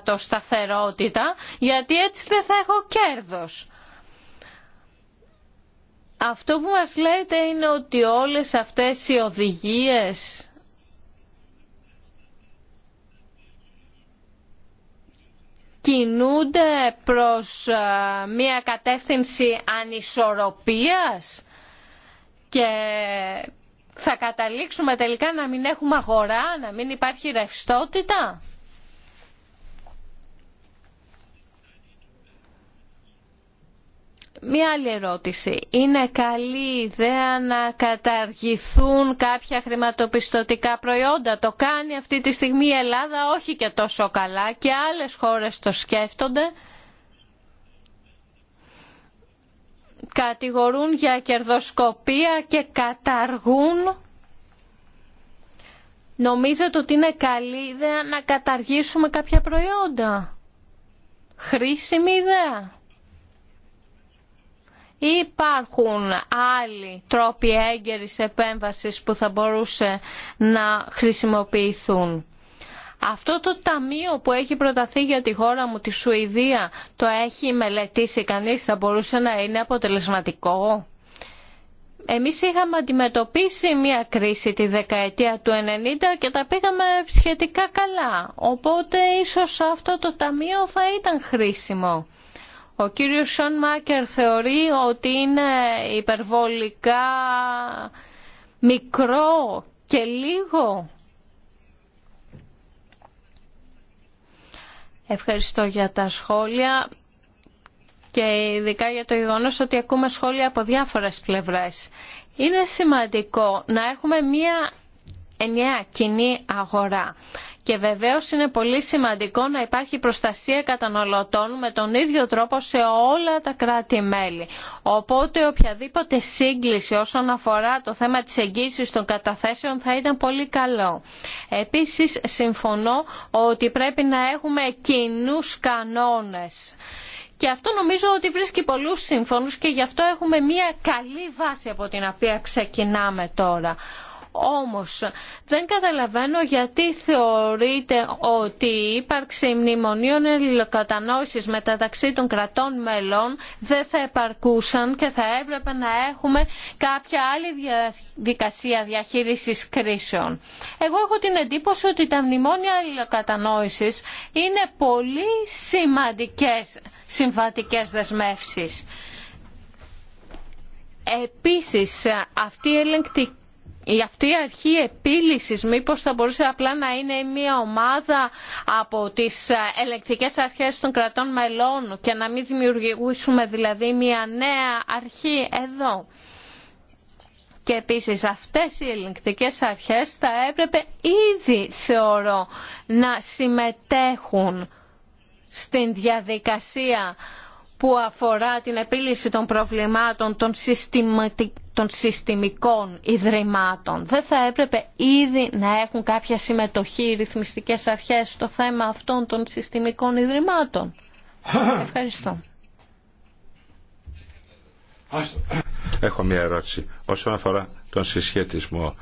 100% σταθερότητα γιατί έτσι δεν θα έχω κέρδος. Αυτό που μας λέτε είναι ότι όλες αυτές οι οδηγίες κινούνται προς μια κατεύθυνση ανισορροπίας και θα καταλήξουμε τελικά να μην έχουμε αγορά, να μην υπάρχει ρευστότητα. Μία άλλη ερώτηση. Είναι καλή ιδέα να καταργηθούν κάποια χρηματοπιστωτικά προϊόντα. Το κάνει αυτή τη στιγμή η Ελλάδα όχι και τόσο καλά και άλλες χώρες το σκέφτονται. Κατηγορούν για κερδοσκοπία και καταργούν. Νομίζετε ότι είναι καλή ιδέα να καταργήσουμε κάποια προϊόντα. Χρήσιμη ιδέα ή υπάρχουν άλλοι τρόποι έγκαιρης επέμβασης που θα μπορούσε να χρησιμοποιηθούν. Αυτό το ταμείο που έχει προταθεί για τη χώρα μου, τη Σουηδία, το έχει μελετήσει κανείς, θα μπορούσε να είναι αποτελεσματικό. Εμείς είχαμε αντιμετωπίσει μια κρίση τη δεκαετία του 90 και τα πήγαμε σχετικά καλά, οπότε ίσως αυτό το ταμείο θα ήταν χρήσιμο. Ο κύριος Σον Μάκερ θεωρεί ότι είναι υπερβολικά μικρό και λίγο. Ευχαριστώ για τα σχόλια και ειδικά για το γεγονό ότι ακούμε σχόλια από διάφορες πλευρές. Είναι σημαντικό να έχουμε μία ενιαία κοινή αγορά και βεβαίω είναι πολύ σημαντικό να υπάρχει προστασία καταναλωτών με τον ίδιο τρόπο σε όλα τα κράτη-μέλη. Οπότε οποιαδήποτε σύγκληση όσον αφορά το θέμα της εγγύηση των καταθέσεων θα ήταν πολύ καλό. Επίσης συμφωνώ ότι πρέπει να έχουμε κοινού κανόνες. Και αυτό νομίζω ότι βρίσκει πολλούς σύμφωνους και γι' αυτό έχουμε μια καλή βάση από την οποία ξεκινάμε τώρα. Όμως δεν καταλαβαίνω γιατί θεωρείται ότι η ύπαρξη μνημονίων ελληλοκατανόησης μεταξύ των κρατών μελών δεν θα επαρκούσαν και θα έπρεπε να έχουμε κάποια άλλη διαδικασία διαχείρισης κρίσεων. Εγώ έχω την εντύπωση ότι τα μνημόνια ελληλοκατανόησης είναι πολύ σημαντικές συμβατικές δεσμεύσεις. Επίσης, αυτή η ελεγκτική η αυτή η αρχή επίλυσης μήπως θα μπορούσε απλά να είναι μια ομάδα από τις ε, ελεκτικές αρχές των κρατών μελών και να μην δημιουργήσουμε δηλαδή μια νέα αρχή εδώ. Και επίσης αυτές οι ελεγκτικές αρχές θα έπρεπε ήδη θεωρώ να συμμετέχουν στην διαδικασία που αφορά την επίλυση των προβλημάτων των, συστημικών ιδρυμάτων. Δεν θα έπρεπε ήδη να έχουν κάποια συμμετοχή οι ρυθμιστικές αρχές στο θέμα αυτών των συστημικών ιδρυμάτων. Ευχαριστώ. Έχω μια ερώτηση όσον αφορά τον συσχετισμό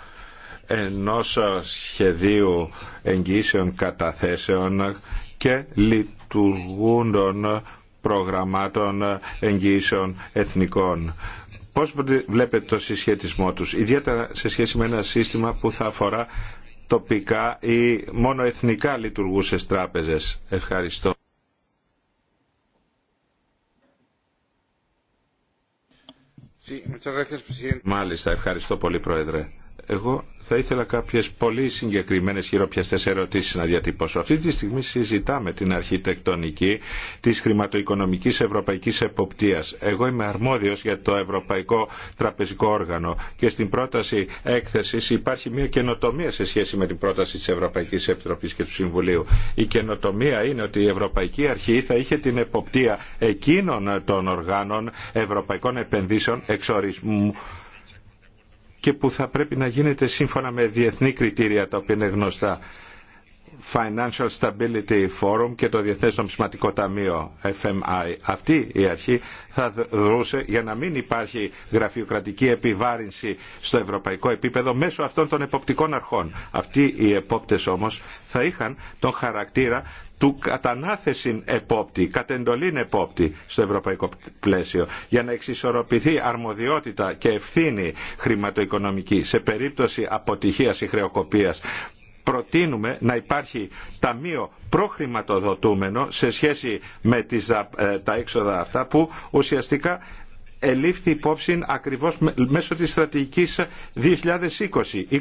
ενός σχεδίου εγγύσεων καταθέσεων και λειτουργούντων προγραμμάτων εγγυήσεων εθνικών. Πώς βλέπετε το συσχετισμό τους, ιδιαίτερα σε σχέση με ένα σύστημα που θα αφορά τοπικά ή μόνο εθνικά λειτουργούσες τράπεζες. Ευχαριστώ. Μάλιστα, ευχαριστώ πολύ Πρόεδρε. Εγώ θα ήθελα κάποιε πολύ συγκεκριμένες χειροπιαστέ ερωτήσει να διατυπώσω. Αυτή τη στιγμή συζητάμε την αρχιτεκτονική τη χρηματοοικονομικής Ευρωπαϊκή εποπτείας. Εγώ είμαι αρμόδιο για το Ευρωπαϊκό Τραπεζικό Όργανο και στην πρόταση έκθεση υπάρχει μια καινοτομία σε σχέση με την πρόταση τη Ευρωπαϊκή Επιτροπή και του Συμβουλίου. Η καινοτομία είναι ότι η Ευρωπαϊκή Αρχή θα είχε την εποπτεία εκείνων των οργάνων ευρωπαϊκών επενδύσεων εξορισμού και που θα πρέπει να γίνεται σύμφωνα με διεθνή κριτήρια τα οποία είναι γνωστά. Financial Stability Forum και το Διεθνές Νομισματικό Ταμείο FMI. Αυτή η αρχή θα δρούσε για να μην υπάρχει γραφειοκρατική επιβάρυνση στο ευρωπαϊκό επίπεδο μέσω αυτών των εποπτικών αρχών. Αυτοί οι επόπτες όμως θα είχαν τον χαρακτήρα του κατανάθεση επόπτη, κατεντολήν επόπτη στο ευρωπαϊκό πλαίσιο για να εξισορροπηθεί αρμοδιότητα και ευθύνη χρηματοοικονομική σε περίπτωση αποτυχίας ή χρεοκοπίας προτείνουμε να υπάρχει ταμείο προχρηματοδοτούμενο σε σχέση με τις, ε, τα έξοδα αυτά που ουσιαστικά ελήφθη υπόψη ακριβώς μέσω της στρατηγικής 2020, 2020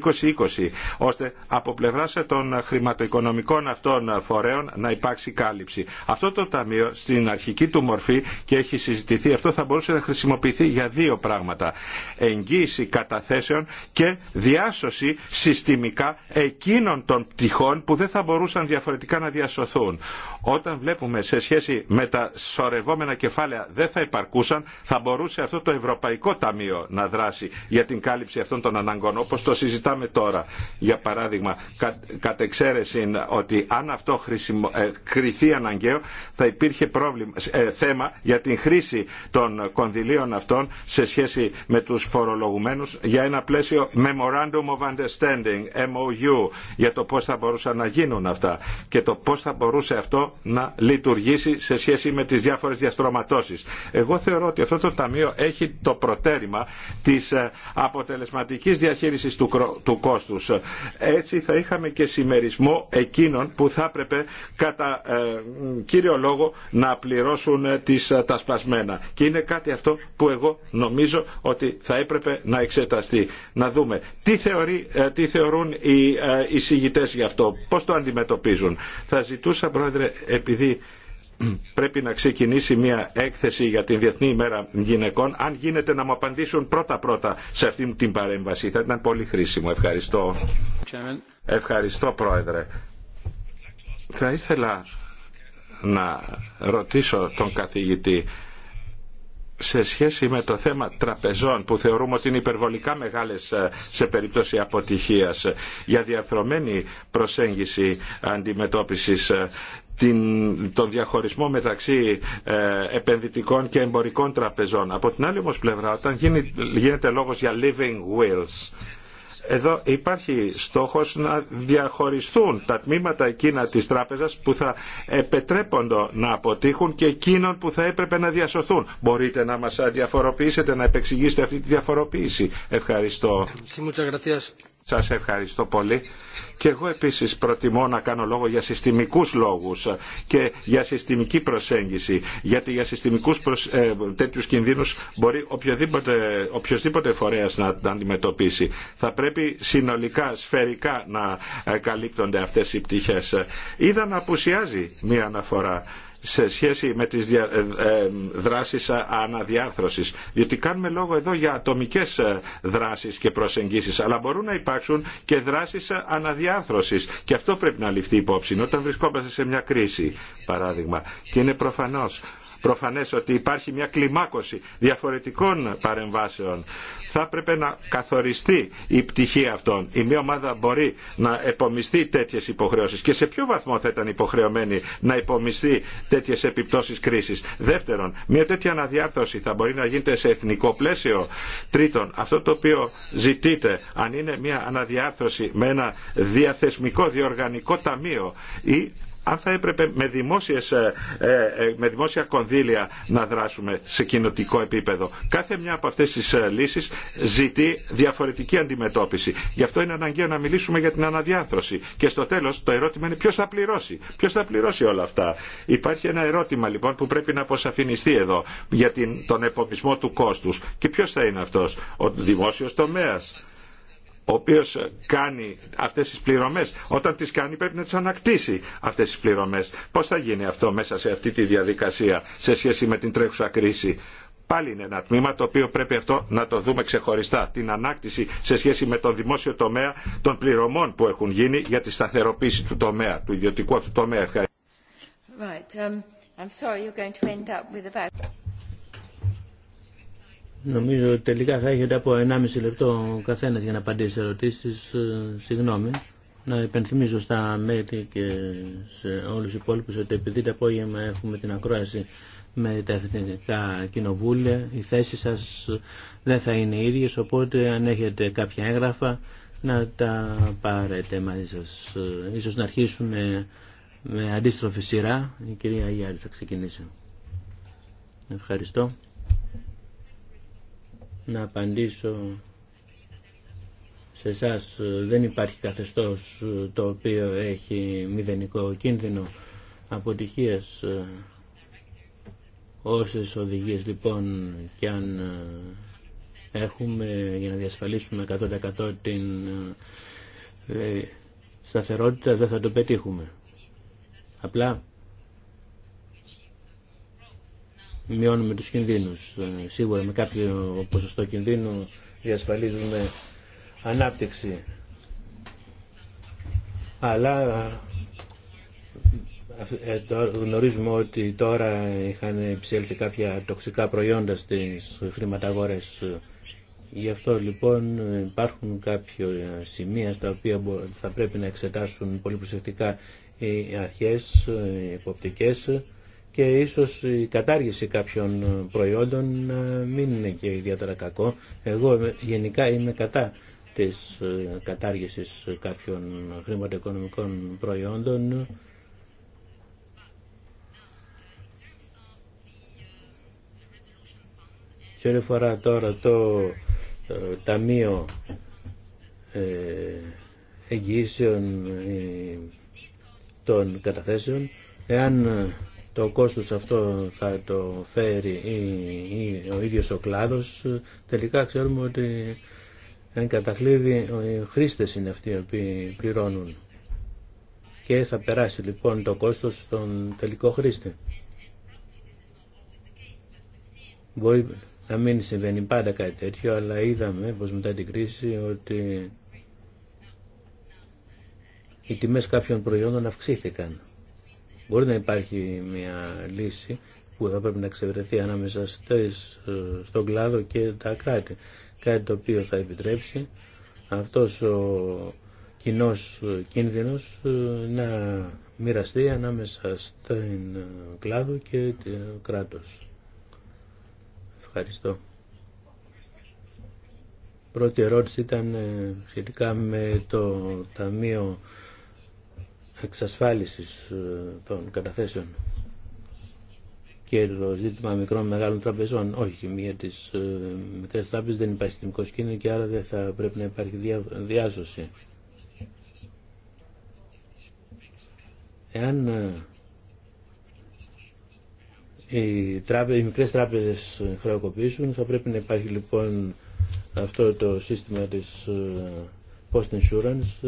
ώστε από πλευράς των χρηματοοικονομικών αυτών φορέων να υπάρξει κάλυψη. Αυτό το ταμείο στην αρχική του μορφή και έχει συζητηθεί αυτό θα μπορούσε να χρησιμοποιηθεί για δύο πράγματα. Εγγύηση καταθέσεων και διάσωση συστημικά εκείνων των πτυχών που δεν θα μπορούσαν διαφορετικά να διασωθούν. Όταν βλέπουμε σε σχέση με τα σορευόμενα κεφάλαια δεν θα υπαρκούσαν, θα σε αυτό το Ευρωπαϊκό Ταμείο να δράσει για την κάλυψη αυτών των αναγκών, όπως το συζητάμε τώρα. Για παράδειγμα, κα, κατ' εξαίρεση ότι αν αυτό χρησιμο, ε, αναγκαίο, θα υπήρχε πρόβλημα, ε, θέμα για την χρήση των κονδυλίων αυτών σε σχέση με τους φορολογουμένους για ένα πλαίσιο Memorandum of Understanding, MOU, για το πώς θα μπορούσαν να γίνουν αυτά και το πώς θα μπορούσε αυτό να λειτουργήσει σε σχέση με τις διάφορες διαστρωματώσεις. Εγώ θεωρώ ότι αυτό το Ταμείο έχει το προτέρημα της ε, αποτελεσματικής διαχείρισης του κόστους. Έτσι θα είχαμε και συμμερισμό εκείνων που θα έπρεπε κατά ε, κύριο λόγο να πληρώσουν ε, τις, τα σπασμένα. Και είναι κάτι αυτό που εγώ νομίζω ότι θα έπρεπε να εξεταστεί. Να δούμε τι, θεωρεί, τι θεωρούν οι εισηγητές γι' αυτό, πώς το αντιμετωπίζουν. Θα ζητούσα, Πρόεδρε, επειδή πρέπει να ξεκινήσει μια έκθεση για την Διεθνή ημέρα γυναικών. Αν γίνεται να μου απαντήσουν πρώτα-πρώτα σε αυτή την παρέμβαση. Θα ήταν πολύ χρήσιμο. Ευχαριστώ. Ευχαριστώ Πρόεδρε. Θα ήθελα να ρωτήσω τον καθηγητή σε σχέση με το θέμα τραπεζών που θεωρούμε ότι είναι υπερβολικά μεγάλες ε, σε περίπτωση αποτυχίας για διαρθρωμένη προσέγγιση αντιμετώπισης ε, την, τον διαχωρισμό μεταξύ ε, επενδυτικών και εμπορικών τραπεζών. Από την άλλη όμως πλευρά, όταν γίνεται λόγος για living wills, εδώ υπάρχει στόχος να διαχωριστούν τα τμήματα εκείνα της τράπεζας που θα επιτρέπονται να αποτύχουν και εκείνων που θα έπρεπε να διασωθούν. Μπορείτε να μας διαφοροποιήσετε, να επεξηγήσετε αυτή τη διαφοροποίηση. Ευχαριστώ. Σας ευχαριστώ πολύ. Και εγώ επίσης προτιμώ να κάνω λόγο για συστημικούς λόγους και για συστημική προσέγγιση. Γιατί για συστημικούς προσ... Ε, τέτοιους κινδύνους μπορεί οποιοδήποτε, οποιοδήποτε φορέας να, να αντιμετωπίσει. Θα πρέπει συνολικά, σφαιρικά να ε, καλύπτονται αυτές οι πτυχές. Είδα να απουσιάζει μία αναφορά σε σχέση με τις ε, ε, δράσεις αναδιάρθρωσης. Διότι κάνουμε λόγο εδώ για ατομικές ε, δράσεις και προσεγγίσεις, αλλά μπορούν να υπάρξουν και δράσεις αναδιάρθρωσης. Και αυτό πρέπει να ληφθεί υπόψη όταν βρισκόμαστε σε μια κρίση, παράδειγμα. Και είναι προφανώς προφανές ότι υπάρχει μια κλιμάκωση διαφορετικών παρεμβάσεων. Θα έπρεπε να καθοριστεί η πτυχή αυτών. Η μία ομάδα μπορεί να επομιστεί τέτοιες υποχρεώσεις και σε ποιο βαθμό θα ήταν υποχρεωμένη να επομιστεί τέτοιες επιπτώσεις κρίσης. Δεύτερον, μια τέτοια αναδιάρθρωση θα μπορεί να γίνεται σε εθνικό πλαίσιο. Τρίτον, αυτό το οποίο ζητείτε, αν είναι μια αναδιάρθρωση με ένα διαθεσμικό διοργανικό ταμείο ή αν θα έπρεπε με, δημόσιες, ε, ε, ε, με δημόσια κονδύλια να δράσουμε σε κοινοτικό επίπεδο. Κάθε μια από αυτές τις λύσεις ζητεί διαφορετική αντιμετώπιση. Γι' αυτό είναι αναγκαίο να μιλήσουμε για την αναδιάθρωση Και στο τέλος το ερώτημα είναι ποιος θα πληρώσει. Ποιος θα πληρώσει όλα αυτά. Υπάρχει ένα ερώτημα λοιπόν που πρέπει να αποσαφινιστεί εδώ για την, τον εποπισμό του κόστους. Και ποιος θα είναι αυτός. Ο δημόσιος τομέας ο οποίο κάνει αυτές τις πληρωμέ, όταν τις κάνει πρέπει να τις ανακτήσει αυτές τις πληρωμές. Πώς θα γίνει αυτό μέσα σε αυτή τη διαδικασία σε σχέση με την τρέχουσα κρίση. Πάλι είναι ένα τμήμα το οποίο πρέπει αυτό να το δούμε ξεχωριστά. Την ανάκτηση σε σχέση με το δημόσιο τομέα των πληρωμών που έχουν γίνει για τη σταθεροποίηση του τομέα, του ιδιωτικού αυτού τομέα. Right. Um, I'm sorry you're going to end up with Νομίζω τελικά θα έχετε από 1,5 λεπτό ο καθένα για να απαντήσει ερωτήσει. Ε, συγγνώμη. Να υπενθυμίζω στα μέλη και σε όλου του υπόλοιπου ότι επειδή το απόγευμα έχουμε την ακρόαση με τα εθνικά κοινοβούλια, οι θέσει σα δεν θα είναι ίδιε. Οπότε αν έχετε κάποια έγγραφα να τα πάρετε μαζί σα. Ε, ίσως να αρχίσουμε με αντίστροφη σειρά. Η κυρία Γιάννη θα ξεκινήσει. Ευχαριστώ να απαντήσω σε εσά δεν υπάρχει καθεστώς ε, το οποίο έχει μηδενικό κίνδυνο αποτυχίας ε, όσες οδηγίες λοιπόν και αν ε, έχουμε για να διασφαλίσουμε 100% την σταθερότητα δεν θα το πετύχουμε. Απλά μειώνουμε τους κινδύνους. Ε, σίγουρα με κάποιο ποσοστό κινδύνου διασφαλίζουμε ανάπτυξη. Αλλά ε, γνωρίζουμε ότι τώρα είχαν ψηλθεί κάποια τοξικά προϊόντα στις χρηματαγορές. Γι' αυτό λοιπόν υπάρχουν κάποια σημεία στα οποία θα πρέπει να εξετάσουν πολύ προσεκτικά οι αρχές οι και ίσως η κατάργηση κάποιων προϊόντων ε, μην είναι και ιδιαίτερα κακό. Εγώ ε, γενικά είμαι κατά της ε, κατάργησης κάποιων χρηματοοικονομικών προϊόντων Σε όλη φορά τώρα το Ταμείο Εγγυήσεων των Καταθέσεων, εάν το κόστος αυτό θα το φέρει ο ίδιος ο κλάδος. Τελικά ξέρουμε ότι εν κατακλείδη οι χρήστες είναι αυτοί οι οποίοι πληρώνουν και θα περάσει λοιπόν το κόστος στον τελικό χρήστη. Μπορεί να μην συμβαίνει πάντα κάτι τέτοιο, αλλά είδαμε πως μετά την κρίση ότι οι τιμές κάποιων προϊόντων αυξήθηκαν. Μπορεί να υπάρχει μια λύση που θα πρέπει να εξευρεθεί ανάμεσα στις, στον κλάδο και τα κράτη. Κάτι το οποίο θα επιτρέψει αυτός ο κοινός κίνδυνος ε, να μοιραστεί ανάμεσα στον ε, κλάδο και το κράτος. Ευχαριστώ. Πρώτη ερώτηση ήταν ε, σχετικά με το Ταμείο εξασφάλισης ε, των καταθέσεων και το ζήτημα μικρών μεγάλων τραπεζών. Όχι, μία της ε, μικρές τράπεζες δεν υπάρχει συστημικό σκήνο και άρα δεν θα πρέπει να υπάρχει διάσωση. Εάν ε, οι, τράπεζες, οι μικρές τράπεζες χρεοκοπήσουν θα πρέπει να υπάρχει λοιπόν αυτό το σύστημα της post insurance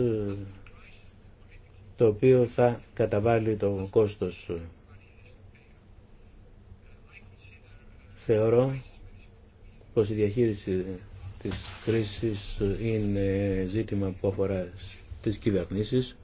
το οποίο θα καταβάλει το κόστος. Θεωρώ πως η διαχείριση της κρίσης είναι ζήτημα που αφορά στις κυβερνήσεις